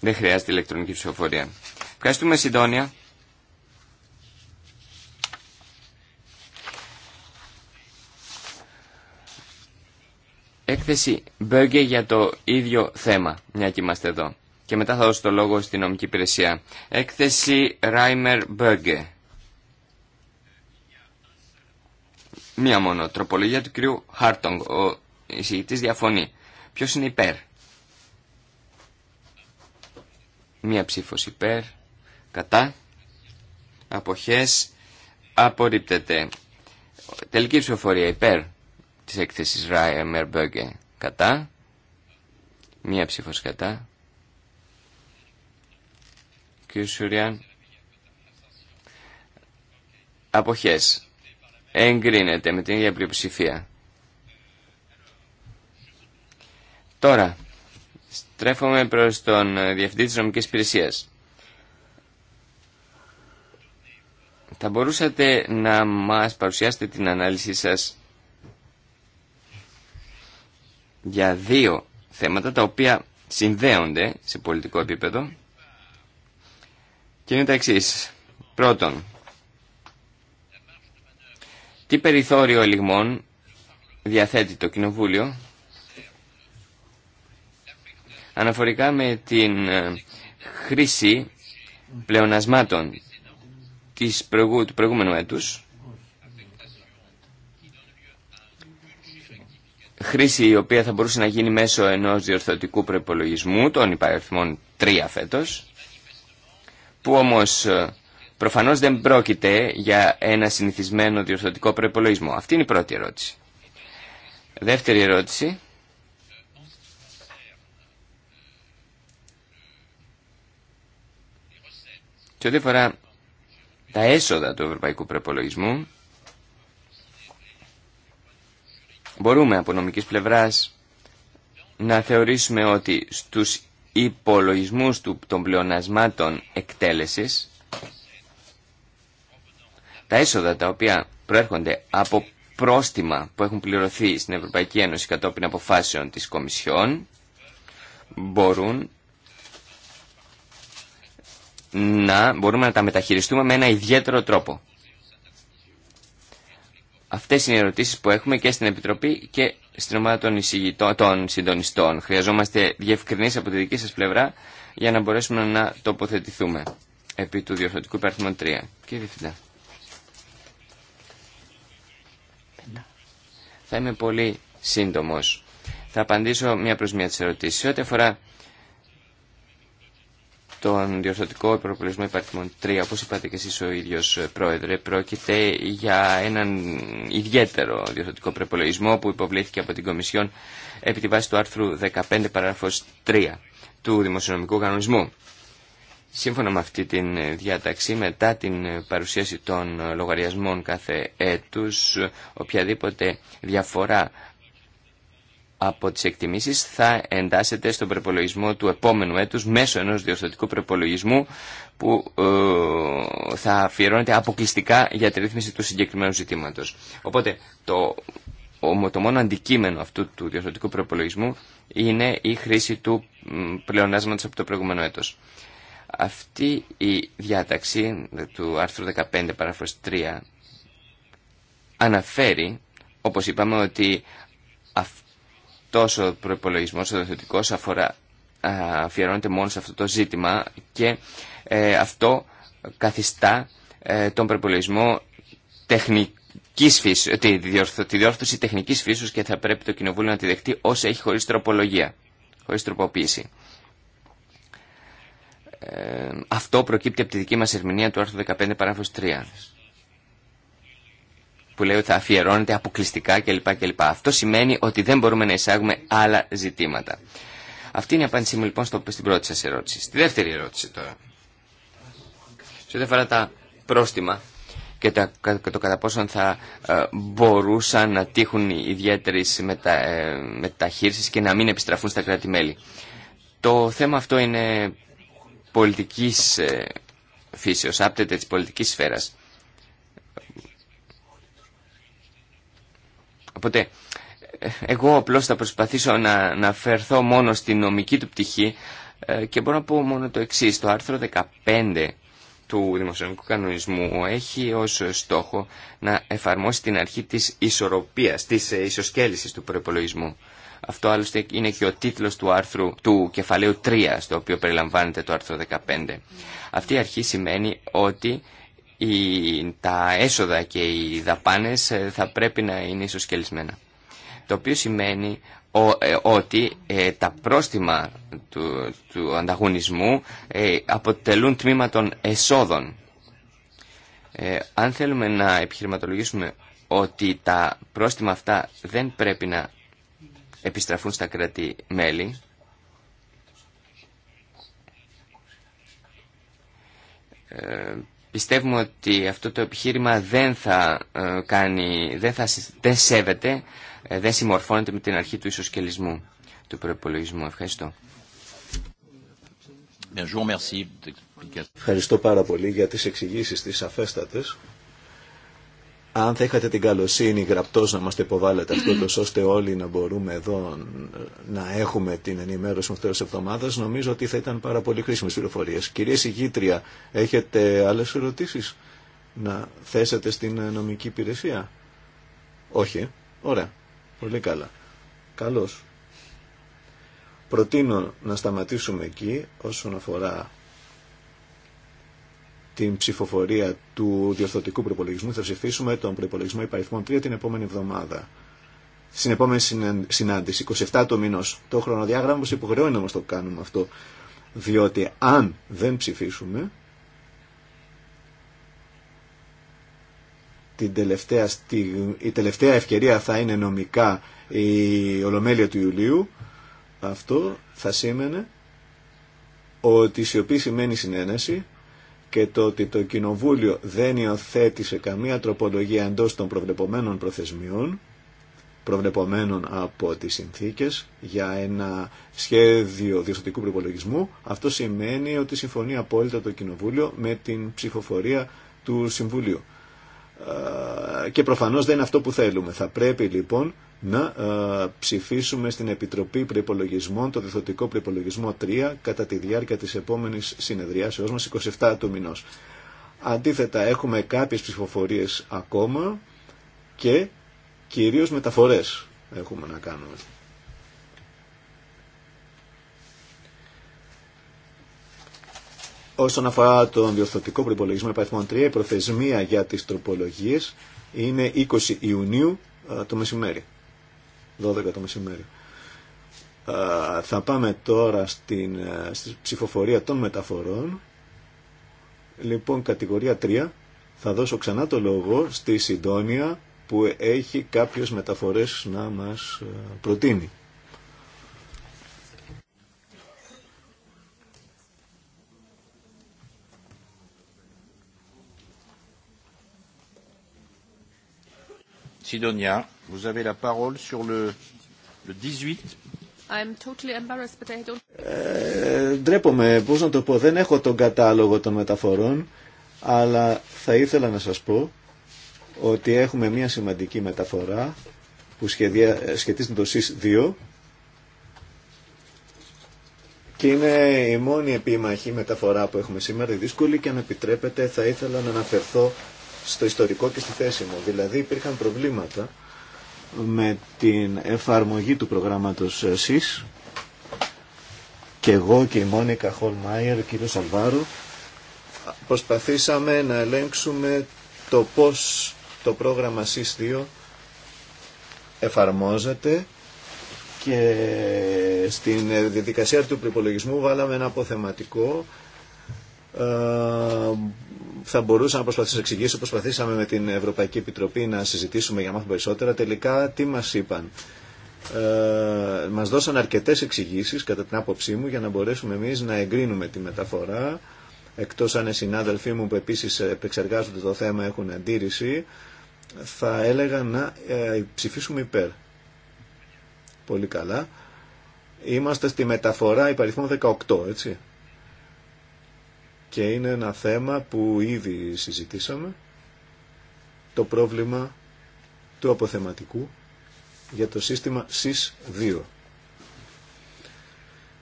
Δεν χρειάζεται ηλεκτρονική ψηφοφορία. Ευχαριστούμε Συντόνια. Έκθεση Μπέργκε για το ίδιο θέμα, μια και είμαστε εδώ. Και μετά θα δώσω το λόγο στην νομική υπηρεσία. Έκθεση Ράιμερ Μπέργκε. Μία μόνο τροπολογία του κ. Χάρτογκ. Ο εισηγητής διαφωνεί. Ποιος είναι υπέρ. Μία ψήφος υπέρ, κατά, αποχές, απορρίπτεται. Τελική ψηφοφορία υπέρ της έκθεσης Ράια Μερμπέγκε, κατά, μία ψήφος κατά. Κύριε Σουριάν, αποχές, εγκρίνεται με την ίδια πλειοψηφία. Τώρα, Στρέφομαι προς τον ε, Διευθυντή της Νομικής Υπηρεσίας. Θα μπορούσατε να μας παρουσιάσετε την ανάλυση σας για δύο θέματα τα οποία συνδέονται σε πολιτικό επίπεδο και είναι τα εξή. Πρώτον, τι περιθώριο ελιγμών διαθέτει το Κοινοβούλιο Αναφορικά με την ε, χρήση πλεονασμάτων της προηγου, του προηγούμενου έτους, χρήση η οποία θα μπορούσε να γίνει μέσω ενός διορθωτικού προπολογισμού των υπαριθμών 3 φέτος, που όμως ε, προφανώς δεν πρόκειται για ένα συνηθισμένο διορθωτικό προπολογισμό. Αυτή είναι η πρώτη ερώτηση. Δεύτερη ερώτηση Σε ό,τι αφορά τα έσοδα του ευρωπαϊκού προπολογισμού, μπορούμε από νομικής πλευράς να θεωρήσουμε ότι στους υπολογισμούς του, των πλεονασμάτων εκτέλεσης, τα έσοδα τα οποία προέρχονται από πρόστιμα που έχουν πληρωθεί στην Ευρωπαϊκή Ένωση κατόπιν αποφάσεων της Κομισιόν μπορούν να μπορούμε να τα μεταχειριστούμε με ένα ιδιαίτερο τρόπο. Αυτές είναι οι ερωτήσεις που έχουμε και στην Επιτροπή και στην ομάδα των, των συντονιστών. Χρειαζόμαστε διευκρινήσεις από τη δική σας πλευρά για να μπορέσουμε να τοποθετηθούμε επί του διορθωτικού Περθυμοντρία. 3. Κύριε Διευθυντά. Θα είμαι πολύ σύντομος. Θα απαντήσω μία προς μία τις ερωτήσεις. Ό,τι αφορά τον διορθωτικό προπολογισμό υπαρτιμών 3, όπως είπατε και εσείς ο ίδιος ε, πρόεδρε, πρόκειται για έναν ιδιαίτερο διορθωτικό προπολογισμό που υποβλήθηκε από την Κομισιόν επί τη βάση του άρθρου 15 παράγραφος 3 του Δημοσιονομικού Κανονισμού. Σύμφωνα με αυτή την διάταξη, μετά την παρουσίαση των λογαριασμών κάθε έτους, οποιαδήποτε διαφορά από τις εκτιμήσεις θα εντάσσεται στον προπολογισμό του επόμενου έτους μέσω ενός διορθωτικού προπολογισμού που ε, θα αφιερώνεται αποκλειστικά για τη ρύθμιση του συγκεκριμένου ζητήματος. Οπότε το, το μόνο αντικείμενο αυτού του διορθωτικού προπολογισμού είναι η χρήση του πλεονάσματος από το προηγούμενο έτος. Αυτή η διάταξη του άρθρου 15 παράγραφος 3 αναφέρει, όπως είπαμε, ότι αυτό Τόσο ο προϋπολογισμός, ο δοθετικός, αφορά, αφιερώνεται μόνο σε αυτό το ζήτημα και ε, αυτό καθιστά ε, τον προπολογισμό τεχνικής φύσης, τη, διορθω, τη διόρθωση τεχνικής φύσης και θα πρέπει το Κοινοβούλιο να τη δεχτεί όσο έχει χωρίς τροπολογία, χωρίς τροποποίηση. Ε, αυτό προκύπτει από τη δική μας ερμηνεία του άρθρου 15 παράγραφος 3 που λέει ότι θα αφιερώνεται αποκλειστικά κλπ. κλπ. Αυτό σημαίνει ότι δεν μπορούμε να εισάγουμε άλλα ζητήματα. Αυτή είναι η απάντησή μου λοιπόν στο, στην πρώτη σας ερώτηση. Στη δεύτερη ερώτηση τώρα. Σε ό,τι αφορά τα πρόστιμα και το, και το κατά πόσον θα ε, μπορούσαν να τύχουν ιδιαίτερη μετα, ε, και να μην επιστραφούν στα κράτη-μέλη. Το θέμα αυτό είναι πολιτικής ε, φύσεως, άπτεται της πολιτικής σφαίρας. Οπότε εγώ απλώς θα προσπαθήσω να φερθώ μόνο στη νομική του πτυχή ε, και μπορώ να πω μόνο το εξή. Το άρθρο 15 του Δημοσιονομικού Κανονισμού έχει ως στόχο να εφαρμόσει την αρχή της ισορροπίας, της ε, ισοσκέλησης του προπολογισμού. Αυτό άλλωστε είναι και ο τίτλος του, άρθρου, του κεφαλαίου 3, στο οποίο περιλαμβάνεται το άρθρο 15. Αυτή η αρχή σημαίνει ότι τα έσοδα και οι δαπάνες ε, θα πρέπει να είναι ισοσκελισμένα. Το οποίο σημαίνει ε, ότι ε, τα πρόστιμα του, του ανταγωνισμού αποτελούν τμήμα των εσόδων. Αν θέλουμε να επιχειρηματολογήσουμε ότι τα πρόστιμα αυτά δεν πρέπει να επιστραφούν στα κράτη-μέλη, Πιστεύουμε ότι αυτό το επιχείρημα δεν θα ε, κάνει, δεν, θα, δεν σέβεται, ε, δεν συμμορφώνεται με την αρχή του ισοσκελισμού του προπολογισμού. Ευχαριστώ. Ευχαριστώ πάρα πολύ για τις εξηγήσεις τις αφέστατες. Αν θα είχατε την καλοσύνη γραπτός να μας το υποβάλλετε αυτό το ώστε όλοι να μπορούμε εδώ να έχουμε την ενημέρωση με αυτές εβδομάδες, νομίζω ότι θα ήταν πάρα πολύ χρήσιμες πληροφορίες. Κυρία Συγήτρια, έχετε άλλες ερωτήσεις να θέσετε στην νομική υπηρεσία. Όχι. Ωραία. Πολύ καλά. Καλώς. Προτείνω να σταματήσουμε εκεί όσον αφορά την ψηφοφορία του διορθωτικού προπολογισμού. Θα ψηφίσουμε τον προπολογισμό υπαριθμών 3 την επόμενη εβδομάδα. Στην επόμενη συνάντηση, 27 το μηνό. Το χρονοδιάγραμμα μα υποχρεώνει μα το κάνουμε αυτό. Διότι αν δεν ψηφίσουμε, την τελευταία η τελευταία ευκαιρία θα είναι νομικά η Ολομέλεια του Ιουλίου, αυτό θα σήμαινε ότι η σιωπή σημαίνει συνένεση και το ότι το Κοινοβούλιο δεν υιοθέτησε καμία τροπολογία εντός των προβλεπωμένων προθεσμιών, προβλεπωμένων από τις συνθήκες για ένα σχέδιο διευθυντικού προπολογισμού, αυτό σημαίνει ότι συμφωνεί απόλυτα το Κοινοβούλιο με την ψηφοφορία του Συμβουλίου. Ε, και προφανώς δεν είναι αυτό που θέλουμε. Θα πρέπει λοιπόν να ε, ψηφίσουμε στην Επιτροπή Προπολογισμών το διθωτικό προπολογισμό 3 κατά τη διάρκεια της επόμενης συνεδριάσεως μας 27 του μηνός. Αντίθετα έχουμε κάποιες ψηφοφορίες ακόμα και κυρίως μεταφορές έχουμε να κάνουμε. Όσον αφορά το διορθωτικό προπολογισμό υπαριθμών 3, η προθεσμία για τις τροπολογίες είναι 20 Ιουνίου ε, το μεσημέρι. 12 το μεσημέρι. Θα πάμε τώρα στην, ε, στη ψηφοφορία των μεταφορών. Λοιπόν, κατηγορία 3. Θα δώσω ξανά το λόγο στη Συντόνια που έχει κάποιες μεταφορές να μας ε, προτείνει. Συντονιά. Vous avez ντρέπομαι, πώς να το πω, δεν έχω τον κατάλογο των μεταφορών, αλλά θα ήθελα να σας πω ότι έχουμε μια σημαντική μεταφορά που σχεδια... σχετίζεται το ΣΥΣ 2 και είναι η μόνη επίμαχη μεταφορά που έχουμε σήμερα, η δύσκολη και αν επιτρέπετε θα ήθελα να αναφερθώ στο ιστορικό και στη θέση μου. Δηλαδή υπήρχαν προβλήματα με την εφαρμογή του προγράμματος ε, ΣΥΣ και εγώ και η Μόνικα Χολμάιερ, ο κύριος Αλβάρου προσπαθήσαμε να ελέγξουμε το πώς το πρόγραμμα ΣΥΣ 2 εφαρμόζεται και στην ε, διαδικασία του προπολογισμού βάλαμε ένα αποθεματικό ε, θα μπορούσα να προσπαθήσω να εξηγήσω. Προσπαθήσαμε με την Ευρωπαϊκή Επιτροπή να συζητήσουμε για να μάθουμε περισσότερα. Τελικά τι μας είπαν. Ε, μας δώσαν αρκετές εξηγήσει κατά την άποψή μου για να μπορέσουμε εμείς να εγκρίνουμε τη μεταφορά εκτός αν οι συνάδελφοί μου που επίσης επεξεργάζονται το θέμα έχουν αντίρρηση θα έλεγα να ε, ψηφίσουμε υπέρ. Πολύ καλά. Είμαστε στη μεταφορά υπαριθμών 18, έτσι και είναι ένα θέμα που ήδη συζητήσαμε, το πρόβλημα του αποθεματικού για το σύστημα SIS-2.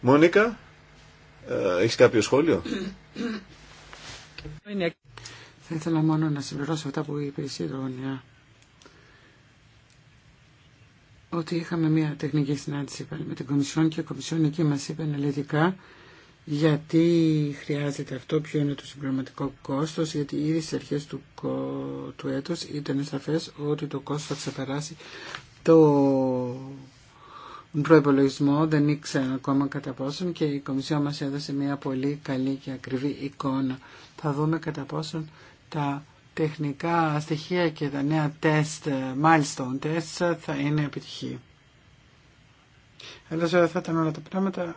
Μόνικα, ε, έχεις κάποιο σχόλιο? Θα ήθελα μόνο να συμπληρώσω αυτά που είπε η Σιδρόνια. Ότι είχαμε μια τεχνική συνάντηση με την Κομισιόν και η Κομισιόν εκεί μας είπε αναλυτικά γιατί χρειάζεται αυτό, ποιο είναι το συμπληρωματικό κόστος, γιατί ήδη στις αρχές του, του ήταν σαφές ότι το κόστος θα ξεπεράσει το προπολογισμό, δεν ήξερα ακόμα κατά πόσον και η Κομισιό μας έδωσε μια πολύ καλή και ακριβή εικόνα. Θα δούμε κατά πόσον τα τεχνικά στοιχεία και τα νέα τεστ, milestone τεστ θα είναι επιτυχή. Αλλά ε, θα ήταν όλα τα πράγματα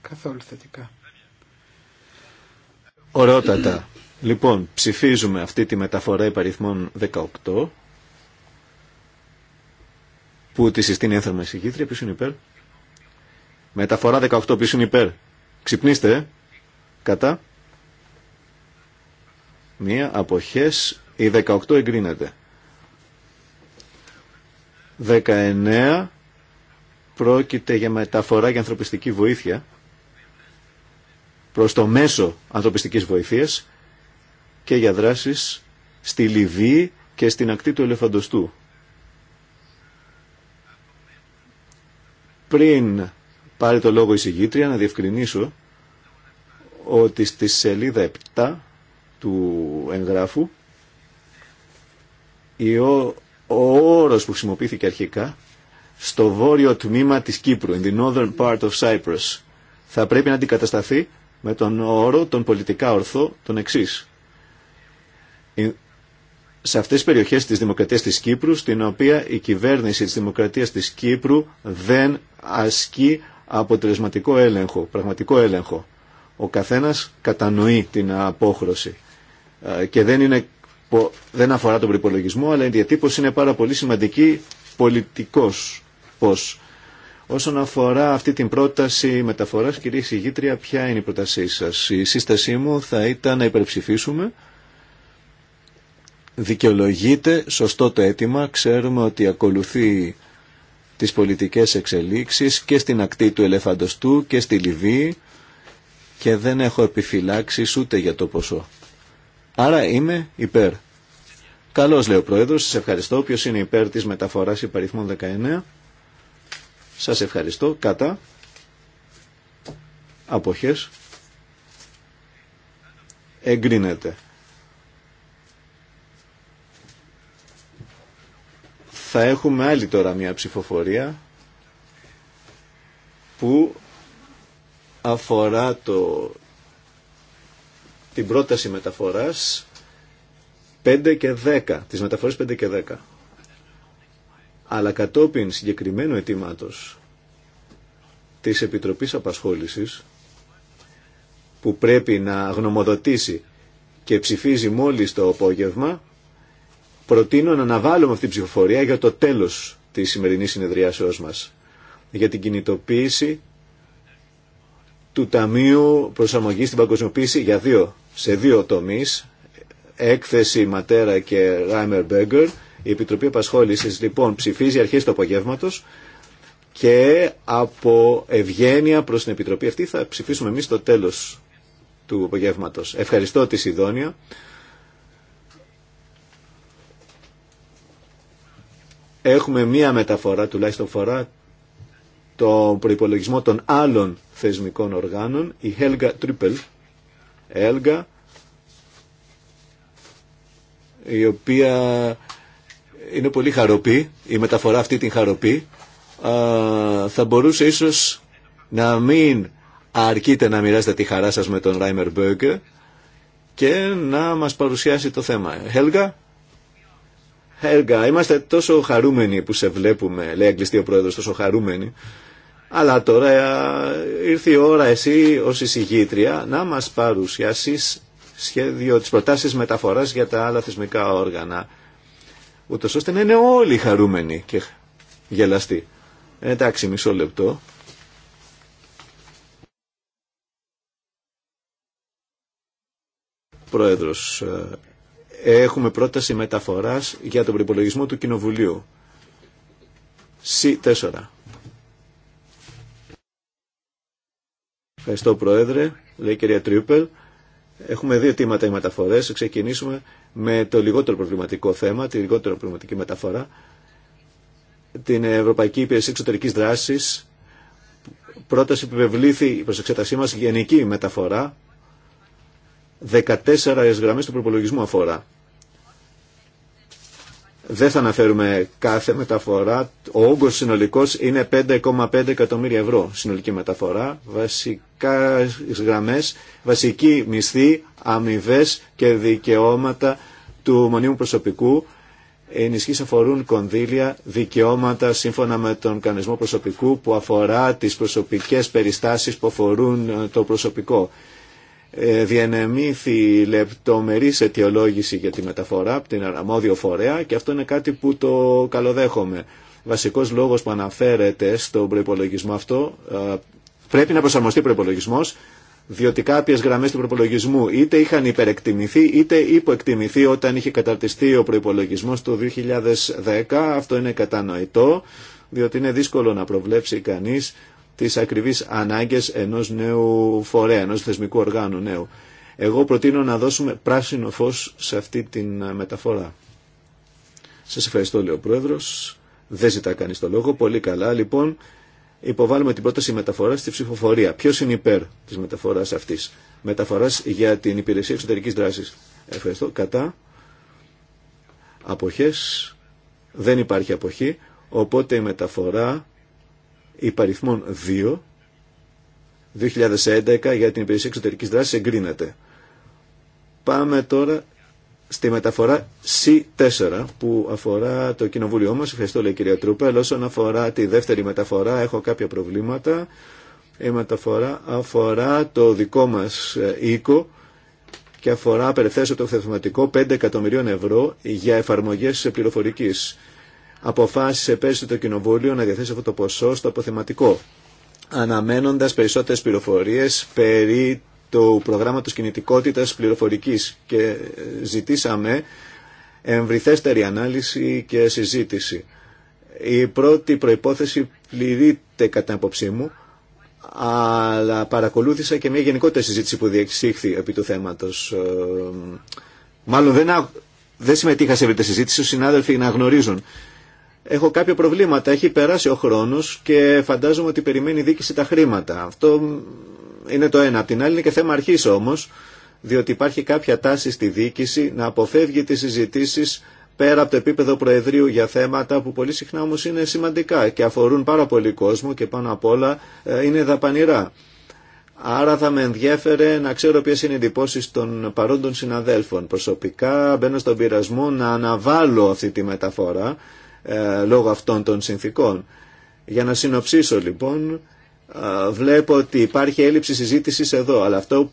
καθόλου θετικά. Ωραιότατα. Λοιπόν, ψηφίζουμε αυτή τη μεταφορά υπαριθμών 18 που τη συστήνει ένθερμα εισηγήτρια. Ποιος είναι υπέρ. Μεταφορά 18. Ποιος είναι υπέρ. Ξυπνήστε. Ε. Κατά. Μία αποχές. Η 18 εγκρίνεται. 19 πρόκειται για μεταφορά για ανθρωπιστική βοήθεια προς το μέσο ανθρωπιστικής βοηθείας και για δράσεις στη Λιβύη και στην ακτή του Ελεφαντοστού. Πριν πάρει το λόγο η συγγήτρια να διευκρινίσω ότι στη σελίδα 7 του εγγράφου ο όρος που χρησιμοποιήθηκε αρχικά στο βόρειο τμήμα της Κύπρου, in the northern part of Cyprus, θα πρέπει να αντικατασταθεί με τον όρο, τον πολιτικά ορθό, τον εξή. Σε αυτές τις περιοχές της Δημοκρατίας της Κύπρου, στην οποία η κυβέρνηση της Δημοκρατίας της Κύπρου δεν ασκεί αποτελεσματικό έλεγχο, πραγματικό έλεγχο. Ο καθένας κατανοεί την απόχρωση ε, και δεν, είναι, δεν αφορά τον προπολογισμό, αλλά η διατύπωση είναι πάρα πολύ σημαντική πολιτικός πώς Όσον αφορά αυτή την πρόταση μεταφοράς, κυρία Συγήτρια, ποια είναι η πρότασή σας. Η σύστασή μου θα ήταν να υπερψηφίσουμε. Δικαιολογείται, σωστό το αίτημα, ξέρουμε ότι ακολουθεί τις πολιτικές εξελίξεις και στην ακτή του ελεφαντοστού και στη Λιβύη και δεν έχω επιφυλάξει ούτε για το ποσό. Άρα είμαι υπέρ. Καλώς λέει ο Πρόεδρος, σας ευχαριστώ. Ποιος είναι υπέρ της μεταφοράς υπαριθμών 19. Σας ευχαριστώ. Κατά. Αποχές. Εγκρίνεται. Θα έχουμε άλλη τώρα μια ψηφοφορία που αφορά το, την πρόταση μεταφοράς 5 και 10, Της μεταφορές 5 και 10 αλλά κατόπιν συγκεκριμένου αιτήματο της Επιτροπής Απασχόλησης που πρέπει να γνωμοδοτήσει και ψηφίζει μόλις το απόγευμα, προτείνω να αναβάλουμε αυτή την ψηφοφορία για το τέλος της σημερινής συνεδριάσεώς μας, για την κινητοποίηση του Ταμείου Προσαρμογής στην Παγκοσμιοποίηση για δύο, σε δύο τομείς, έκθεση Ματέρα και Ράιμερ Μπέγκερ, η Επιτροπή Επασχόληση λοιπόν ψηφίζει αρχέ του απογεύματο και από ευγένεια προς την Επιτροπή αυτή θα ψηφίσουμε εμεί το τέλος του απογεύματο. Ευχαριστώ τη Σιδόνια. Έχουμε μία μεταφορά, τουλάχιστον φορά, το προϋπολογισμό των άλλων θεσμικών οργάνων, η Helga Trippel, Helga, η οποία είναι πολύ χαροπή, η μεταφορά αυτή την χαροπή, θα μπορούσε ίσως να μην αρκείτε να μοιράσετε τη χαρά σας με τον Ράιμερ Μπέγκε και να μας παρουσιάσει το θέμα. Χέλγα, Χέλγα, είμαστε τόσο χαρούμενοι που σε βλέπουμε, λέει αγγλιστή ο πρόεδρος, τόσο χαρούμενοι. Αλλά τώρα ήρθε η ώρα εσύ ως εισηγήτρια να μας παρουσιάσεις σχέδιο της προτάσεις μεταφοράς για τα άλλα θεσμικά όργανα ούτως ώστε να είναι όλοι χαρούμενοι και γελαστοί. Εντάξει, μισό λεπτό. Πρόεδρος, ε, έχουμε πρόταση μεταφοράς για τον προπολογισμό του Κοινοβουλίου. C4. Ευχαριστώ Πρόεδρε, λέει η κυρία Τρίπελ. Έχουμε δύο τίματα οι μεταφορέ. Ξεκινήσουμε με το λιγότερο προβληματικό θέμα, τη λιγότερο προβληματική μεταφορά, την Ευρωπαϊκή Υπηρεσία Εξωτερική Δράση. Πρόταση που επιβλήθη προ εξέτασή μα γενική μεταφορά. 14 γραμμέ του προπολογισμού αφορά. Δεν θα αναφέρουμε κάθε μεταφορά. Ο όγκος συνολικός είναι 5,5 εκατομμύρια ευρώ συνολική μεταφορά. Βασικά γραμμές, βασική μισθή, αμοιβέ και δικαιώματα του μονίμου προσωπικού. Ενισχύσει αφορούν κονδύλια, δικαιώματα σύμφωνα με τον κανονισμό προσωπικού που αφορά τις προσωπικές περιστάσεις που αφορούν το προσωπικό. Ε, διενεμήθη λεπτομερής αιτιολόγηση για τη μεταφορά από την αρμόδιο φορέα και αυτό είναι κάτι που το καλοδέχομαι. Βασικός λόγος που αναφέρεται στον προπολογισμό αυτό πρέπει να προσαρμοστεί ο προπολογισμό, διότι κάποιε γραμμέ του προπολογισμού είτε είχαν υπερεκτιμηθεί είτε υποεκτιμηθεί όταν είχε καταρτιστεί ο προπολογισμό το 2010. Αυτό είναι κατανοητό, διότι είναι δύσκολο να προβλέψει κανεί τις ακριβείς ανάγκες ενός νέου φορέα, ενός θεσμικού οργάνου νέου. Εγώ προτείνω να δώσουμε πράσινο φως σε αυτή την ε, μεταφορά. Σας ευχαριστώ, λέει ο Πρόεδρος. Δεν ζητά κανείς το λόγο. Πολύ καλά. Λοιπόν, υποβάλλουμε την πρόταση μεταφοράς στη ψηφοφορία. Ποιος είναι υπέρ της μεταφοράς αυτής. Μεταφοράς για την υπηρεσία εξωτερικής δράσης. Ευχαριστώ. Κατά. Αποχές. Δεν υπάρχει αποχή. Οπότε η μεταφορά υπαριθμών 2 2011 για την υπηρεσία εξωτερικής δράσης εγκρίνεται. Πάμε τώρα στη μεταφορά C4 που αφορά το κοινοβούλιο μας. Ευχαριστώ λέει κυρία Τρούπελ. Όσον αφορά τη δεύτερη μεταφορά έχω κάποια προβλήματα. Η μεταφορά αφορά το δικό μας ε, οίκο και αφορά περιθέσω το θεματικό 5 εκατομμυρίων ευρώ για εφαρμογές πληροφορικής αποφάσισε πέρσι το Κοινοβούλιο να διαθέσει αυτό το ποσό στο αποθεματικό, αναμένοντας περισσότερες πληροφορίες περί του προγράμματος κινητικότητας πληροφορικής και ζητήσαμε εμβριθέστερη ανάλυση και συζήτηση. Η πρώτη προϋπόθεση πληρείται κατά απόψή μου, αλλά παρακολούθησα και μια γενικότερη συζήτηση που διεξήχθη επί του θέματος. Ε, μάλλον δεν, δεν συμμετείχα σε τη συζήτηση, οι συνάδελφοι να γνωρίζουν έχω κάποια προβλήματα, έχει περάσει ο χρόνος και φαντάζομαι ότι περιμένει η δίκηση τα χρήματα. Αυτό είναι το ένα. Απ' την άλλη είναι και θέμα αρχής όμως, διότι υπάρχει κάποια τάση στη δίκηση να αποφεύγει τις συζητήσεις πέρα από το επίπεδο Προεδρείου για θέματα που πολύ συχνά όμως είναι σημαντικά και αφορούν πάρα πολύ κόσμο και πάνω απ' όλα ε, είναι δαπανηρά. Άρα θα με ενδιέφερε να ξέρω ποιες είναι οι εντυπώσεις των παρόντων συναδέλφων. Προσωπικά μπαίνω στον πειρασμό να αναβάλω αυτή τη μεταφορά ε, λόγω αυτών των συνθήκων. Για να συνοψίσω λοιπόν, ε, βλέπω ότι υπάρχει έλλειψη συζήτησης εδώ, αλλά αυτό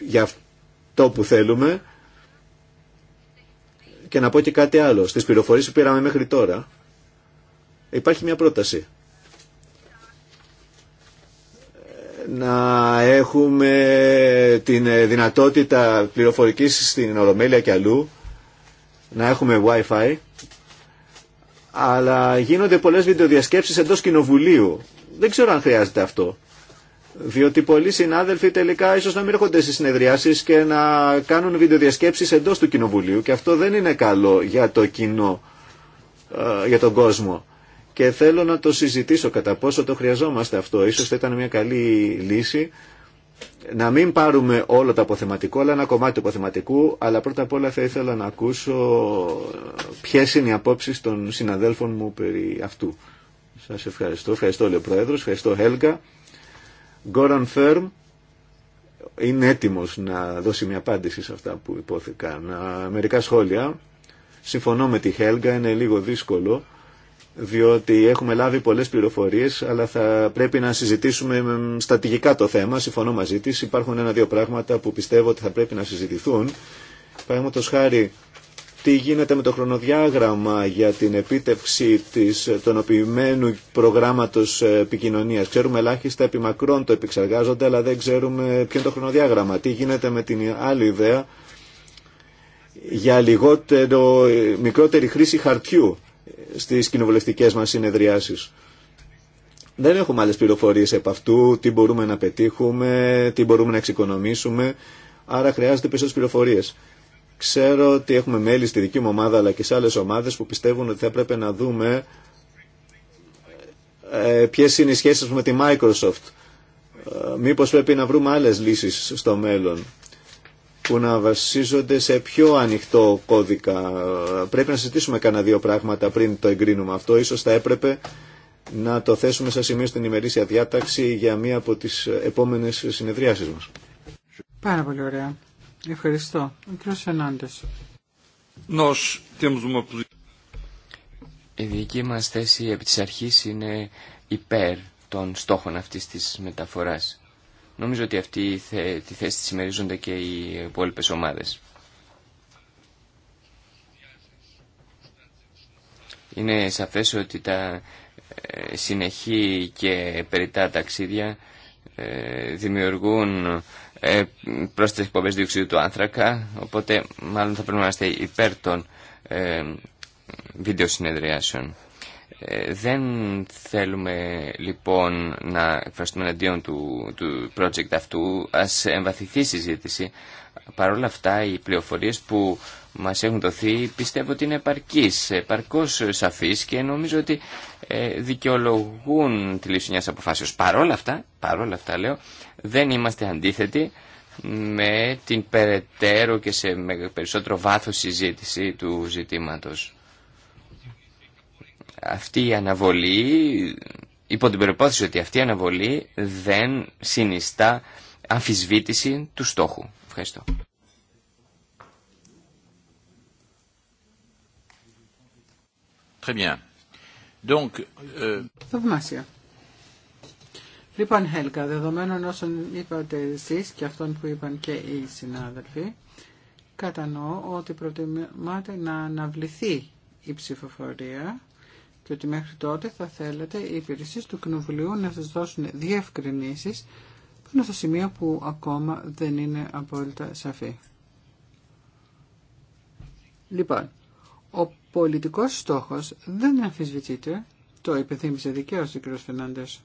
για αυτό που θέλουμε και να πω και κάτι άλλο. Στις πληροφορίες που πήραμε μέχρι τώρα υπάρχει μια πρόταση. Να έχουμε την ε, δυνατότητα πληροφορικής στην Ορομέλεια και αλλού, να έχουμε Wi-Fi αλλά γίνονται πολλές βιντεοδιασκέψεις εντός κοινοβουλίου. Δεν ξέρω αν χρειάζεται αυτό. Διότι πολλοί συνάδελφοι τελικά ίσως να μην έρχονται στις συνεδριάσεις και να κάνουν βιντεοδιασκέψεις εντός του κοινοβουλίου και αυτό δεν είναι καλό για το κοινό, ε, για τον κόσμο. Και θέλω να το συζητήσω κατά πόσο το χρειαζόμαστε αυτό. Ίσως θα ήταν μια καλή λύση να μην πάρουμε όλο το αποθεματικό, αλλά ένα κομμάτι του αποθεματικού, αλλά πρώτα απ' όλα θα ήθελα να ακούσω ποιε είναι οι απόψει των συναδέλφων μου περί αυτού. Σα ευχαριστώ. Ευχαριστώ, λέει ο Πρόεδρος. Ευχαριστώ, Χέλγα. Γκόραν Φέρμ είναι έτοιμο να δώσει μια απάντηση σε αυτά που υπόθηκαν. Μερικά σχόλια. Συμφωνώ με τη Χέλγα, είναι λίγο δύσκολο διότι έχουμε λάβει πολλές πληροφορίες, αλλά θα πρέπει να συζητήσουμε στατηγικά το θέμα, συμφωνώ μαζί της. Υπάρχουν ένα-δύο πράγματα που πιστεύω ότι θα πρέπει να συζητηθούν. Παραδείγματο χάρη, τι γίνεται με το χρονοδιάγραμμα για την επίτευξη της τονοποιημένου προγράμματος ε, επικοινωνία. Ξέρουμε ελάχιστα μακρόν το επεξεργάζονται, αλλά δεν ξέρουμε ποιο είναι το χρονοδιάγραμμα. Τι γίνεται με την άλλη ιδέα για λιγότερο, μικρότερη χρήση χαρτιού στις κοινοβουλευτικές μας συνεδριάσεις. Δεν έχουμε άλλες πληροφορίες επ' αυτού, τι μπορούμε να πετύχουμε, τι μπορούμε να εξοικονομήσουμε, άρα χρειάζεται περισσότερες πληροφορίες. Ξέρω ότι έχουμε μέλη στη δική μου ομάδα αλλά και σε άλλες ομάδες που πιστεύουν ότι θα έπρεπε να δούμε ε, ποιες είναι οι σχέσεις με τη Microsoft. Ε, μήπως πρέπει να βρούμε άλλες λύσεις στο μέλλον που να βασίζονται σε πιο ανοιχτό κώδικα. Πρέπει να συζητήσουμε κανένα δύο πράγματα πριν το εγκρίνουμε αυτό. Ίσως θα έπρεπε να το θέσουμε σαν σημείο στην ημερήσια διάταξη για μία από τις επόμενες συνεδριάσεις μας. Πάρα πολύ ωραία. Ευχαριστώ. Ο κ. Ενάντες. Η δική μας θέση επί της αρχής είναι υπέρ των στόχων αυτής της μεταφοράς. Νομίζω ότι αυτή τη θέση τη συμμερίζονται και οι υπόλοιπε ομάδε. Είναι σαφές ότι τα ε, συνεχή και περιτά ταξίδια ε, δημιουργούν ε, πρόσθετες εκπομπές διοξιδίου του άνθρακα, οπότε μάλλον θα πρέπει να είμαστε υπέρ των βίντεο συνεδριάσεων. Ε, δεν θέλουμε λοιπόν να εκφραστούμε εναντίον του, του project αυτού, ας εμβαθυνθεί η συζήτηση. Παρ' όλα αυτά οι πληροφορίες που μας έχουν δοθεί πιστεύω ότι είναι επαρκής, επαρκώς σαφείς και νομίζω ότι ε, δικαιολογούν τη λύση μιας αποφάσεως. Παρ' όλα αυτά, παρόλα αυτά λέω, δεν είμαστε αντίθετοι με την περαιτέρω και σε περισσότερο βάθος συζήτηση του ζητήματος αυτή η αναβολή, υπό την προπόθεση ότι αυτή η αναβολή δεν συνιστά αμφισβήτηση του στόχου. Ευχαριστώ. Très bien. Donc, euh, Λοιπόν, Χέλκα, δεδομένων όσων είπατε εσείς και αυτών που είπαν και οι συνάδελφοι, κατανοώ ότι προτιμάτε να αναβληθεί η ψηφοφορία και ότι μέχρι τότε θα θέλετε οι υπηρεσίε του Κοινοβουλίου να σας δώσουν διευκρινήσει πάνω στο σημείο που ακόμα δεν είναι απόλυτα σαφή. Λοιπόν, ο πολιτικός στόχος δεν αμφισβητείται, το υπενθύμησε δικαίως ο κ. Φενάντες.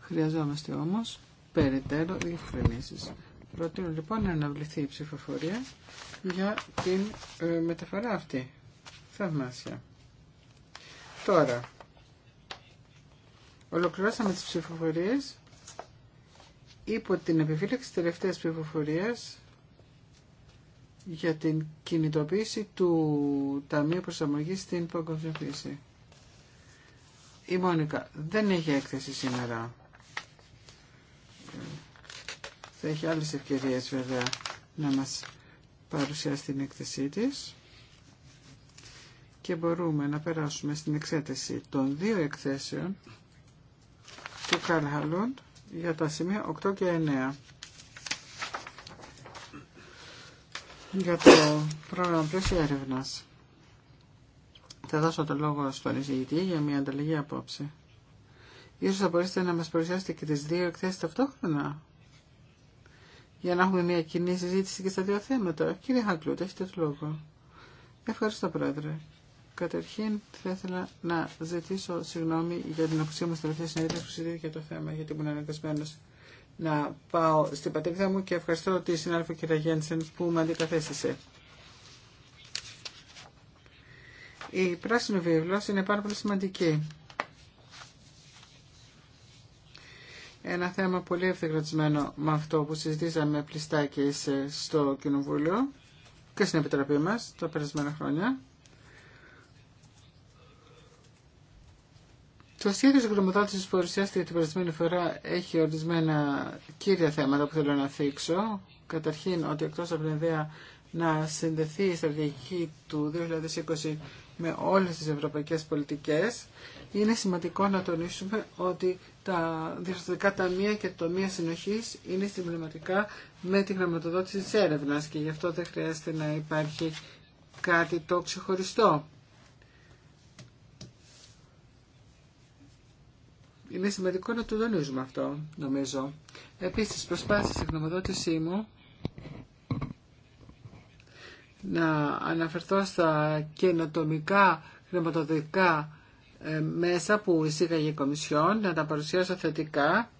Χρειαζόμαστε όμως περαιτέρω διευκρινήσεις. Προτείνω λοιπόν να αναβληθεί η ψηφοφορία για την ε, μεταφορά αυτή. Θαυμάσια. Τώρα, ολοκληρώσαμε τις ψηφοφορίες υπό την επιφύλαξη της τελευταίας ψηφοφορίας για την κινητοποίηση του Ταμείου Προσαρμογής στην Παγκοσμιοποίηση. Η Μόνικα δεν έχει έκθεση σήμερα. Θα έχει άλλες ευκαιρίες βέβαια να μας παρουσιάσει την έκθεσή της και μπορούμε να περάσουμε στην εξέταση των δύο εκθέσεων του Καλχαλούντ για τα σημεία 8 και 9. για το πρόγραμμα πλαίσια έρευνα. Θα δώσω το λόγο στον εισηγητή για μια ανταλλαγή απόψη. Ίσως θα μπορέσετε να μας παρουσιάσετε και τις δύο εκθέσεις ταυτόχρονα. Για να έχουμε μια κοινή συζήτηση και στα δύο θέματα. Κύριε Χαγκλούτ, έχετε το λόγο. Ευχαριστώ, Πρόεδρε. Καταρχήν θα ήθελα να ζητήσω συγγνώμη για την οξύ μου στην τελευταία συνέντευξη που συζητήθηκε για το θέμα, γιατί ήμουν αναγκασμένο να πάω στην πατρίδα μου και ευχαριστώ τη συνάδελφο κυρία Γένσεν που με αντικαθέστησε. Η πράσινη βίβλο είναι πάρα πολύ σημαντική. Ένα θέμα πολύ ευθυγραμμισμένο με αυτό που συζητήσαμε πλειστάκι στο Κοινοβούλιο και στην Επιτροπή μας τα περασμένα χρόνια. Το σχέδιο γνωμοδότηση που παρουσιάστηκε την περασμένη φορά έχει ορισμένα κύρια θέματα που θέλω να θίξω. Καταρχήν, ότι εκτό από την ιδέα να συνδεθεί η στρατηγική του 2020 με όλες τις ευρωπαϊκές πολιτικές, είναι σημαντικό να τονίσουμε ότι τα διευθυντικά ταμεία και τομεία συνοχή συνοχής είναι συμπληρωματικά με τη γραμματοδότηση της έρευνας και γι' αυτό δεν χρειάζεται να υπάρχει κάτι το ξεχωριστό. είναι σημαντικό να το τονίζουμε αυτό, νομίζω. Επίση, προσπάθησα στην γνωμοδότησή μου να αναφερθώ στα καινοτομικά χρηματοδοτικά ε, μέσα που εισήγαγε η Κομισιόν, να τα παρουσιάσω θετικά.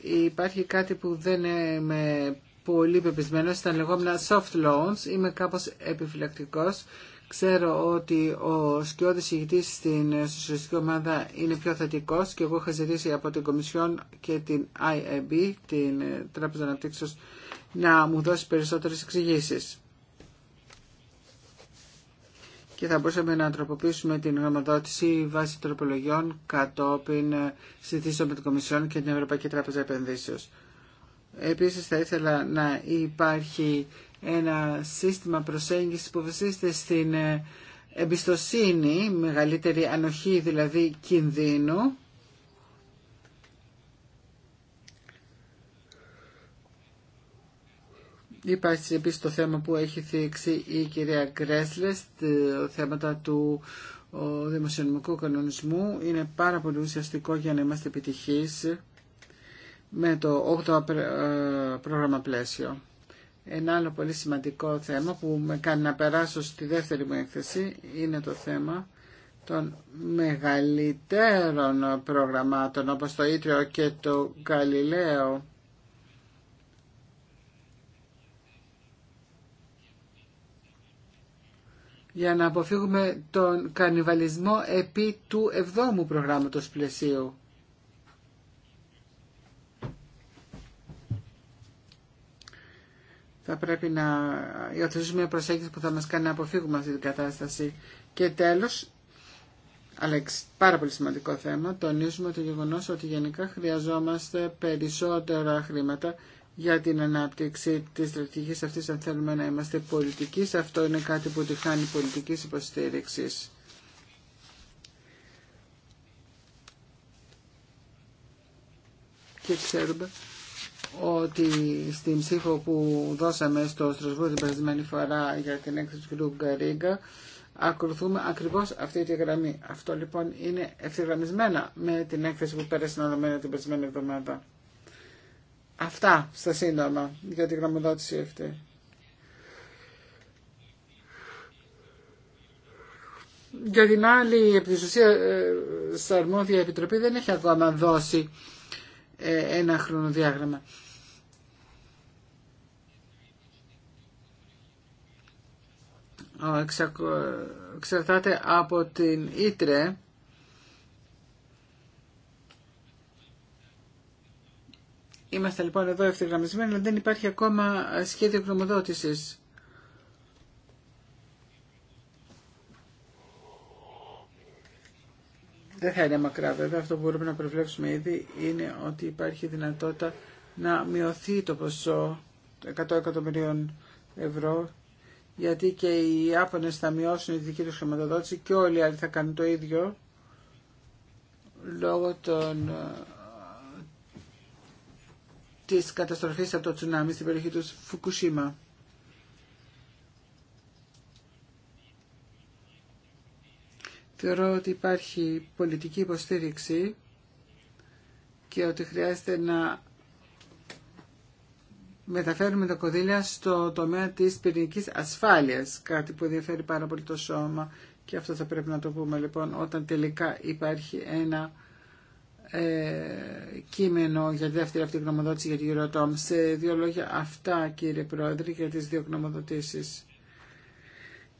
Υπάρχει κάτι που δεν είμαι πολύ πεπισμένο, ήταν λεγόμενα soft loans, είμαι κάπως επιφυλακτικός Ξέρω ότι ο σκιώδης ηγητή στην σοσιαλιστική ομάδα είναι πιο θετικό και εγώ είχα ζητήσει από την Κομισιόν και την IAB, την Τράπεζα Αναπτύξεως, να μου δώσει περισσότερες εξηγήσει. Και θα μπορούσαμε να τροποποιήσουμε την γνωμοδότηση βάσει τροπολογιών κατόπιν συζητήσεων με την Κομισιόν και την Ευρωπαϊκή Τράπεζα Επενδύσεως. Επίσης θα ήθελα να υπάρχει ένα σύστημα προσέγγισης που βασίζεται στην ε, εμπιστοσύνη, μεγαλύτερη ανοχή δηλαδή κινδύνου. Υπάρχει επίσης το θέμα που έχει θίξει η κυρία Γκρέσλε, θέματα του δημοσιονομικού κανονισμού. Είναι πάρα πολύ ουσιαστικό για να είμαστε επιτυχείς με το 8ο ε, πρόγραμμα πλαίσιο. Ένα άλλο πολύ σημαντικό θέμα που με κάνει να περάσω στη δεύτερη μου έκθεση είναι το θέμα των μεγαλύτερων προγραμμάτων όπως το Ήτριο και το Γαλιλαίο. για να αποφύγουμε τον κανιβαλισμό επί του εβδόμου προγράμματος πλαισίου. θα πρέπει να υιοθετήσουμε μια προσέγγιση που θα μας κάνει να αποφύγουμε αυτή την κατάσταση. Και τέλος, αλλά πάρα πολύ σημαντικό θέμα, τονίζουμε το γεγονός ότι γενικά χρειαζόμαστε περισσότερα χρήματα για την ανάπτυξη της στρατηγικής αυτής αν θέλουμε να είμαστε πολιτικοί. Αυτό είναι κάτι που τη χάνει πολιτική υποστήριξη. Και ξέρουμε ότι στην ψήφο που δώσαμε στο Στρασβούργο την περασμένη φορά για την έκθεση του κ. Γκαρίγκα ακολουθούμε ακριβώς αυτή τη γραμμή. Αυτό λοιπόν είναι ευθυγραμμισμένα με την έκθεση που πέρασε στην Ολομέλεια την περασμένη εβδομάδα. Αυτά στα σύντομα για την γραμμοδότηση αυτή. Για την άλλη, επί της στα ε, αρμόδια επιτροπή δεν έχει ακόμα δώσει ε, ένα χρονοδιάγραμμα. Εξαρτάται από την Ήτρε Είμαστε λοιπόν εδώ ευθυγραμμισμένοι, αλλά δεν υπάρχει ακόμα σχέδιο γνωμοδότησης. Δεν θα είναι μακρά βέβαια, αυτό που μπορούμε να προβλέψουμε ήδη είναι ότι υπάρχει δυνατότητα να μειωθεί το ποσό 100 εκατομμυρίων ευρώ γιατί και οι Ιάπωνες θα μειώσουν τη δική τους χρηματοδότηση και όλοι οι άλλοι θα κάνουν το ίδιο λόγω των, ε, της καταστροφής από το τσουνάμι στην περιοχή του Φουκουσίμα. Θεωρώ ότι υπάρχει πολιτική υποστήριξη και ότι χρειάζεται να μεταφέρουμε τα κονδύλια στο τομέα της πυρηνική ασφάλειας, κάτι που ενδιαφέρει πάρα πολύ το σώμα και αυτό θα πρέπει να το πούμε λοιπόν όταν τελικά υπάρχει ένα ε, κείμενο για δεύτερη αυτή γνωμοδότηση για τη Eurotom. Σε δύο λόγια αυτά κύριε Πρόεδρε για τις δύο γνωμοδοτήσεις.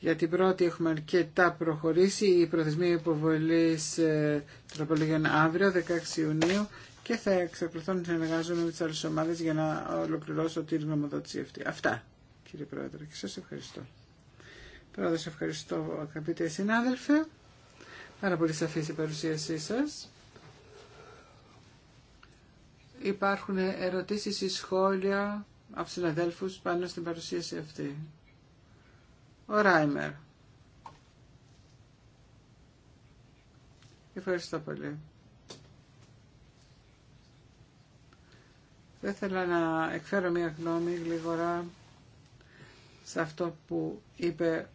Για την πρώτη έχουμε αρκετά προχωρήσει. Η προθεσμία υποβολή ε, τροπολογιών αύριο, 16 Ιουνίου, και θα εξακολουθώ να συνεργάζομαι με τι άλλε ομάδε για να ολοκληρώσω τη γνωμοδότηση αυτή. Αυτά, κύριε Πρόεδρε, και σα ευχαριστώ. Πρόεδρε, ευχαριστώ αγαπητέ συνάδελφε. Πάρα πολύ σαφή η παρουσίασή σα. Υπάρχουν ερωτήσεις ή σχόλια από συναδέλφους πάνω στην παρουσίαση αυτή. Ο Ράιμερ. Ευχαριστώ πολύ. Θα θέλω να εκφέρω μια γνώμη γλίγορα σε αυτό που είπε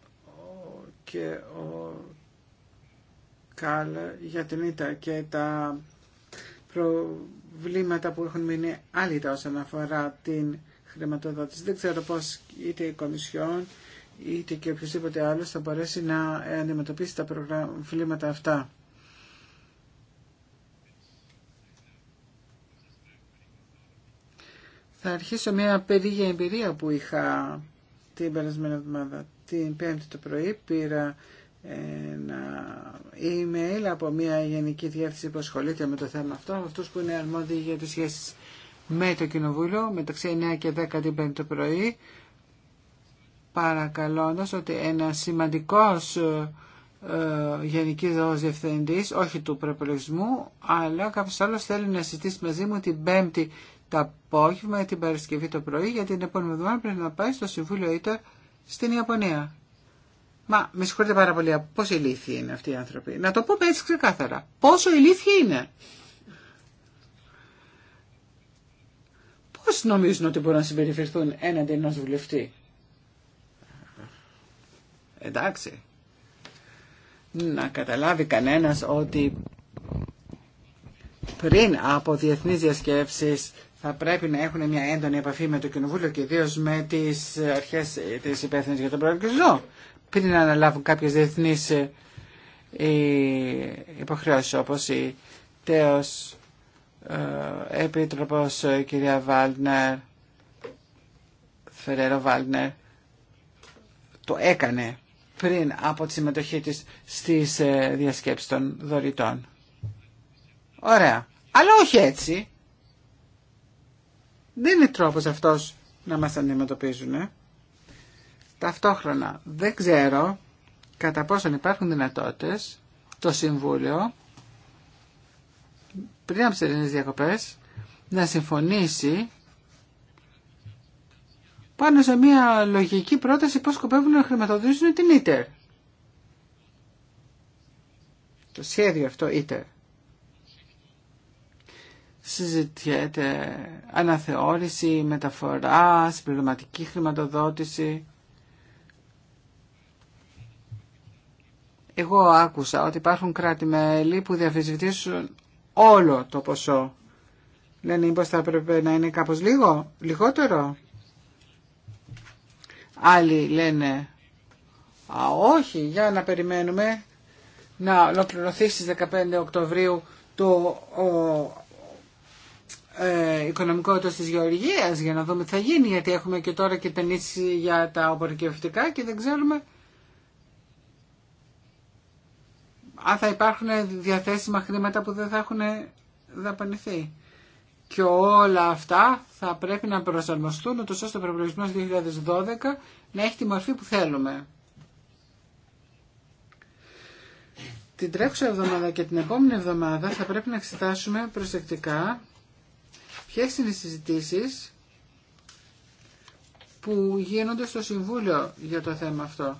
και ο Καλ για την Ήτα και τα προβλήματα που έχουν μείνει άλυτα όσον αφορά την χρηματοδότηση. Δεν ξέρω πώς είτε η Κομισιόν είτε και οποιοδήποτε άλλο θα μπορέσει να ε, αντιμετωπίσει τα προβλήματα αυτά. Θα αρχίσω μια περίγεια εμπειρία που είχα την περασμένη εβδομάδα. Την πέμπτη το πρωί πήρα ένα email από μια γενική διεύθυνση που ασχολείται με το θέμα αυτό, αυτούς που είναι αρμόδιοι για τις σχέσεις με το Κοινοβούλιο μεταξύ 9 και 10 την πέμπτη το πρωί παρακαλώντας ότι ένα σημαντικός ε, ε γενικής διευθυντής, όχι του προπολογισμού, αλλά κάποιος άλλος θέλει να συζητήσει μαζί μου την Πέμπτη το απόγευμα ή την Παρασκευή το πρωί, γιατί την επόμενη εβδομάδα πρέπει να πάει στο Συμβούλιο Ήτερ στην Ιαπωνία. Μα με συγχωρείτε πάρα πολύ, πόσο ηλίθιοι είναι αυτοί οι άνθρωποι. Να το πούμε έτσι ξεκάθαρα. Πόσο ηλίθιοι είναι. Πώς νομίζουν ότι μπορούν να συμπεριφερθούν έναντι ενός βουλευτή. Εντάξει. Να καταλάβει κανένας ότι πριν από διεθνείς διασκέψεις θα πρέπει να έχουν μια έντονη επαφή με το Κοινοβούλιο και ιδίω με τις αρχές της υπεύθυνης για τον προορισμό πριν να αναλάβουν κάποιες διεθνείς ε, ε, υποχρεώσεις όπως η τέος επίτροπο επίτροπος ε, κυρία Βάλτνερ Φεραίρο Βάλτνερ το έκανε πριν από τη συμμετοχή της στις ε, διασκέψεις των δωρητών. Ωραία. Αλλά όχι έτσι. Δεν είναι τρόπος αυτός να μας αντιμετωπίζουν. Ε. Ταυτόχρονα δεν ξέρω κατά πόσον υπάρχουν δυνατότητες το Συμβούλιο πριν από τις διακοπές να συμφωνήσει πάνω σε μια λογική πρόταση πώς σκοπεύουν να χρηματοδοτήσουν την ΙΤΕΡ. Το σχέδιο αυτό ΙΤΕΡ. Συζητιέται αναθεώρηση, μεταφορά, συμπληρωματική χρηματοδότηση. Εγώ άκουσα ότι υπάρχουν κράτη-μέλη που διαφυσβητήσουν όλο το ποσό. Λένε μήπως θα έπρεπε να είναι κάπως λίγο, λιγότερο. Άλλοι λένε «Α, όχι, για να περιμένουμε να ολοκληρωθεί στις 15 Οκτωβρίου το ε, οικονομικό έτος της Γεωργίας για να δούμε τι θα γίνει, γιατί έχουμε και τώρα και την για τα οπορικαιοφυτικά και δεν ξέρουμε αν θα υπάρχουν διαθέσιμα χρήματα που δεν θα έχουν δαπανηθεί. Και όλα αυτά θα πρέπει να προσαρμοστούν ούτως ώστε ο προβλησμός 2012 να έχει τη μορφή που θέλουμε. Την τρέχουσα εβδομάδα και την επόμενη εβδομάδα θα πρέπει να εξετάσουμε προσεκτικά ποιες είναι οι συζητήσεις που γίνονται στο Συμβούλιο για το θέμα αυτό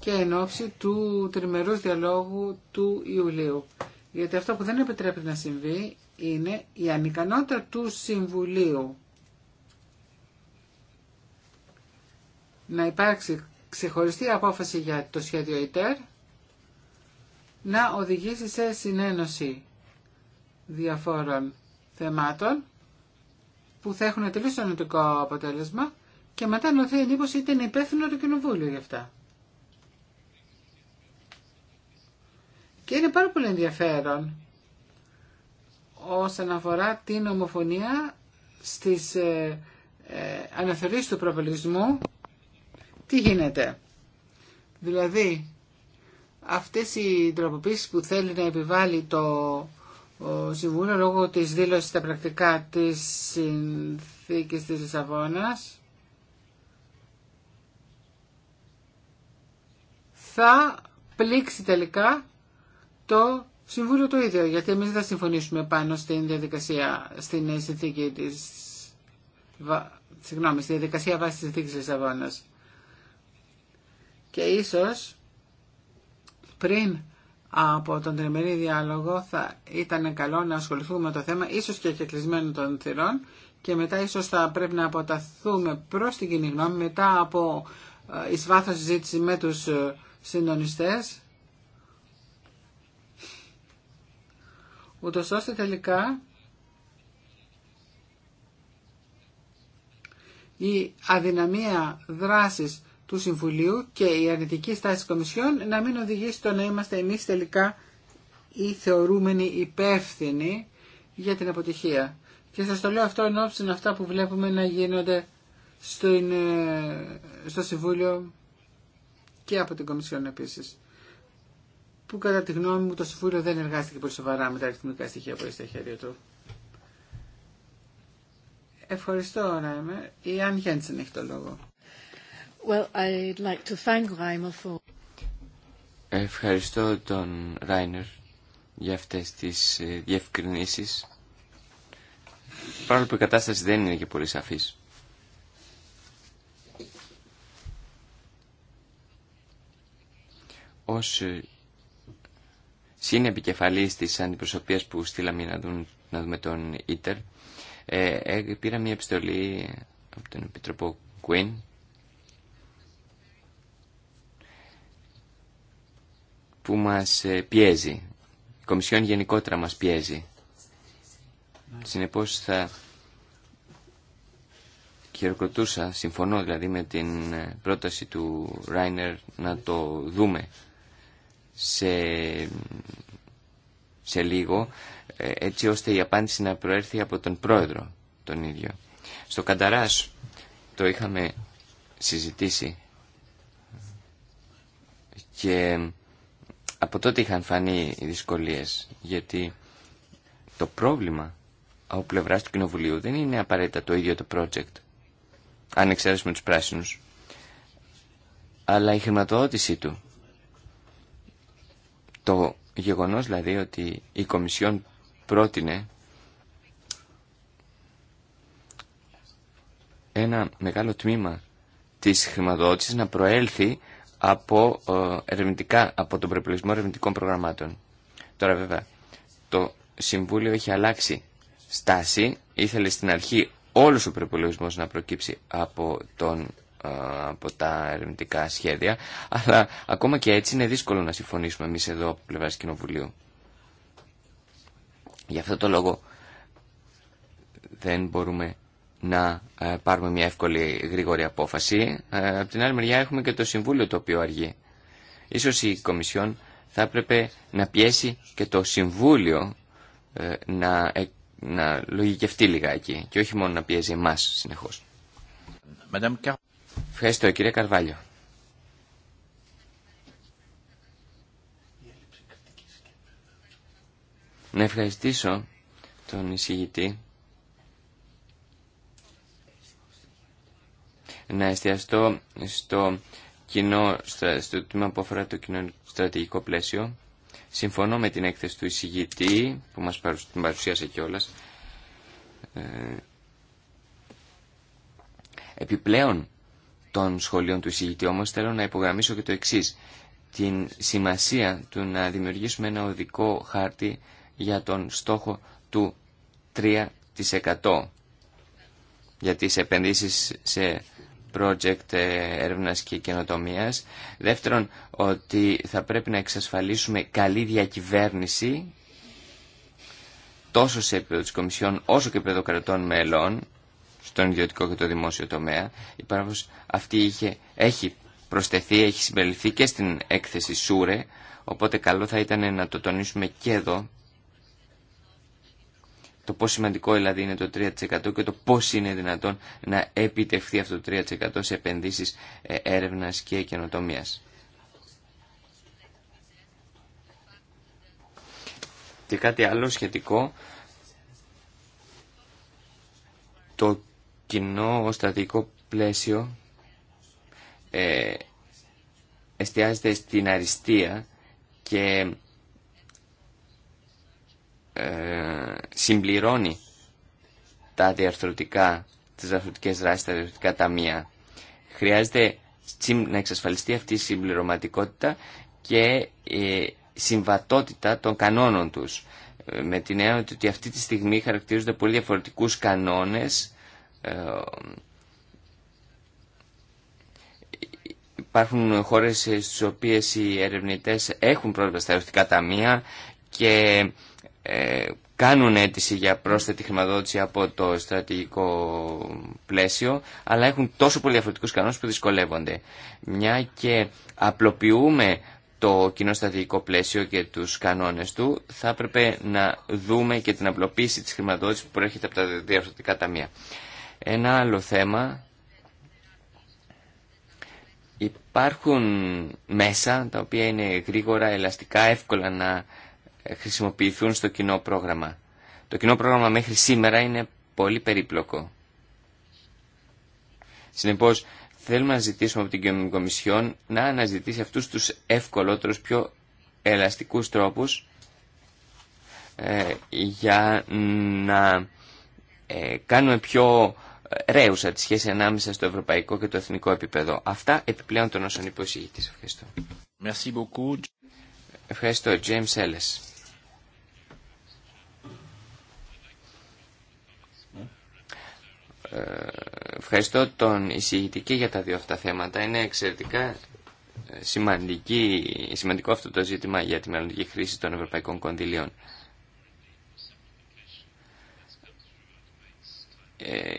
και εν ώψη του τριμερούς διαλόγου του Ιουλίου. Γιατί αυτό που δεν επιτρέπει να συμβεί είναι η ανικανότητα του Συμβουλίου να υπάρξει ξεχωριστή απόφαση για το σχέδιο ΙΤΕΡ να οδηγήσει σε συνένωση διαφόρων θεμάτων που θα έχουν τελείως ανωτικό αποτέλεσμα και μετά να η εντύπωση ήταν είναι υπεύθυνο το κοινοβούλιο για αυτά. Και είναι πάρα πολύ ενδιαφέρον όσον αφορά την ομοφωνία στις ε, ε αναθεωρήσεις του προβολισμού τι γίνεται. Δηλαδή, αυτές οι τροποποίησεις που θέλει να επιβάλλει το Συμβούλιο λόγω της δήλωσης στα πρακτικά της συνθήκης της Λισαβόνας, θα πλήξει τελικά το Συμβούλιο το ίδιο, γιατί εμείς δεν θα συμφωνήσουμε πάνω στην διαδικασία, στην συνθήκη της, συγγνώμη, στη διαδικασία βάσης της συνθήκης Λισαβόνας. Και ίσως πριν από τον τριμερή διάλογο θα ήταν καλό να ασχοληθούμε με το θέμα, ίσως και κεκλεισμένο των θυρών και μετά ίσως θα πρέπει να αποταθούμε προς την κοινή γνώμη μετά από ε, εις βάθος συζήτηση με τους ε, συντονιστές ούτως ώστε τελικά η αδυναμία δράσης του Συμβουλίου και η αρνητική στάση της Κομισιόν να μην οδηγήσει το να είμαστε εμείς τελικά οι θεωρούμενοι υπεύθυνοι για την αποτυχία. Και σας το λέω αυτό εν ώψη αυτά που βλέπουμε να γίνονται ε, στο Συμβούλιο και από την Κομισιόν επίσης που κατά τη γνώμη μου το Συμβούλιο δεν εργάστηκε πολύ σοβαρά με τα αριθμικά στοιχεία που έχει στα χέρια του. Ευχαριστώ, Ράιμερ. Η Αν Γέντσεν έχει το λόγο. Well, I'd like to thank for... Ευχαριστώ τον Ράινερ για αυτές τις ε, διευκρινήσεις. Παρόλο που η κατάσταση δεν είναι και πολύ σαφής. Ως ε, συνεπικεφαλής της αντιπροσωπείας που στείλαμε να, δουν, να δούμε τον Ίτερ, ε, ε, πήρα μια επιστολή από τον Επιτροπό Κουίν που μας ε, πιέζει. Η Κομισιόν γενικότερα μας πιέζει. Συνεπώς θα χειροκροτούσα, συμφωνώ δηλαδή με την πρόταση του Ράινερ να το δούμε σε, λίγο ε, έτσι ώστε η απάντηση να προέρθει από τον πρόεδρο τον ίδιο. Στο Κανταράς το είχαμε συζητήσει και από τότε είχαν φανεί οι δυσκολίες γιατί το πρόβλημα από πλευράς του Κοινοβουλίου δεν είναι απαραίτητα το ίδιο το project αν εξαιρέσουμε τους πράσινους αλλά η χρηματοδότησή του το γεγονός δηλαδή ότι η Κομισιόν πρότεινε ένα μεγάλο τμήμα της χρηματοδότησης να προέλθει από, ε, ερευνητικά, από τον προπολογισμό ερευνητικών προγραμμάτων. Τώρα βέβαια, το Συμβούλιο έχει αλλάξει στάση, ήθελε στην αρχή όλος ο προπολογισμό να προκύψει από τον ε, από τα ερευνητικά σχέδια, αλλά ακόμα και έτσι είναι δύσκολο να συμφωνήσουμε εμεί εδώ από πλευρά Κοινοβουλίου. Γι' αυτό το λόγο δεν μπορούμε να ε, πάρουμε μια εύκολη γρήγορη απόφαση. Ε, από την άλλη μεριά έχουμε και το Συμβούλιο το οποίο αργεί. Ίσως η Κομισιόν θα έπρεπε να πιέσει και το Συμβούλιο να, να λογικευτεί λιγάκι και όχι μόνο να πιέζει εμάς συνεχώς. Ευχαριστώ, κύριε Καρβάλιο. Να ευχαριστήσω τον εισηγητή να εστιαστώ στο κοινό, στο τμήμα που αφορά το κοινό στρατηγικό πλαίσιο. Συμφωνώ με την έκθεση του εισηγητή που μας την παρουσίασε κιόλας. Ε, επιπλέον, των σχολείων του εισηγητή. Όμω θέλω να υπογραμμίσω και το εξή. Την σημασία του να δημιουργήσουμε ένα οδικό χάρτη για τον στόχο του 3% για τις επενδύσεις σε project ε, έρευνας και καινοτομίας. Δεύτερον, ότι θα πρέπει να εξασφαλίσουμε καλή διακυβέρνηση τόσο σε επίπεδο της Κομισιόν όσο και επίπεδο κρατών μελών στον ιδιωτικό και το δημόσιο τομέα. Η αυτή είχε, έχει προστεθεί, έχει συμπεριληφθεί και στην έκθεση ΣΟΥΡΕ, οπότε καλό θα ήταν να το τονίσουμε και εδώ, το πόσο σημαντικό δηλαδή είναι το 3% και το πώς είναι δυνατόν να επιτευχθεί αυτό το 3% σε επενδύσεις ε, έρευνας και καινοτομίας. Και κάτι άλλο σχετικό, το κοινό στρατηγικό πλαίσιο ε, εστιάζεται στην αριστεία και ε, συμπληρώνει τα διαρθρωτικά, τις διαρθρωτικές δράσεις, τα διαρθρωτικά ταμεία. Χρειάζεται να εξασφαλιστεί αυτή η συμπληρωματικότητα και ε, συμβατότητα των κανόνων τους. Ε, με την έννοια ότι αυτή τη στιγμή χαρακτηρίζονται πολύ διαφορετικούς κανόνες υπάρχουν χώρες στις οποίες οι ερευνητές έχουν πρόσβαση στα ερωτικά ταμεία και ε, κάνουν αίτηση για πρόσθετη χρηματοδότηση από το στρατηγικό πλαίσιο, αλλά έχουν τόσο πολύ διαφορετικούς κανόνες που δυσκολεύονται. Μια και απλοποιούμε το κοινό στρατηγικό πλαίσιο και τους κανόνες του, θα έπρεπε να δούμε και την απλοποίηση της χρηματοδότησης που προέρχεται από τα διαφορετικά ταμεία. Ένα άλλο θέμα. Υπάρχουν μέσα τα οποία είναι γρήγορα, ελαστικά, εύκολα να χρησιμοποιηθούν στο κοινό πρόγραμμα. Το κοινό πρόγραμμα μέχρι σήμερα είναι πολύ περίπλοκο. Συνεπώς, θέλουμε να ζητήσουμε από την Κομισιόν να αναζητήσει αυτούς τους ευκολότερους, πιο ελαστικούς τρόπους ε, για να ε, κάνουμε πιο ρέουσα τη σχέση ανάμεσα στο ευρωπαϊκό και το εθνικό επίπεδο. Αυτά επιπλέον των όσων είπε ο Ευχαριστώ. Ευχαριστώ. James Ellis. Ε, ευχαριστώ τον εισηγητή και για τα δύο αυτά θέματα. Είναι εξαιρετικά ε, σημαντικό αυτό το ζήτημα για τη μελλοντική χρήση των ευρωπαϊκών κονδυλίων. Ε,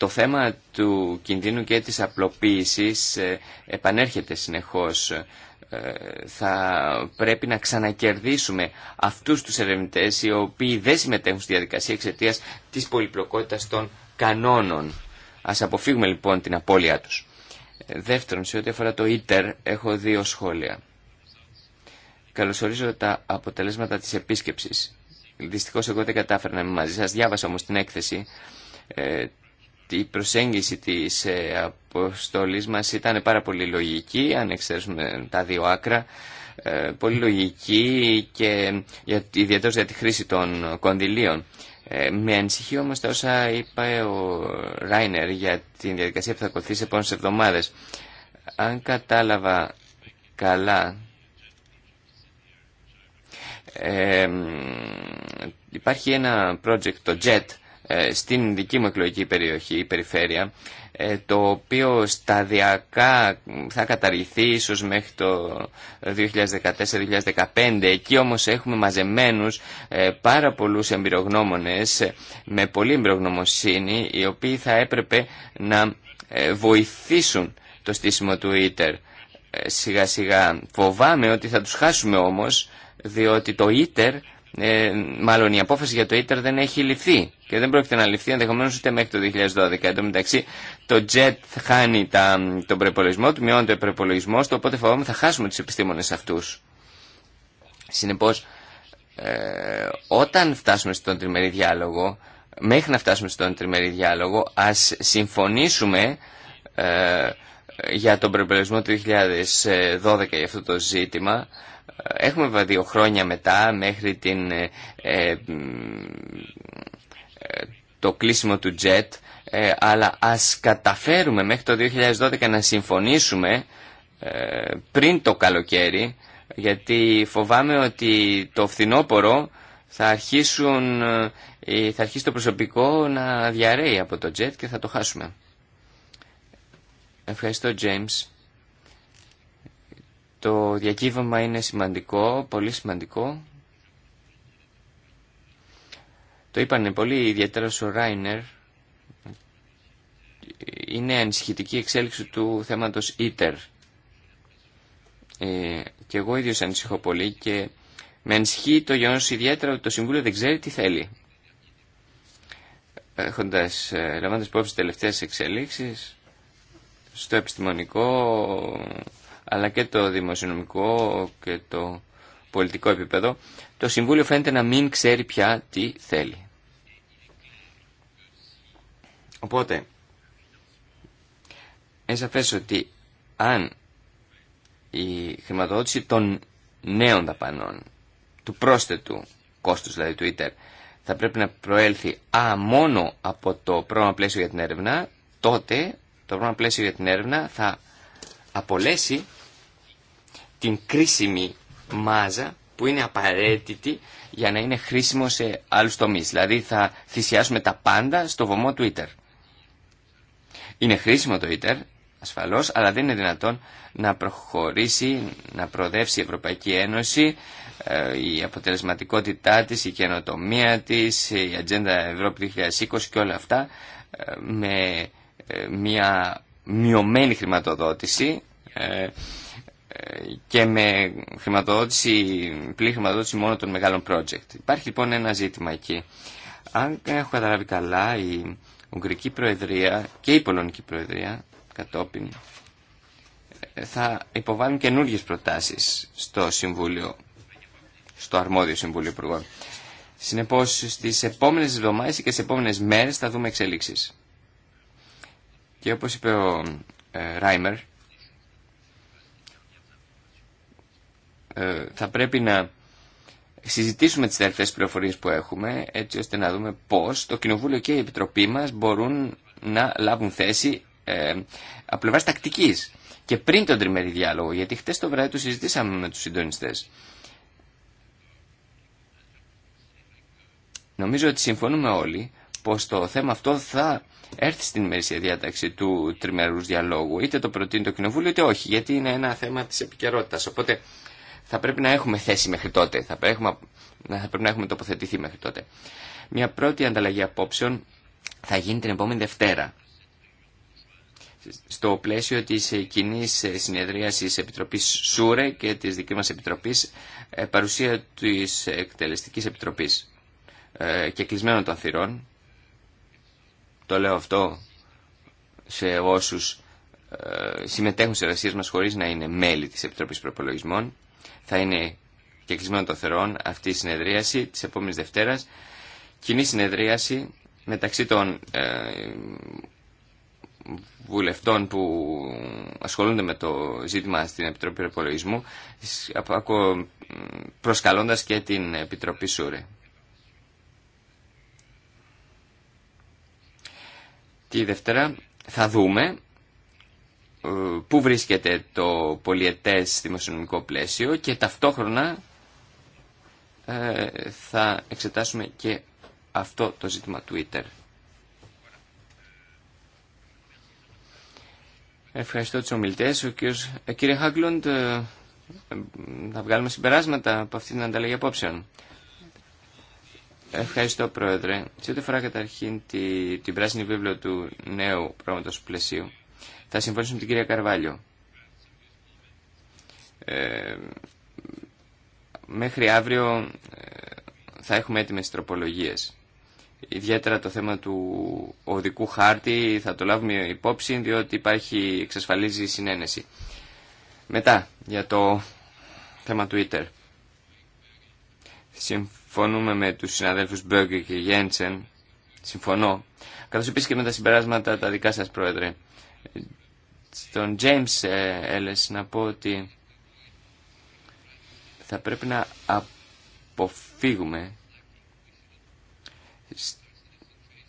το θέμα του κινδύνου και της απλοποίησης ε, επανέρχεται συνεχώς. Ε, θα πρέπει να ξανακερδίσουμε αυτούς τους ερευνητές οι οποίοι δεν συμμετέχουν στη διαδικασία εξαιτίας της πολυπλοκότητας των κανόνων. Ας αποφύγουμε λοιπόν την απώλειά τους. Ε, δεύτερον, σε ό,τι αφορά το ίτερ, έχω δύο σχόλια. Καλωσορίζω τα αποτελέσματα της επίσκεψης. Δυστυχώς εγώ δεν κατάφερα να είμαι μαζί σας, διάβασα όμως την έκθεση η προσέγγιση της ε, αποστολής μας ήταν πάρα πολύ λογική, αν εξαιρέσουμε τα δύο άκρα, ε, πολύ λογική και ιδιαίτερα για τη χρήση των κονδυλίων. Ε, με ανησυχεί όμως τα όσα είπα ο Ράινερ για την διαδικασία που θα ακολουθεί σε επόμενες εβδομάδες. Αν κατάλαβα καλά, υπάρχει ένα project, το JET, ε, στην δική μου εκλογική περιοχή, η περιφέρεια, ε, το οποίο σταδιακά θα καταργηθεί ίσως μέχρι το 2014-2015. Εκεί όμως έχουμε μαζεμένους ε, πάρα πολλούς εμπειρογνώμονες με πολύ εμπειρογνωμοσύνη, οι οποίοι θα έπρεπε να βοηθήσουν το στήσιμο του ΙΤΕΡ. Σιγά σιγά φοβάμαι ότι θα τους χάσουμε όμως, διότι το ΙΤΕΡ ε, μάλλον η απόφαση για το ITER δεν έχει ληφθεί και δεν πρόκειται να ληφθεί ενδεχομένω ούτε μέχρι το 2012. Εν τω μεταξύ, το JET χάνει τα, τον προπολογισμό του, μειώνεται ο προπολογισμό του, οπότε φοβάμαι θα χάσουμε του επιστήμονε αυτού. Συνεπώ, ε, όταν φτάσουμε στον τριμερή διάλογο, μέχρι να φτάσουμε στον τριμερή διάλογο, α συμφωνήσουμε ε, για τον προπολογισμό του 2012 για αυτό το ζήτημα. Έχουμε δύο χρόνια μετά μέχρι την, ε, ε, το κλείσιμο του JET ε, αλλά ας καταφέρουμε μέχρι το 2012 να συμφωνήσουμε πριν το καλοκαίρι γιατί φοβάμαι ότι το φθινόπωρο θα, αρχίσουν, θα αρχίσει το προσωπικό να διαρρέει από το JET και θα το χάσουμε. Ευχαριστώ James. Το διακύβωμα είναι σημαντικό, πολύ σημαντικό. Το είπανε πολύ ιδιαίτερα ο Ράινερ. Είναι ανησυχητική εξέλιξη του θέματος ίτερ. Ε, και εγώ ίδιος ανησυχώ πολύ και με ανησυχεί το γεγονός ιδιαίτερα ότι το Συμβούλιο δεν ξέρει τι θέλει. Έχοντας, ε, λαμβάνοντας υπόψη τελευταίες εξελίξεις, στο επιστημονικό αλλά και το δημοσιονομικό και το πολιτικό επίπεδο, το Συμβούλιο φαίνεται να μην ξέρει πια τι θέλει. Οπότε, έσαφες ότι αν η χρηματοδότηση των νέων δαπανών, του πρόσθετου κόστους δηλαδή του ΙΤΕΡ, θα πρέπει να προέλθει α, μόνο από το πρόγραμμα πλαίσιο για την έρευνα, τότε το πρόγραμμα πλαίσιο για την έρευνα θα απολέσει την κρίσιμη μάζα που είναι απαραίτητη για να είναι χρήσιμο σε άλλους τομείς. Δηλαδή θα θυσιάσουμε τα πάντα στο βωμό του Είναι χρήσιμο το Twitter, ασφαλώς, αλλά δεν είναι δυνατόν να προχωρήσει, να προοδεύσει η Ευρωπαϊκή Ένωση, ε, η αποτελεσματικότητά της, η καινοτομία της, η Ατζέντα Ευρώπη 2020 και όλα αυτά ε, με ε, μια μειωμένη χρηματοδότηση και με χρηματοδότηση, πλήρη χρηματοδότηση μόνο των μεγάλων project. Υπάρχει λοιπόν ένα ζήτημα εκεί. Αν έχω καταλάβει καλά, η Ουγγρική Προεδρία και η Πολωνική Προεδρία κατόπιν θα υποβάλουν καινούργιε προτάσεις στο Συμβούλιο, στο αρμόδιο Συμβούλιο Υπουργών. Συνεπώς στι επόμενες εβδομάδες και στι επόμενε μέρες θα δούμε εξέλιξει. Και όπως είπε ο ε, Ράιμερ, Ε, θα πρέπει να συζητήσουμε τις τελευταίες πληροφορίες που έχουμε έτσι ώστε να δούμε πώς το Κοινοβούλιο και η Επιτροπή μας μπορούν να λάβουν θέση ε, από τακτικής και πριν τον τριμερή διάλογο γιατί χτες το βράδυ το συζητήσαμε με τους συντονιστές. Νομίζω ότι συμφωνούμε όλοι πως το θέμα αυτό θα έρθει στην ημερήσια διάταξη του τριμερούς διαλόγου είτε το προτείνει το Κοινοβούλιο είτε όχι γιατί είναι ένα θέμα της επικαιρότητα. οπότε θα πρέπει να έχουμε θέση μέχρι τότε, θα πρέπει, να, θα πρέπει να έχουμε τοποθετηθεί μέχρι τότε. Μια πρώτη ανταλλαγή απόψεων θα γίνει την επόμενη Δευτέρα. Στο πλαίσιο της ε, κοινή ε, συνεδρίασης Επιτροπής ΣΟΥΡΕ και της δική μας Επιτροπής, ε, παρουσία της Εκτελεστικής Επιτροπής και κλεισμένων των θυρών, το λέω αυτό σε όσους συμμετέχουν σε εργασίε μας χωρίς να είναι μέλη της Επιτροπής Προπολογισμών, θα είναι και κλεισμένο το θερών αυτή η συνεδρίαση της επόμενης Δευτέρας. Κοινή συνεδρίαση μεταξύ των ε, βουλευτών που ασχολούνται με το ζήτημα στην Επιτροπή Προπολογισμού, προσκαλώντας και την Επιτροπή ΣΟΥΡΕ. Τη Δευτέρα θα δούμε ε, πού βρίσκεται το πολιετές δημοσιονομικό πλαίσιο και ταυτόχρονα ε, θα εξετάσουμε και αυτό το ζήτημα Twitter. Ευχαριστώ τους ομιλητές. Ο κύριος, ε, κύριε Χάγκλοντ, θα βγάλουμε συμπεράσματα από αυτή την ανταλλαγή απόψεων. Ευχαριστώ, Πρόεδρε. Σε ό,τι αφορά καταρχήν τη, την πράσινη βίβλο του νέου πρόγραμματος πλαισίου, θα συμφωνήσω με την κυρία Καρβάλιο. Ε, μέχρι αύριο ε, θα έχουμε έτοιμες τροπολογίες. Ιδιαίτερα το θέμα του οδικού χάρτη θα το λάβουμε υπόψη διότι υπάρχει, εξασφαλίζει συνένεση. Μετά, για το θέμα του Twitter. Συμφωνούμε με τους συναδέλφους Μπέργκ και Γέντσεν. Συμφωνώ. Καθώς επίσης και με τα συμπεράσματα τα δικά σας, Πρόεδρε. Στον James ε, Ellis να πω ότι θα πρέπει να αποφύγουμε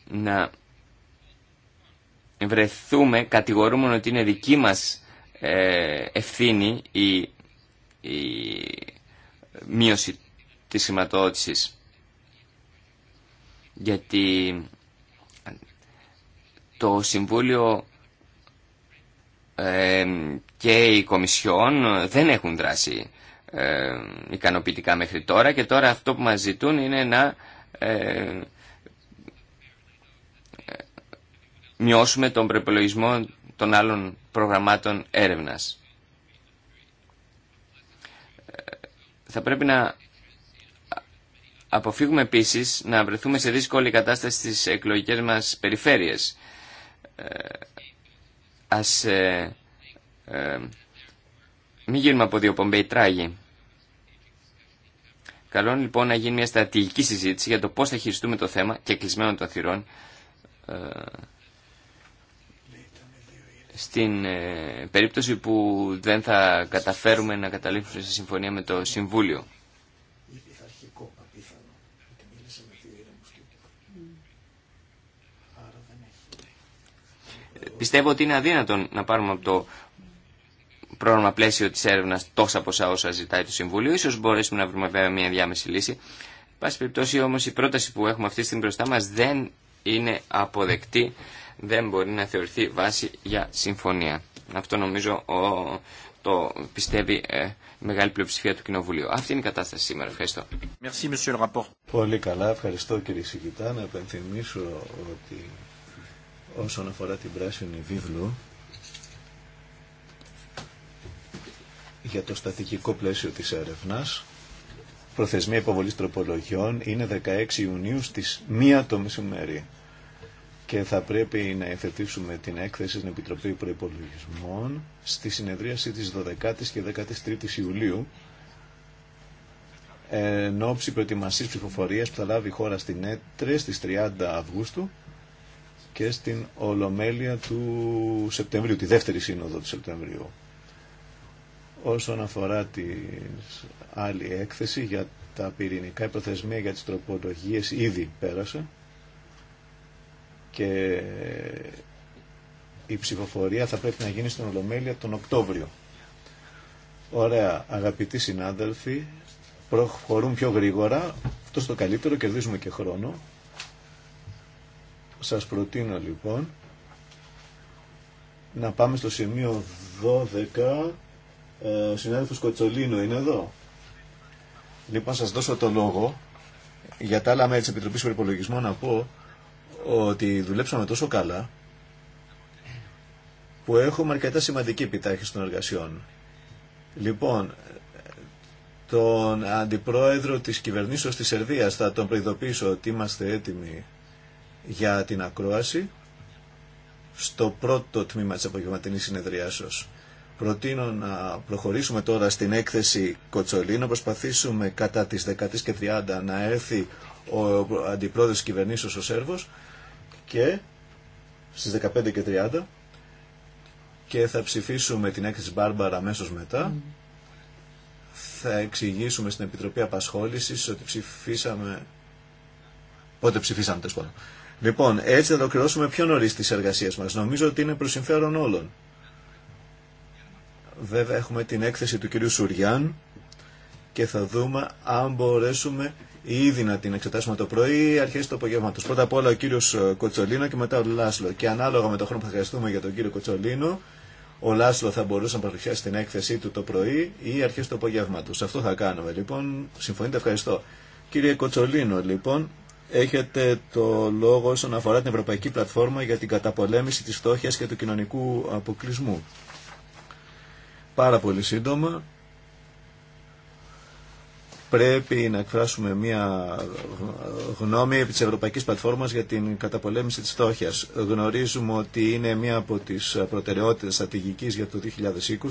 να βρεθούμε κατηγορούμε ότι είναι δική μας ε, ευθύνη η, η μείωση της χρηματοδότηση. Γιατί το Συμβούλιο και οι Κομισιόν δεν έχουν δράσει ικανοποιητικά μέχρι τώρα και τώρα αυτό που μας ζητούν είναι να μειώσουμε τον προπολογισμό των άλλων προγραμμάτων έρευνας. Θα πρέπει να αποφύγουμε επίσης να βρεθούμε σε δύσκολη κατάσταση στις εκλογικές μας περιφέρειες. Ε, Ας ε, ε, μην γίνουμε από δύο πομπέι τράγοι. Καλό είναι λοιπόν να γίνει μια στρατηγική συζήτηση για το πώς θα χειριστούμε το θέμα και κλεισμένο των θυρών ε, στην ε, περίπτωση που δεν θα καταφέρουμε να καταλήξουμε σε συμφωνία με το Συμβούλιο. Πιστεύω ότι είναι αδύνατο να πάρουμε από το πρόγραμμα πλαίσιο τη έρευνα τόσα ποσά όσα ζητάει το Συμβούλιο. σω μπορέσουμε να βρούμε βέβαια μια διάμεση λύση. Πάση περιπτώσει όμω η πρόταση που έχουμε αυτή στην μπροστά μα δεν είναι αποδεκτή, δεν μπορεί να θεωρηθεί βάση για συμφωνία. Αυτό νομίζω το πιστεύει ε, η μεγάλη πλειοψηφία του Κοινοβουλίου. Αυτή είναι η κατάσταση σήμερα. Ευχαριστώ. Merci, Πολύ καλά. Ευχαριστώ κύριε Σιγητά. Να ότι όσον αφορά την πράσινη βίβλου για το στατικικό πλαίσιο της έρευνας. Προθεσμία υποβολής τροπολογιών είναι 16 Ιουνίου στις 1 το μεσημέρι και θα πρέπει να εθετήσουμε την έκθεση στην Επιτροπή Προϋπολογισμών στη συνεδρίαση της 12ης και 13ης Ιουλίου εν ώψη προετοιμασίας ψηφοφορίας που θα λάβει η χώρα στην ΕΤΡΕ στις 30 Αυγούστου και στην Ολομέλεια του Σεπτεμβρίου, τη δεύτερη σύνοδο του Σεπτεμβρίου. Όσον αφορά την άλλη έκθεση για τα πυρηνικά, υποθεσμία, για τις τροπολογίες ήδη πέρασε και η ψηφοφορία θα πρέπει να γίνει στην Ολομέλεια τον Οκτώβριο. Ωραία, αγαπητοί συνάδελφοι, προχωρούν πιο γρήγορα, αυτό το καλύτερο, κερδίζουμε και χρόνο. Σας προτείνω λοιπόν να πάμε στο σημείο 12. Ε, ο συνάδελφος Κοτσολίνο είναι εδώ. Λοιπόν, σας δώσω το λόγο. Για τα άλλα μέλη της Επιτροπής Περιπολογισμού να πω ότι δουλέψαμε τόσο καλά που έχουμε αρκετά σημαντική επιτάχυση των εργασιών. Λοιπόν, τον αντιπρόεδρο της κυβερνήσεως της Σερβίας θα τον προειδοποιήσω ότι είμαστε έτοιμοι για την ακρόαση στο πρώτο τμήμα της απογευματινής συνεδριάσεως. Προτείνω να προχωρήσουμε τώρα στην έκθεση Κοτσολή, να προσπαθήσουμε κατά τις 10.30 να έρθει ο αντιπρόεδρος της κυβερνήσεως ο Σέρβος και στις 15.30 και θα ψηφίσουμε την έκθεση Μπάρμπαρα αμέσως μετά. Θα εξηγήσουμε στην Επιτροπή Απασχόλησης ότι ψηφίσαμε... Πότε ψηφίσαμε, τέλος Λοιπόν, έτσι θα το ολοκληρώσουμε πιο νωρί τι εργασίε μα. Νομίζω ότι είναι προ συμφέρον όλων. Βέβαια, έχουμε την έκθεση του κυρίου Σουριάν και θα δούμε αν μπορέσουμε ήδη να την εξετάσουμε το πρωί ή αρχέ του απογεύματο. Πρώτα απ' όλα ο κύριο ε, Κοτσολίνο και μετά ο Λάσλο. Και ανάλογα με το χρόνο που θα χρειαστούμε για τον κύριο Κοτσολίνο, ο Λάσλο θα μπορούσε να παρουσιάσει την έκθεσή του το πρωί ή αρχέ του απογεύματο. Αυτό θα κάνουμε λοιπόν. Συμφωνείτε, ευχαριστώ. Κύριε Κοτσολίνο, λοιπόν, Έχετε το λόγο όσον αφορά την Ευρωπαϊκή Πλατφόρμα για την καταπολέμηση της φτώχειας και του κοινωνικού αποκλεισμού. Πάρα πολύ σύντομα. Πρέπει να εκφράσουμε μια γνώμη επί της Ευρωπαϊκής Πλατφόρμας για την καταπολέμηση της φτώχειας. Γνωρίζουμε ότι είναι μια από τις προτεραιότητες στρατηγικής για το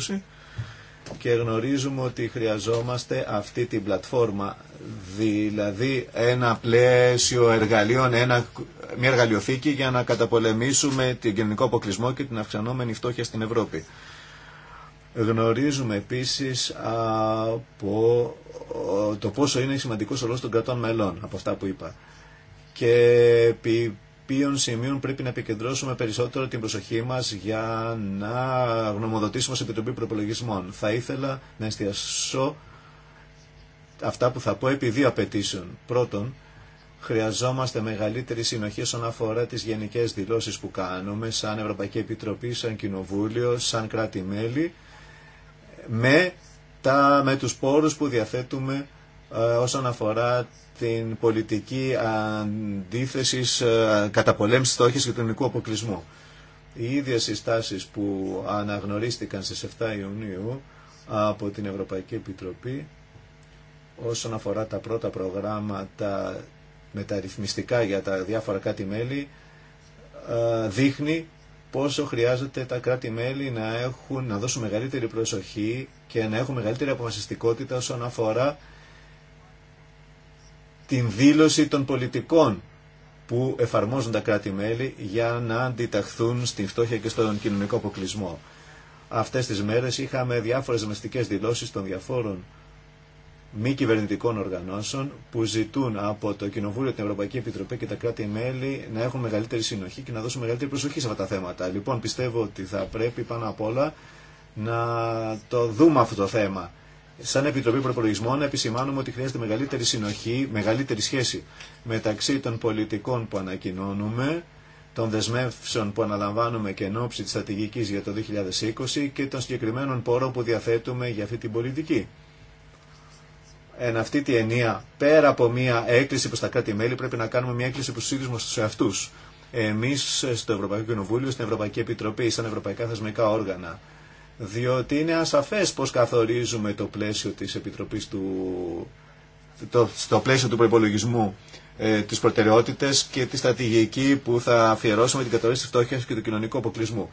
2020 και γνωρίζουμε ότι χρειαζόμαστε αυτή την πλατφόρμα, δηλαδή ένα πλαίσιο εργαλείων, ένα, μια εργαλειοθήκη για να καταπολεμήσουμε την κοινωνικό αποκλεισμό και την αυξανόμενη φτώχεια στην Ευρώπη. Γνωρίζουμε επίσης από το πόσο είναι σημαντικός ο ρόλος των κρατών μελών, από αυτά που είπα. Και επί οποίων σημείων πρέπει να επικεντρώσουμε περισσότερο την προσοχή μα για να γνωμοδοτήσουμε σε Επιτροπή Προπολογισμών. Θα ήθελα να εστιασώ αυτά που θα πω επί δύο απαιτήσεων. Πρώτον, χρειαζόμαστε μεγαλύτερη συνοχή όσον αφορά τι γενικέ δηλώσει που κάνουμε σαν Ευρωπαϊκή Επιτροπή, σαν Κοινοβούλιο, σαν κράτη-μέλη με, τα, με τους πόρους που διαθέτουμε ε, όσον αφορά την πολιτική αντίθεσης ε, καταπολέμησης στόχης και του ελληνικού αποκλεισμού. Οι ίδιες συστάσεις που αναγνωρίστηκαν στις 7 Ιουνίου από την Ευρωπαϊκή Επιτροπή όσον αφορά τα πρώτα προγράμματα μεταρρυθμιστικά για τα διαφορα κάτι κράτη-μέλη ε, δείχνει πόσο χρειάζεται τα κράτη-μέλη να, έχουν, να δώσουν μεγαλύτερη προσοχή και να έχουν μεγαλύτερη αποφασιστικότητα όσον αφορά την δήλωση των πολιτικών που εφαρμόζουν τα κράτη-μέλη για να αντιταχθούν στην φτώχεια και στον κοινωνικό αποκλεισμό. Αυτές τις μέρες είχαμε διάφορες μεστικές δηλώσεις των διαφόρων μη κυβερνητικών οργανώσεων που ζητούν από το Κοινοβούλιο, την Ευρωπαϊκή Επιτροπή και τα κράτη-μέλη να έχουν μεγαλύτερη συνοχή και να δώσουν μεγαλύτερη προσοχή σε αυτά τα θέματα. Λοιπόν, πιστεύω ότι θα πρέπει πάνω απ' όλα να το δούμε αυτό το θέμα σαν Επιτροπή Προπολογισμών επισημάνουμε ότι χρειάζεται μεγαλύτερη συνοχή, μεγαλύτερη σχέση μεταξύ των πολιτικών που ανακοινώνουμε, των δεσμεύσεων που αναλαμβάνουμε και εν ώψη της στρατηγικής για το 2020 και των συγκεκριμένων πόρων που διαθέτουμε για αυτή την πολιτική. Εν αυτή τη ενία, πέρα από μια έκκληση προς τα κράτη-μέλη, πρέπει να κάνουμε μια έκκληση προς τους ίδιους μας τους εαυτούς. Εμείς στο Ευρωπαϊκό Κοινοβούλιο, στην Ευρωπαϊκή Επιτροπή, σαν ευρωπαϊκά θεσμικά όργανα, διότι είναι ασαφές πώς καθορίζουμε το πλαίσιο της Επιτροπής του, το, στο πλαίσιο του προϋπολογισμού ε, τις προτεραιότητες και τη στρατηγική που θα αφιερώσουμε την κατευθύνση της φτώχειας και του κοινωνικού αποκλεισμού.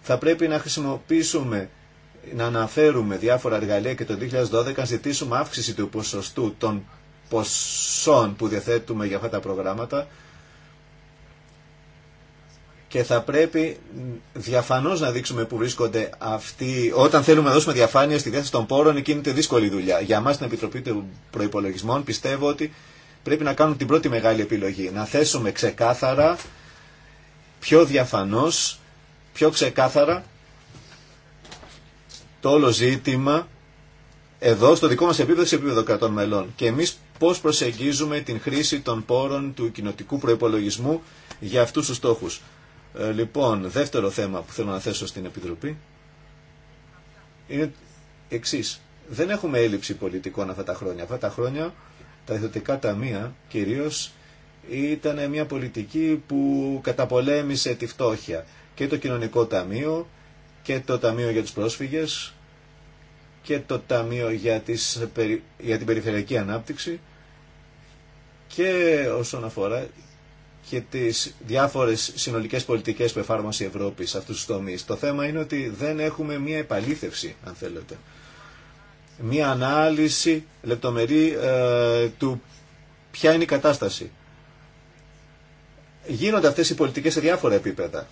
Θα πρέπει να χρησιμοποιήσουμε να αναφέρουμε διάφορα εργαλεία και το 2012 να ζητήσουμε αύξηση του ποσοστού των ποσών που διαθέτουμε για αυτά τα προγράμματα και θα πρέπει διαφανώ να δείξουμε που βρίσκονται αυτοί. Όταν θέλουμε να δώσουμε διαφάνεια στη διάθεση των πόρων, εκείνη είναι δύσκολη δουλειά. Για εμά, την Επιτροπή των Προπολογισμών, πιστεύω ότι πρέπει να κάνουμε την πρώτη μεγάλη επιλογή. Να θέσουμε ξεκάθαρα, πιο διαφανώ, πιο ξεκάθαρα το όλο ζήτημα εδώ στο δικό μας επίπεδο, σε επίπεδο κρατών μελών. Και εμείς πώς προσεγγίζουμε την χρήση των πόρων του κοινοτικού προϋπολογισμού για αυτούς τους στόχους. Ε, λοιπόν, δεύτερο θέμα που θέλω να θέσω στην Επιτροπή είναι εξή. Δεν έχουμε έλλειψη πολιτικών αυτά τα χρόνια. Αυτά τα χρόνια τα ιδιωτικά ταμεία κυρίως ήταν μια πολιτική που καταπολέμησε τη φτώχεια και το κοινωνικό ταμείο και το ταμείο για τους πρόσφυγες και το ταμείο για, τις, για την περιφερειακή ανάπτυξη και όσον αφορά και τι διάφορε συνολικές πολιτικές που εφάρμοσε η Ευρώπη σε αυτούς τους τομεί. Το θέμα είναι ότι δεν έχουμε μία επαλήθευση, αν θέλετε. Μία ανάλυση λεπτομερή ε, του ποια είναι η κατάσταση. Γίνονται αυτές οι πολιτικές σε διάφορα επίπεδα.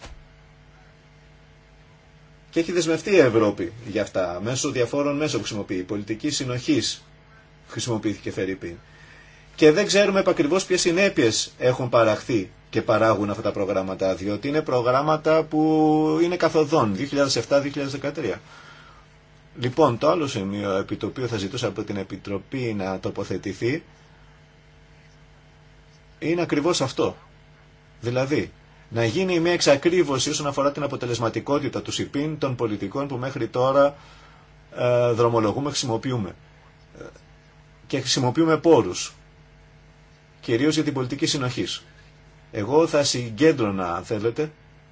Και έχει δεσμευτεί η Ευρώπη για αυτά, μέσω διαφόρων μέσων που χρησιμοποιεί. Η πολιτική συνοχή χρησιμοποιήθηκε Φερρυπίν και δεν ξέρουμε ακριβώ ποιε συνέπειε έχουν παραχθεί και παράγουν αυτά τα προγράμματα, διότι είναι προγράμματα που είναι καθοδόν, 2007-2013. Λοιπόν, το άλλο σημείο επί το οποίο θα ζητούσα από την Επιτροπή να τοποθετηθεί είναι ακριβώς αυτό. Δηλαδή, να γίνει μια εξακρίβωση όσον αφορά την αποτελεσματικότητα του ΣΥΠΗΝ των πολιτικών που μέχρι τώρα ε, δρομολογούμε, χρησιμοποιούμε. Ε, και χρησιμοποιούμε πόρους κυρίως για την πολιτική συνοχή. Εγώ θα συγκέντρωνα, αν θέλετε,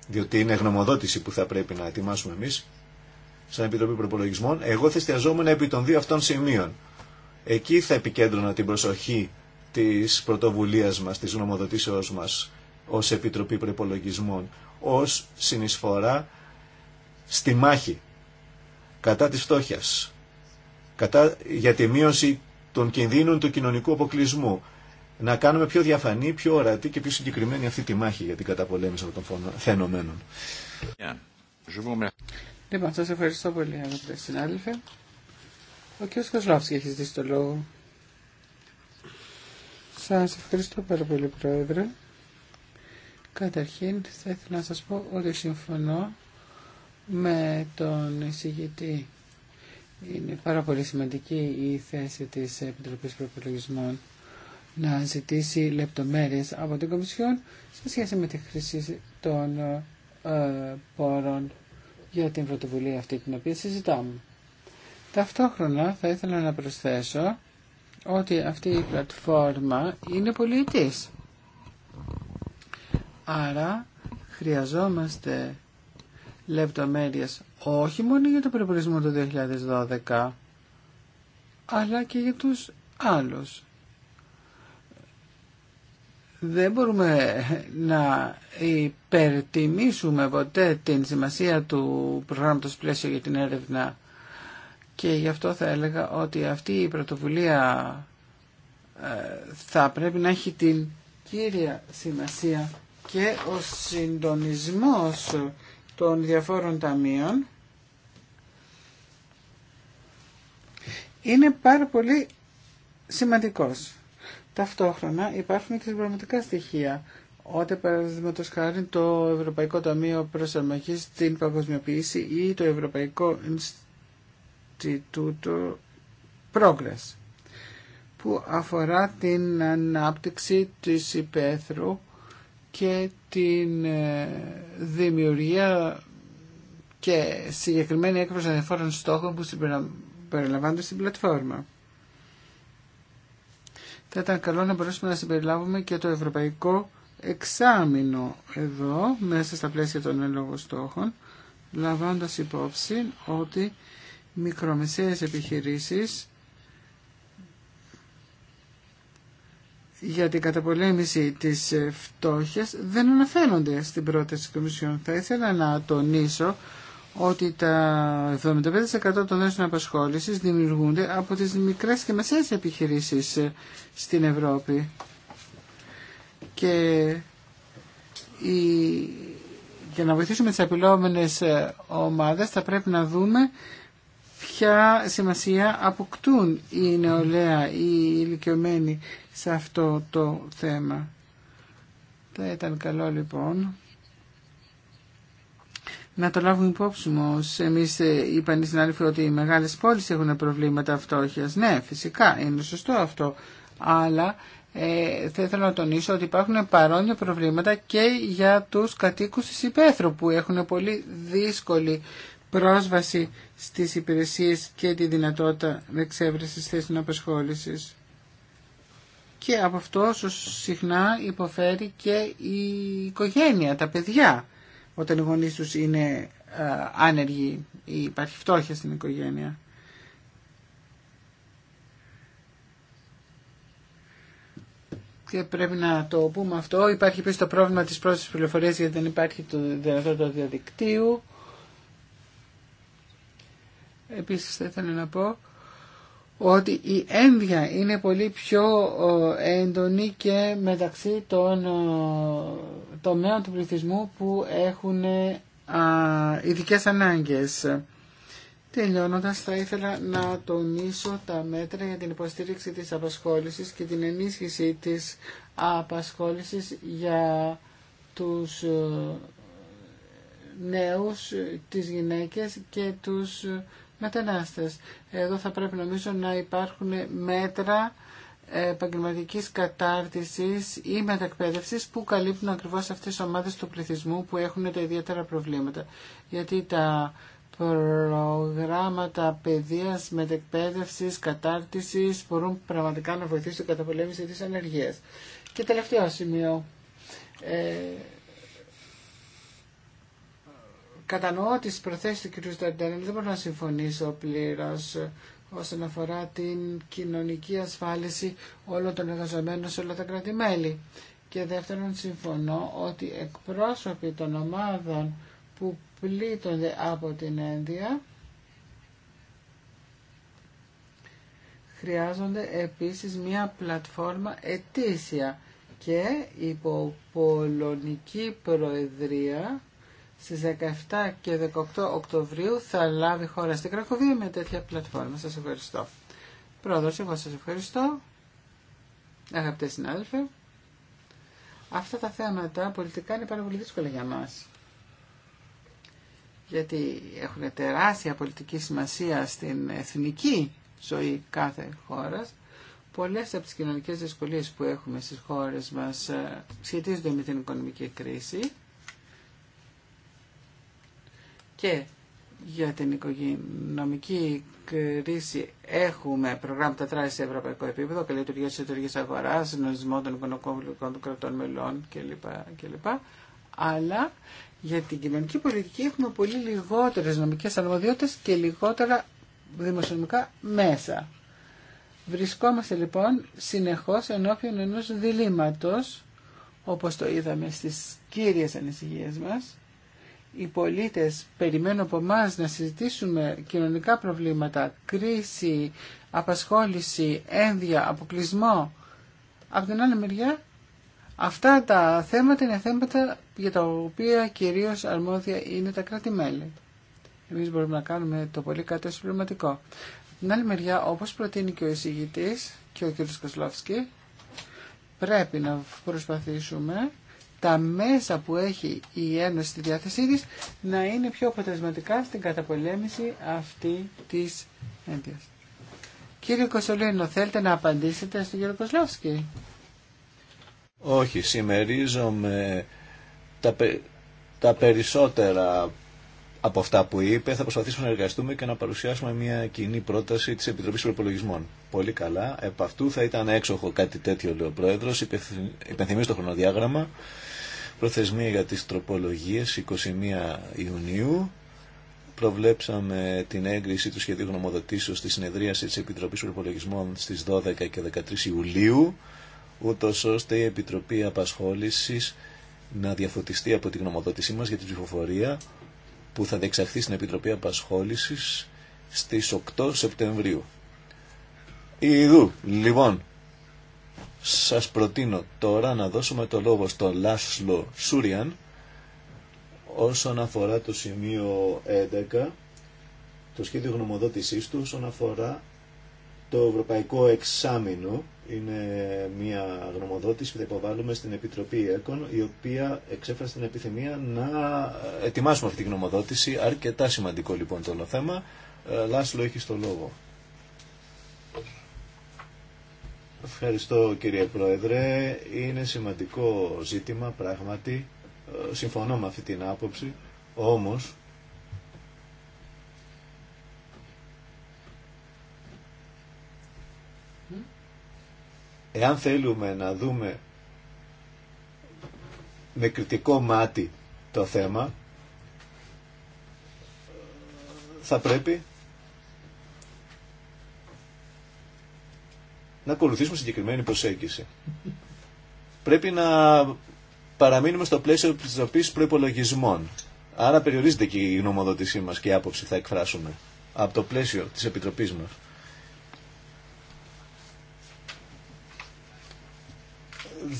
διότι είναι γνωμοδότηση που θα πρέπει να ετοιμάσουμε εμείς, σαν Επιτροπή Προπολογισμών, εγώ θα εστιαζόμουν επί των δύο αυτών σημείων. Εκεί θα επικέντρωνα την προσοχή της πρωτοβουλίας μας, της γνωμοδοτήσεώς μας ως Επιτροπή Προπολογισμών, ως συνεισφορά στη μάχη κατά της φτώχειας, κατά, για τη μείωση των κινδύνων του κοινωνικού αποκλεισμού, να κάνουμε πιο διαφανή, πιο ορατή και πιο συγκεκριμένη αυτή τη μάχη για την καταπολέμηση των φαινομένων. Λοιπόν, σας ευχαριστώ πολύ αγαπητέ συνάδελφε. Ο κ. Κοσλόφσκι έχει ζητήσει το λόγο. Σας ευχαριστώ πάρα πολύ Πρόεδρε. Καταρχήν θα ήθελα να σας πω ότι συμφωνώ με τον εισηγητή. Είναι πάρα πολύ σημαντική η θέση της Επιτροπής Προπολογισμών να ζητήσει λεπτομέρειες από την Κομισιόν σε σχέση με τη χρήση των ε, πόρων για την πρωτοβουλία αυτή την οποία συζητάμε. Ταυτόχρονα θα ήθελα να προσθέσω ότι αυτή η πλατφόρμα είναι πολιτής. Άρα χρειαζόμαστε λεπτομέρειες όχι μόνο για το προπολισμό του 2012 αλλά και για τους άλλους δεν μπορούμε να υπερτιμήσουμε ποτέ την σημασία του προγράμματος πλαίσιο για την έρευνα και γι' αυτό θα έλεγα ότι αυτή η πρωτοβουλία ε, θα πρέπει να έχει την κύρια σημασία και ο συντονισμός των διαφόρων ταμείων είναι πάρα πολύ σημαντικός. Ταυτόχρονα υπάρχουν και συμπραγματικά στοιχεία. Όταν παραδείγματο χάρη το Ευρωπαϊκό Ταμείο Προσαρμογή στην Παγκοσμιοποίηση ή το Ευρωπαϊκό Ινστιτούτο Progress που αφορά την ανάπτυξη της υπαίθρου και την ε, δημιουργία και συγκεκριμένη έκφραση ανεφόρων στόχων που συμπεριλαμβάνονται στην πλατφόρμα. Θα ήταν καλό να μπορέσουμε να συμπεριλάβουμε και το ευρωπαϊκό εξάμεινο εδώ, μέσα στα πλαίσια των ελόγων στόχων, λαμβάνοντας υπόψη ότι μικρομεσαίες επιχειρήσεις για την καταπολέμηση της φτώχειας δεν αναφέρονται στην πρόταση της Κομισιόν. Θα ήθελα να τονίσω ότι τα 75% των δέσεων απασχόλησης δημιουργούνται από τις μικρές και μεσαίες επιχειρήσεις ε, στην Ευρώπη. Και, η... για να βοηθήσουμε τις απειλόμενες ε, ομάδες θα πρέπει να δούμε ποια σημασία αποκτούν οι νεολαία, οι ηλικιωμένοι σε αυτό το θέμα. Θα ήταν καλό λοιπόν να το λάβουμε υπόψη μα. Εμεί ε, είπαν οι συνάδελφοι ότι οι μεγάλε πόλει έχουν προβλήματα φτώχεια. Ναι, φυσικά είναι σωστό αυτό. Αλλά ε, θα ήθελα να τονίσω ότι υπάρχουν παρόμοια προβλήματα και για τους κατοίκους της υπαίθρου που έχουν πολύ δύσκολη πρόσβαση στις υπηρεσίες και τη δυνατότητα εξέβρεσης θέσεων απασχόλησης. Και από αυτό συχνά υποφέρει και η οικογένεια, τα παιδιά όταν οι γονείς τους είναι ε, άνεργοι ή υπάρχει φτώχεια στην οικογένεια. Και πρέπει να το πούμε αυτό. Υπάρχει επίσης το πρόβλημα της πρόσφυσης πληροφορίας γιατί δεν υπάρχει το δυνατότητα διαδικτύου. Επίσης θα ήθελα να πω ότι η ένδια είναι πολύ πιο έντονη και μεταξύ των τομέων του πληθυσμού που έχουν ειδικέ ανάγκες. Τελειώνοντας, θα ήθελα να τονίσω τα μέτρα για την υποστήριξη της απασχόλησης και την ενίσχυση της απασχόλησης για τους νέους, τις γυναίκες και τους μετανάστες. Εδώ θα πρέπει νομίζω να υπάρχουν μέτρα επαγγελματικής κατάρτισης ή μετακπαίδευση που καλύπτουν ακριβώς αυτές τις ομάδες του πληθυσμού που έχουν τα ιδιαίτερα προβλήματα. Γιατί τα προγράμματα παιδείας, μετακπέδευσης κατάρτισης μπορούν πραγματικά να βοηθήσουν κατά πολέμηση της ανεργίας. Και τελευταίο σημείο. Ε, κατανοώ τις προθέσεις του κ. Σταντέλη, δεν μπορώ να συμφωνήσω πλήρως όσον αφορά την κοινωνική ασφάλιση όλων των εργαζομένων σε όλα τα κρατημέλη. Και δεύτερον, συμφωνώ ότι εκπρόσωποι των ομάδων που πλήττονται από την ένδια χρειάζονται επίσης μια πλατφόρμα ετήσια και υπό Πολωνική Προεδρία στις 17 και 18 Οκτωβρίου θα λάβει χώρα στην Κρακοβία με τέτοια πλατφόρμα. Σας ευχαριστώ. Πρόεδρος, εγώ σας ευχαριστώ. Αγαπητέ συνάδελφε, αυτά τα θέματα πολιτικά είναι πάρα πολύ δύσκολα για μας. Γιατί έχουν τεράστια πολιτική σημασία στην εθνική ζωή κάθε χώρα. Πολλές από τις κοινωνικές δυσκολίες που έχουμε στις χώρες μας ε, σχετίζονται με την οικονομική κρίση και για την οικογενειακή κρίση έχουμε προγράμματα τράση σε ευρωπαϊκό επίπεδο, καλή λειτουργία τη εταιρεία αγορά, συντονισμό των οικονομικών των κρατών μελών κλπ. Αλλά για την κοινωνική πολιτική έχουμε πολύ λιγότερες νομικές αρμοδιότητες και λιγότερα δημοσιονομικά μέσα. Βρισκόμαστε λοιπόν συνεχώς ενώπιον ενός διλήμματος, όπως το είδαμε στις κύριες ανησυχίες μας, οι πολίτες περιμένουν από εμά να συζητήσουμε κοινωνικά προβλήματα, κρίση, απασχόληση, ένδια, αποκλεισμό. Από την άλλη μεριά, αυτά τα θέματα είναι θέματα για τα οποία κυρίως αρμόδια είναι τα κράτη-μέλη. Εμείς μπορούμε να κάνουμε το πολύ κάτι συμπληρωματικό. Από την άλλη μεριά, όπως προτείνει και ο εισηγητής και ο κ. Κοσλόφσκι, πρέπει να προσπαθήσουμε τα μέσα που έχει η Ένωση στη διάθεσή της να είναι πιο αποτελεσματικά στην καταπολέμηση αυτή της ένδυας. Κύριε Κοσολίνο, θέλετε να απαντήσετε στον κύριο Κοσλόφσκι. Όχι, συμμερίζομαι τα, τα περισσότερα από αυτά που είπε, θα προσπαθήσουμε να εργαστούμε και να παρουσιάσουμε μια κοινή πρόταση τη Επιτροπή Προπολογισμών. Πολύ καλά. Επ' αυτού θα ήταν έξοχο κάτι τέτοιο, λέει ο Πρόεδρο. Υπενθυμίζω το χρονοδιάγραμμα. Προθεσμία για τι τροπολογίε 21 Ιουνίου. Προβλέψαμε την έγκριση του σχεδίου γνωμοδοτήσεω στη συνεδρίαση τη Επιτροπή Προπολογισμών στι 12 και 13 Ιουλίου, ούτω ώστε η Επιτροπή Απασχόληση να διαφωτιστεί από την γνωμοδότησή μα για την ψηφοφορία που θα διεξαχθεί στην Επιτροπή Απασχόλησης στις 8 Σεπτεμβρίου. Ιδού, λοιπόν, σας προτείνω τώρα να δώσουμε το λόγο στο Λάσλο Σούριαν όσον αφορά το σημείο 11, το σχέδιο γνωμοδότησής του όσον αφορά το Ευρωπαϊκό Εξάμεινο είναι μια γνωμοδότηση που θα υποβάλουμε στην Επιτροπή ΕΚΟΝ, η οποία εξέφρασε την επιθυμία να ετοιμάσουμε αυτή τη γνωμοδότηση. Αρκετά σημαντικό λοιπόν το θέμα. Ε, Λάσλο, έχει το λόγο. Ευχαριστώ κύριε Πρόεδρε. Είναι σημαντικό ζήτημα πράγματι. Ε, συμφωνώ με αυτή την άποψη. Όμως Εάν θέλουμε να δούμε με κριτικό μάτι το θέμα, θα πρέπει να ακολουθήσουμε συγκεκριμένη προσέγγιση. Πρέπει να παραμείνουμε στο πλαίσιο της επιτροπής προϋπολογισμών. Άρα περιορίζεται και η γνωμοδότησή μας και η άποψη θα εκφράσουμε από το πλαίσιο της Επιτροπής μας.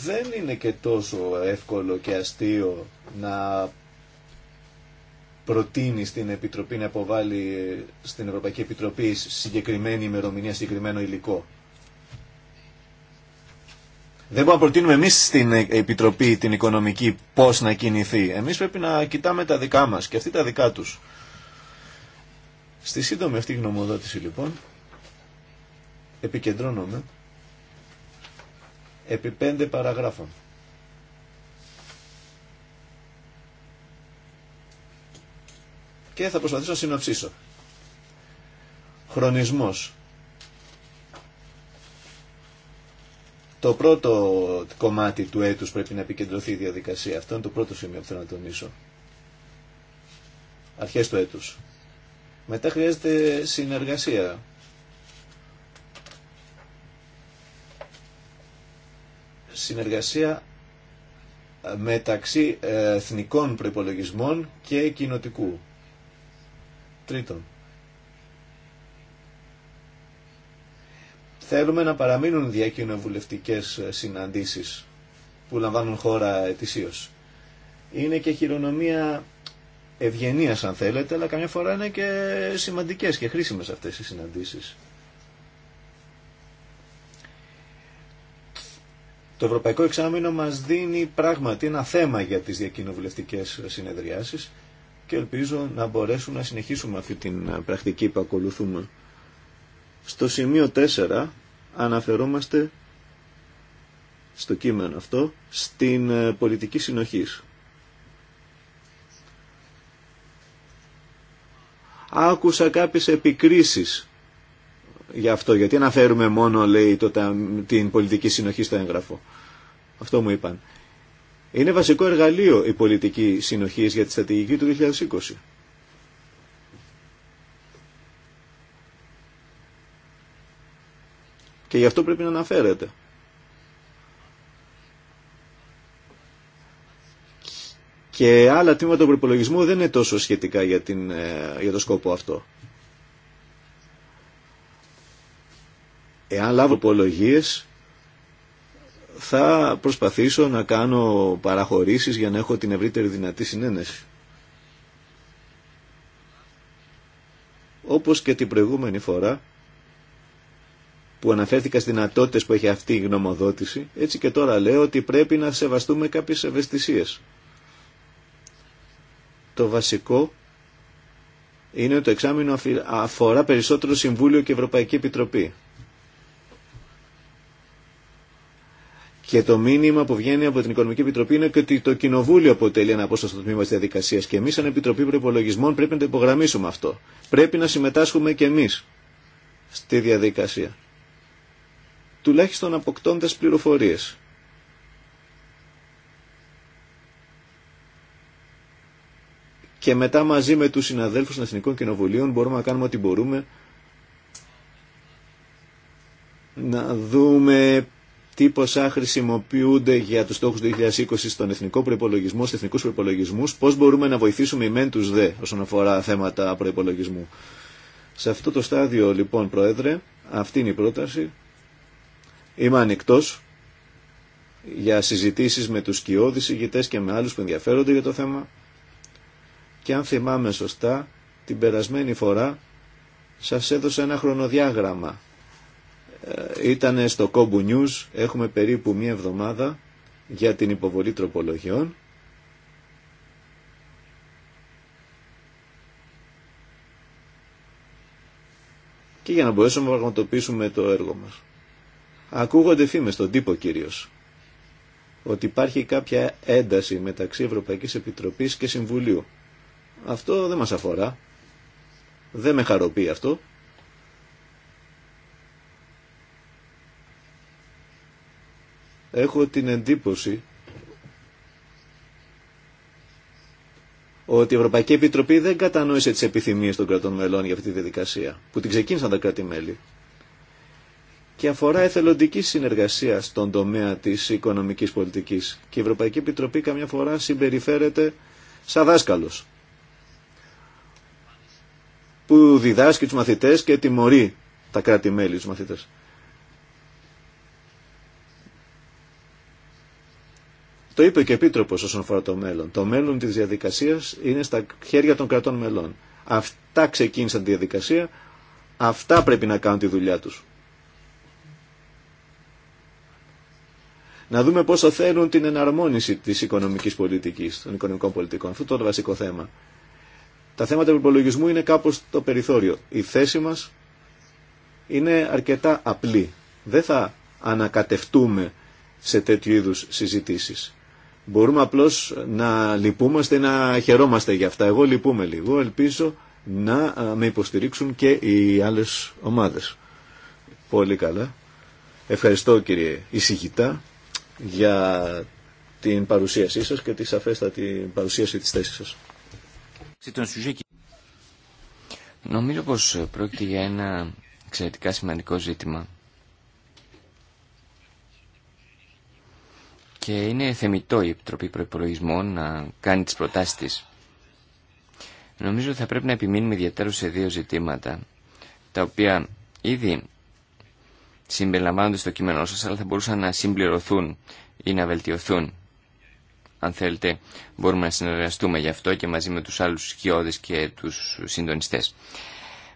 δεν είναι και τόσο εύκολο και αστείο να προτείνει στην Επιτροπή να αποβάλει στην Ευρωπαϊκή Επιτροπή συγκεκριμένη ημερομηνία, συγκεκριμένο υλικό. Δεν μπορούμε να προτείνουμε εμεί στην Επιτροπή την οικονομική πώ να κινηθεί. Εμεί πρέπει να κοιτάμε τα δικά μα και αυτοί τα δικά του. Στη σύντομη αυτή γνωμοδότηση λοιπόν επικεντρώνομαι επί πέντε παραγράφων. Και θα προσπαθήσω να συνοψίσω. Χρονισμός. Το πρώτο κομμάτι του έτους πρέπει να επικεντρωθεί η διαδικασία. Αυτό είναι το πρώτο σημείο που θέλω να τονίσω. Αρχές του έτους. Μετά χρειάζεται συνεργασία συνεργασία ε, μεταξύ ε, εθνικών προϋπολογισμών και κοινοτικού. Τρίτον, θέλουμε να παραμείνουν διακοινοβουλευτικές ε, συναντήσεις που λαμβάνουν χώρα ετησίως. Είναι και χειρονομία ευγενίας αν θέλετε, αλλά καμιά φορά είναι και σημαντικές και χρήσιμες αυτές οι συναντήσεις. Το Ευρωπαϊκό Εξάμεινο μας δίνει πράγματι ένα θέμα για τις διακοινοβουλευτικές συνεδριάσεις και ελπίζω να μπορέσουμε να συνεχίσουμε αυτή την ε, πρακτική που ακολουθούμε. Στο σημείο 4 αναφερόμαστε στο κείμενο αυτό στην ε, πολιτική συνοχής. Άκουσα κάποιες επικρίσεις για αυτό. Γιατί αναφέρουμε μόνο, λέει, το, την πολιτική συνοχή στο έγγραφο. Αυτό μου είπαν. Είναι βασικό εργαλείο η πολιτική συνοχή για τη στρατηγική του 2020. Και γι' αυτό πρέπει να αναφέρεται. Και άλλα τμήματα του προπολογισμού δεν είναι τόσο σχετικά για, την, ε, για το σκόπο αυτό. Εάν λάβω υπολογίε θα προσπαθήσω να κάνω παραχωρήσεις για να έχω την ευρύτερη δυνατή συνένεση. Όπως και την προηγούμενη φορά που αναφέρθηκα στις δυνατότητες που έχει αυτή η γνωμοδότηση, έτσι και τώρα λέω ότι πρέπει να σεβαστούμε κάποιες ευαισθησίες. Το βασικό είναι ότι το εξάμεινο αφορά περισσότερο Συμβούλιο και Ευρωπαϊκή Επιτροπή. Και το μήνυμα που βγαίνει από την Οικονομική Επιτροπή είναι ότι το Κοινοβούλιο αποτελεί ένα απόσταστο τμήμα τη διαδικασία. Και εμεί, σαν Επιτροπή Προπολογισμών, πρέπει να το υπογραμμίσουμε αυτό. Πρέπει να συμμετάσχουμε και εμεί στη διαδικασία. Τουλάχιστον αποκτώντα πληροφορίε. Και μετά μαζί με τους συναδέλφους των Εθνικών Κοινοβουλίων μπορούμε να κάνουμε ό,τι μπορούμε να δούμε τι ποσά χρησιμοποιούνται για τους στόχους του 2020 στον εθνικό προπολογισμό, στους εθνικούς προπολογισμού. πώς μπορούμε να βοηθήσουμε οι μεν τους δε όσον αφορά θέματα προπολογισμού. Σε αυτό το στάδιο λοιπόν Πρόεδρε, αυτή είναι η πρόταση. Είμαι ανοιχτό για συζητήσεις με τους κοιόδης ηγητές και με άλλους που ενδιαφέρονται για το θέμα και αν θυμάμαι σωστά την περασμένη φορά σας έδωσα ένα χρονοδιάγραμμα ήταν στο Κόμπου News. Έχουμε περίπου μία εβδομάδα για την υποβολή τροπολογιών. Και για να μπορέσουμε να πραγματοποιήσουμε το έργο μας. Ακούγονται φήμες στον τύπο κυρίως ότι υπάρχει κάποια ένταση μεταξύ Ευρωπαϊκής Επιτροπής και Συμβουλίου. Αυτό δεν μας αφορά. Δεν με χαροποιεί αυτό. έχω την εντύπωση ότι η Ευρωπαϊκή Επιτροπή δεν κατανόησε τις επιθυμίες των κρατών μελών για αυτή τη διαδικασία, που την ξεκίνησαν τα κράτη-μέλη. Και αφορά εθελοντική συνεργασία στον τομέα της οικονομικής πολιτικής. Και η Ευρωπαϊκή Επιτροπή καμιά φορά συμπεριφέρεται σαν δάσκαλος, που διδάσκει τους μαθητές και τιμωρεί τα κράτη-μέλη τους μαθητές. Το είπε και ο Επίτροπο όσον αφορά το μέλλον. Το μέλλον τη διαδικασία είναι στα χέρια των κρατών μελών. Αυτά ξεκίνησαν τη διαδικασία, αυτά πρέπει να κάνουν τη δουλειά του. Να δούμε πόσο θέλουν την εναρμόνιση τη οικονομική πολιτική, των οικονομικών πολιτικών. Αυτό είναι το βασικό θέμα. Τα θέματα του υπολογισμού είναι κάπω στο περιθώριο. Η θέση μα είναι αρκετά απλή. Δεν θα ανακατευτούμε σε τέτοιου είδους συζητήσεις. Μπορούμε απλώς να λυπούμαστε να χαιρόμαστε για αυτά. Εγώ λυπούμαι λίγο, ελπίζω να με υποστηρίξουν και οι άλλες ομάδες. Πολύ καλά. Ευχαριστώ κύριε Ισηγητά για την παρουσίασή σας και τη σαφέστατη παρουσίαση της θέσης σας. Νομίζω πως πρόκειται για ένα εξαιρετικά σημαντικό ζήτημα Και είναι θεμητό η Επιτροπή Προπολογισμών να κάνει τις προτάσεις της. Νομίζω ότι θα πρέπει να επιμείνουμε ιδιαίτερα σε δύο ζητήματα, τα οποία ήδη συμπεριλαμβάνονται στο κείμενό σας, αλλά θα μπορούσαν να συμπληρωθούν ή να βελτιωθούν. Αν θέλετε, μπορούμε να συνεργαστούμε γι' αυτό και μαζί με τους άλλους σκιώδες και τους συντονιστές.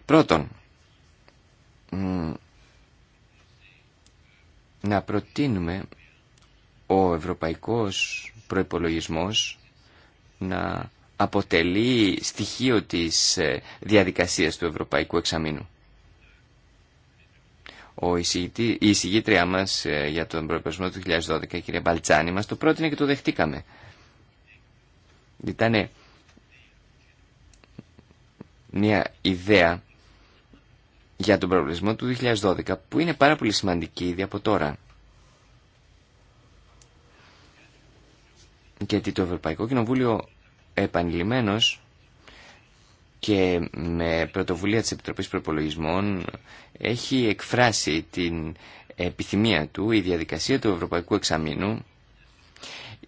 Πρώτον, να προτείνουμε ο ευρωπαϊκός προϋπολογισμός να αποτελεί στοιχείο της ε, διαδικασίας του ευρωπαϊκού εξαμήνου. Ο εισηγητή, η εισηγήτριά μας ε, για τον προϋπολογισμό του 2012, η κυρία Μπαλτσάνη, μας το πρότεινε και το δεχτήκαμε. Ήταν μια ιδέα για τον προϋπολογισμό του 2012 που είναι πάρα πολύ σημαντική ήδη από τώρα. γιατί το Ευρωπαϊκό Κοινοβούλιο επανειλημμένος και με πρωτοβουλία της Επιτροπής Προπολογισμών έχει εκφράσει την επιθυμία του η διαδικασία του Ευρωπαϊκού Εξαμήνου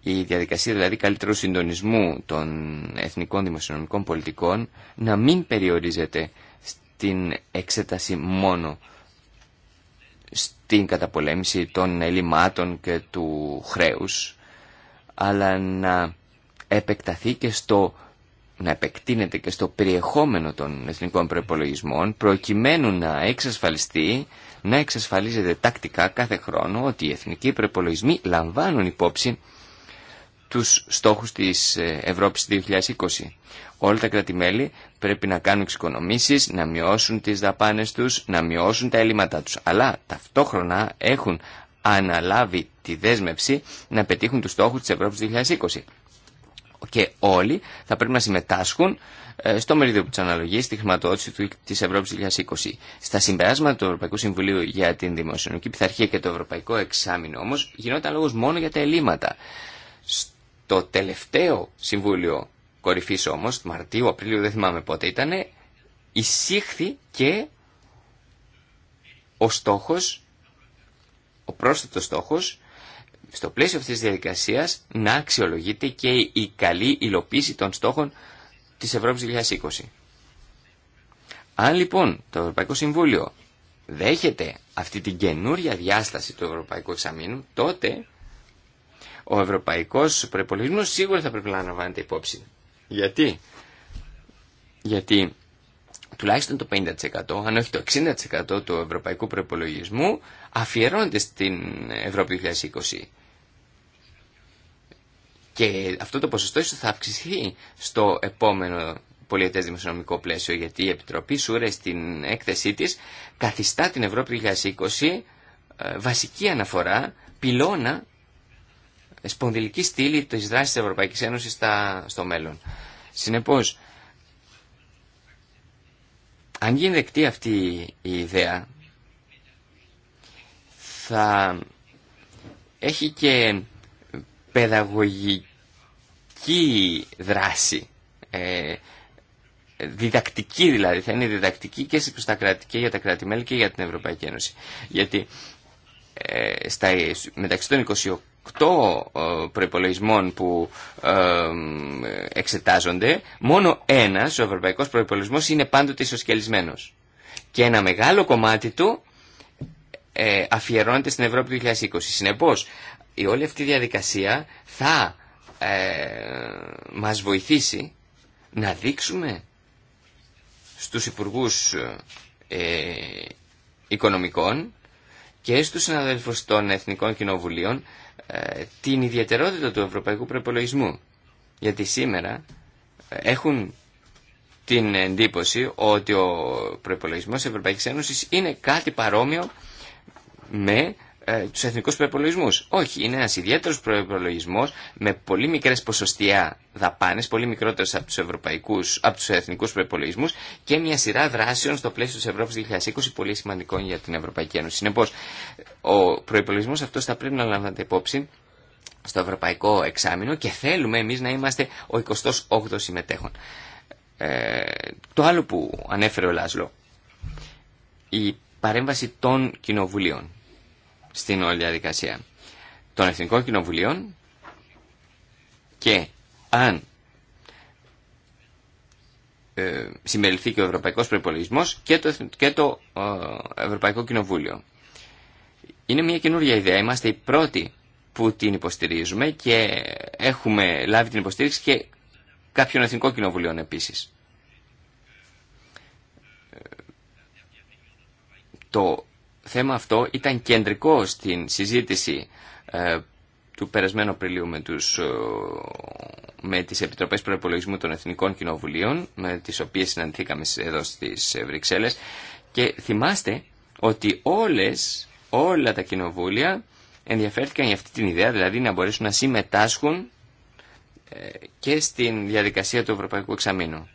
η διαδικασία δηλαδή καλύτερου συντονισμού των εθνικών δημοσιονομικών πολιτικών να μην περιορίζεται στην εξέταση μόνο στην καταπολέμηση των ελλημάτων και του χρέους αλλά να επεκταθεί και στο να επεκτείνεται και στο περιεχόμενο των εθνικών προπολογισμών προκειμένου να εξασφαλιστεί, να εξασφαλίζεται τακτικά κάθε χρόνο ότι οι εθνικοί προπολογισμοί λαμβάνουν υπόψη τους στόχους της ε, Ευρώπης 2020. Όλοι τα κράτη-μέλη πρέπει να κάνουν εξοικονομήσεις, να μειώσουν τις δαπάνες τους, να μειώσουν τα έλλειμματά τους. Αλλά ταυτόχρονα έχουν αναλάβει τη δέσμευση να πετύχουν τους στόχους της Ευρώπης 2020. Και όλοι θα πρέπει να συμμετάσχουν ε, στο μερίδιο που τη αναλογεί στη χρηματοδότηση τη Ευρώπη 2020. Στα συμπεράσματα του Ευρωπαϊκού Συμβουλίου για την Δημοσιονομική Πειθαρχία και το Ευρωπαϊκό Εξάμεινο όμω γινόταν λόγο μόνο για τα ελλείμματα. Στο τελευταίο Συμβούλιο Κορυφή όμω, Μαρτίου, Απρίλιο, δεν θυμάμαι πότε ήταν, εισήχθη και ο στόχος ο πρόσθετος στόχος στο πλαίσιο αυτής της διαδικασίας να αξιολογείται και η καλή υλοποίηση των στόχων της Ευρώπης 2020. Αν λοιπόν το Ευρωπαϊκό Συμβούλιο δέχεται αυτή την καινούρια διάσταση του Ευρωπαϊκού Εξαμήνου, τότε ο Ευρωπαϊκός Προπολογισμό σίγουρα θα πρέπει να λαμβάνεται υπόψη. Γιατί? Γιατί τουλάχιστον το 50%, αν όχι το 60% του ευρωπαϊκού προπολογισμού αφιερώνεται στην Ευρώπη 2020. Και αυτό το ποσοστό ίσως θα αυξηθεί στο επόμενο πολιετές δημοσιονομικό πλαίσιο, γιατί η Επιτροπή Σούρε στην έκθεσή της καθιστά την Ευρώπη 2020 ε, βασική αναφορά, πυλώνα, σπονδυλική στήλη της δράσης της Ευρωπαϊκής Ένωσης στο μέλλον. Συνεπώς, αν γίνει δεκτή αυτή η ιδέα, θα έχει και παιδαγωγική δράση, ε, διδακτική δηλαδή, θα είναι διδακτική και, στα για τα κράτη-μέλη και για την Ευρωπαϊκή Ένωση. Γιατί ε, στα, μεταξύ των οκτώ ε, προϋπολογισμών που ε, εξετάζονται, μόνο ένας, ο ευρωπαϊκός προϋπολογισμός, είναι πάντοτε ισοσκελισμένος. Και ένα μεγάλο κομμάτι του ε, αφιερώνεται στην Ευρώπη του 2020. Συνεπώς, η όλη αυτή διαδικασία θα ε, μας βοηθήσει να δείξουμε στους υπουργούς οικονομικών και στους συναδέλφους των Εθνικών Κοινοβουλίων την ιδιαιτερότητα του ευρωπαϊκού προπολογισμού. Γιατί σήμερα ε, έχουν την εντύπωση ότι ο προπολογισμό της Ευρωπαϊκής Ένωσης είναι κάτι παρόμοιο με ε, τους εθνικούς Όχι, είναι ένας ιδιαίτερος προπολογισμό με πολύ μικρές ποσοστιά δαπάνες, πολύ μικρότερες από τους, ευρωπαϊκούς, από τους εθνικούς προϋπολογισμούς και μια σειρά δράσεων στο πλαίσιο της Ευρώπης 2020 πολύ σημαντικών για την Ευρωπαϊκή Ένωση. Συνεπώ, ο προπολογισμό αυτός θα πρέπει να λαμβάνεται υπόψη στο ευρωπαϊκό εξάμεινο και θέλουμε εμείς να είμαστε ο 28ος συμμετέχων. Ε, το άλλο που ανέφερε ο Λάσλο, η παρέμβαση των κοινοβουλίων στην όλη διαδικασία των Εθνικών Κοινοβουλίων και αν ε, συμπεριληφθεί και ο Ευρωπαϊκός Προϋπολογισμός και το, και το ε, Ευρωπαϊκό Κοινοβούλιο. Είναι μια καινούργια ιδέα. Είμαστε οι πρώτοι που την υποστηρίζουμε και έχουμε λάβει την υποστήριξη και κάποιων Εθνικών Κοινοβουλίων επίσης. Ε, το θέμα αυτό ήταν κεντρικό στην συζήτηση ε, του περασμένου Απριλίου με, τους, ε, με τις Επιτροπές Προεπολογισμού των Εθνικών Κοινοβουλίων, με τις οποίες συναντηθήκαμε εδώ στις ε, Βρυξέλλες. Και θυμάστε ότι όλες, όλα τα κοινοβούλια ενδιαφέρθηκαν για αυτή την ιδέα, δηλαδή να μπορέσουν να συμμετάσχουν και στην διαδικασία του Ευρωπαϊκού Εξαμείνου.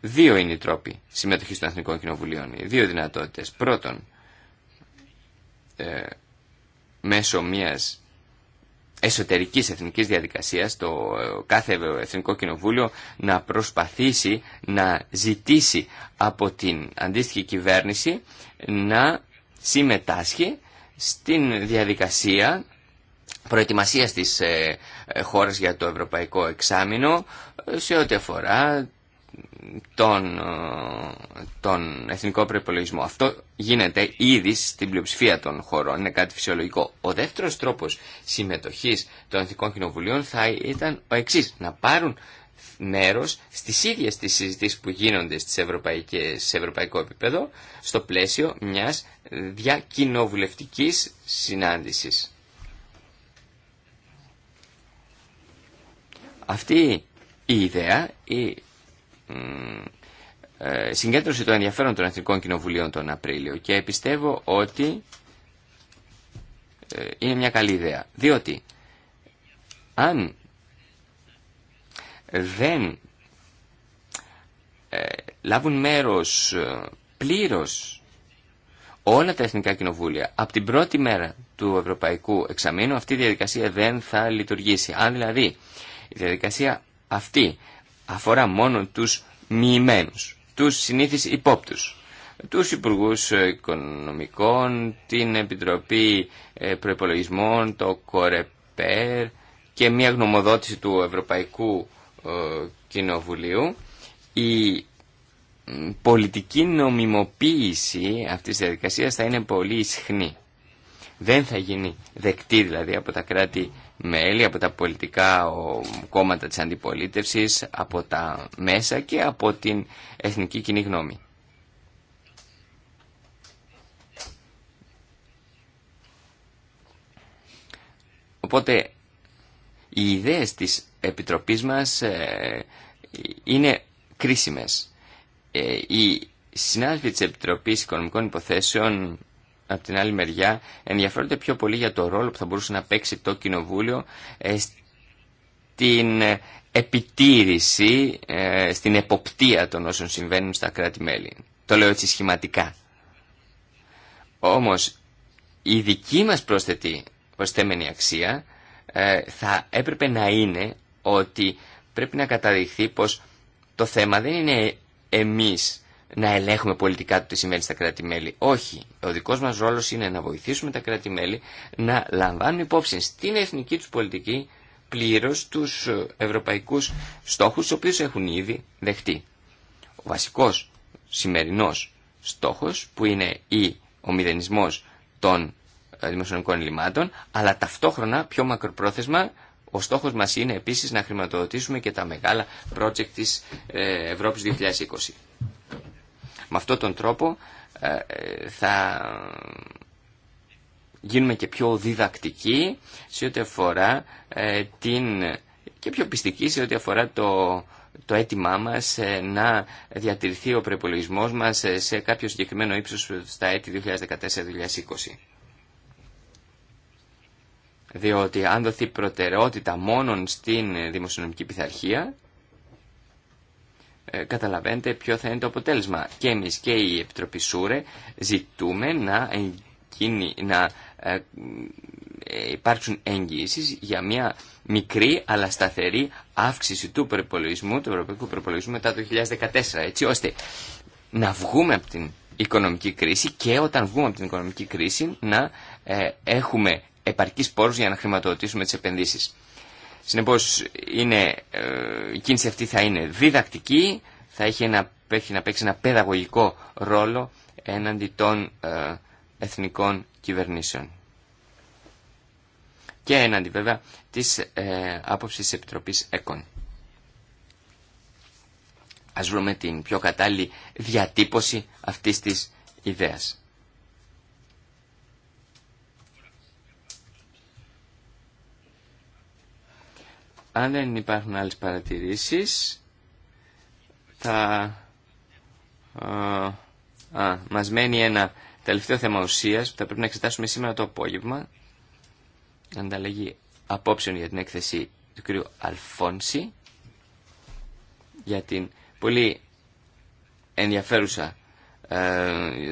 Δύο είναι οι τρόποι συμμετοχής των Εθνικών Κοινοβουλίων, οι δύο δυνατότητες. Πρώτον, ε, μέσω μιας εσωτερικής εθνικής διαδικασίας το ε, κάθε Εθνικό Κοινοβούλιο να προσπαθήσει να ζητήσει από την αντίστοιχη κυβέρνηση να συμμετάσχει στην διαδικασία προετοιμασίας της ε, χώρας για το Ευρωπαϊκό Εξάμεινο σε ό,τι αφορά τον, ε, τον εθνικό προπολογισμό. Αυτό γίνεται ήδη στην πλειοψηφία των χωρών, είναι κάτι φυσιολογικό. Ο δεύτερος τρόπος συμμετοχής των εθνικών κοινοβουλίων θα ήταν ο εξής, να πάρουν μέρος στις ίδιες τις συζητήσεις που γίνονται στις ευρωπαϊκές, σε ευρωπαϊκό επίπεδο στο πλαίσιο μιας διακοινοβουλευτικής συνάντησης. Αυτή η ιδέα ε, συγκέντρωση των ενδιαφέρον των Εθνικών Κοινοβουλίων τον Απρίλιο και πιστεύω ότι ε, είναι μια καλή ιδέα. Διότι αν δεν ε, λάβουν μέρος πλήρως όλα τα εθνικά κοινοβούλια από την πρώτη μέρα του Ευρωπαϊκού Εξαμήνου αυτή η διαδικασία δεν θα λειτουργήσει. Αν δηλαδή η διαδικασία αυτή αφορά μόνο τους μοιημένους, τους συνήθεις υπόπτους, τους Υπουργούς Οικονομικών, την Επιτροπή ε, Προϋπολογισμών, το ΚΟΡΕΠΕΡ και μια γνωμοδότηση του Ευρωπαϊκού ε, Κοινοβουλίου. Η πολιτική νομιμοποίηση αυτής της διαδικασίας θα είναι πολύ ισχνή. Δεν θα γίνει δεκτή δηλαδή από τα κράτη μέλη, από τα πολιτικά κόμματα της αντιπολίτευσης, από τα μέσα και από την εθνική κοινή γνώμη. Οπότε οι ιδέες της Επιτροπής μας ε, είναι κρίσιμες. Ε, οι συνάδελφοι της Επιτροπής Οικονομικών Υποθέσεων από την άλλη μεριά ενδιαφέρονται πιο πολύ για το ρόλο που θα μπορούσε να παίξει το Κοινοβούλιο ε, στην επιτήρηση, ε, στην εποπτεία των όσων συμβαίνουν στα κράτη-μέλη. Το λέω έτσι σχηματικά. Όμως η δική μας πρόσθετη προσθέμενη αξία ε, θα έπρεπε να είναι ότι πρέπει να καταδειχθεί πως το θέμα δεν είναι εμείς να ελέγχουμε πολιτικά το τι συμβαίνει στα κράτη-μέλη. Όχι. Ο δικό μα ρόλο είναι να βοηθήσουμε τα κράτη-μέλη να λαμβάνουν υπόψη στην εθνική του πολιτική πλήρω τους ευρωπαϊκού στόχου, του οποίου έχουν ήδη δεχτεί. Ο βασικό σημερινό στόχο, που είναι η, ο μηδενισμό των ε, δημοσιονομικών ελλημάτων, αλλά ταυτόχρονα πιο μακροπρόθεσμα ο στόχος μας είναι επίσης να χρηματοδοτήσουμε και τα μεγάλα project της ε, Ευρώπης 2020. Με αυτόν τον τρόπο ε, θα γίνουμε και πιο διδακτικοί σε ό,τι αφορά ε, την... και πιο πιστικοί σε ό,τι αφορά το το αίτημά μας ε, να διατηρηθεί ο προπολογισμό μας σε κάποιο συγκεκριμένο ύψος στα έτη 2014-2020. Διότι αν δοθεί προτεραιότητα μόνον στην δημοσιονομική πειθαρχία, ε, καταλαβαίνετε ποιο θα είναι το αποτέλεσμα. Και εμείς και η Επιτροπή Σούρε ζητούμε να, να ε, ε, υπάρξουν εγγύησεις για μια μικρή αλλά σταθερή αύξηση του προπολογισμού, του ευρωπαϊκού προπολογισμού μετά το 2014, έτσι ώστε να βγούμε από την οικονομική κρίση και όταν βγούμε από την οικονομική κρίση να ε, έχουμε επαρκείς πόρους για να χρηματοδοτήσουμε τις επενδύσεις. Συνεπώς είναι, ε, η κίνηση αυτή θα είναι διδακτική, θα έχει ένα, έχει να παίξει ένα παιδαγωγικό ρόλο έναντι των ε, εθνικών κυβερνήσεων. Και έναντι βέβαια της ε, άποψης της Επιτροπής ΕΚΟΝ. Ας βρούμε την πιο κατάλληλη διατύπωση αυτής της ιδέας. Αν δεν υπάρχουν άλλες παρατηρήσεις, θα... Ε, α, μας μένει ένα τελευταίο θέμα ουσίας που θα πρέπει να εξετάσουμε σήμερα το απόγευμα. Ανταλλαγή απόψεων για την έκθεση του κ. Αλφόνση για την πολύ ενδιαφέρουσα ε,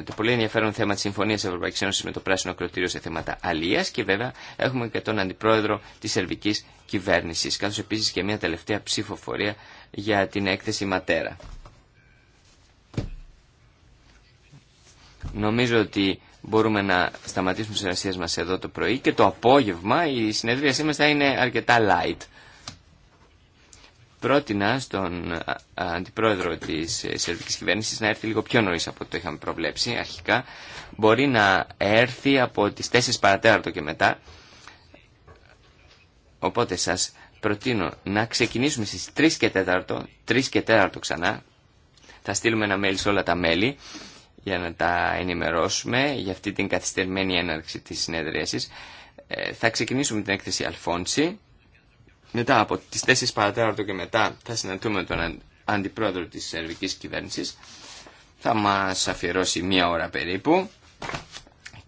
το πολύ ενδιαφέρον θέμα τη Συμφωνίας Ευρωπαϊκή Ένωση με το Πράσινο Ακροτήριο σε θέματα αλίας και βέβαια έχουμε και τον Αντιπρόεδρο τη Σερβικής Κυβέρνησης καθώς επίσης και μια τελευταία ψηφοφορία για την έκθεση Ματέρα. Νομίζω ότι μπορούμε να σταματήσουμε τι εργασίε μας εδώ το πρωί και το απόγευμα η συνεδρία σήμερα θα είναι αρκετά light πρότεινα στον αντιπρόεδρο της ε, σερβικής κυβέρνησης να έρθει λίγο πιο νωρίς από το είχαμε προβλέψει αρχικά. Μπορεί να έρθει από τις 4 παρατέταρτο και μετά. Οπότε σας προτείνω να ξεκινήσουμε στις 3 και 4, 3 και 4 ξανά. Θα στείλουμε ένα mail σε όλα τα μέλη για να τα ενημερώσουμε για αυτή την καθυστερημένη έναρξη της συνεδρίασης. Ε, θα ξεκινήσουμε την έκθεση Αλφόνση. Μετά από τις 4 παρατέταρτο και μετά θα συναντούμε τον αντιπρόεδρο της σερβικής κυβέρνησης. Θα μας αφιερώσει μία ώρα περίπου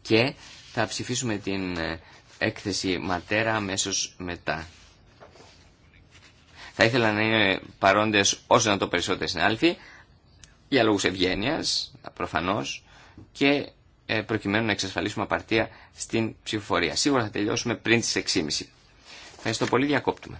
και θα ψηφίσουμε την ε, έκθεση Ματέρα αμέσω μετά. Θα ήθελα να είναι παρόντες όσο να το περισσότερο συνάλφη για λόγους ευγένεια, προφανώς, και ε, προκειμένου να εξασφαλίσουμε απαρτία στην ψηφοφορία. Σίγουρα θα τελειώσουμε πριν τις 6.30. Ευχαριστώ πολύ. Διακόπτουμε.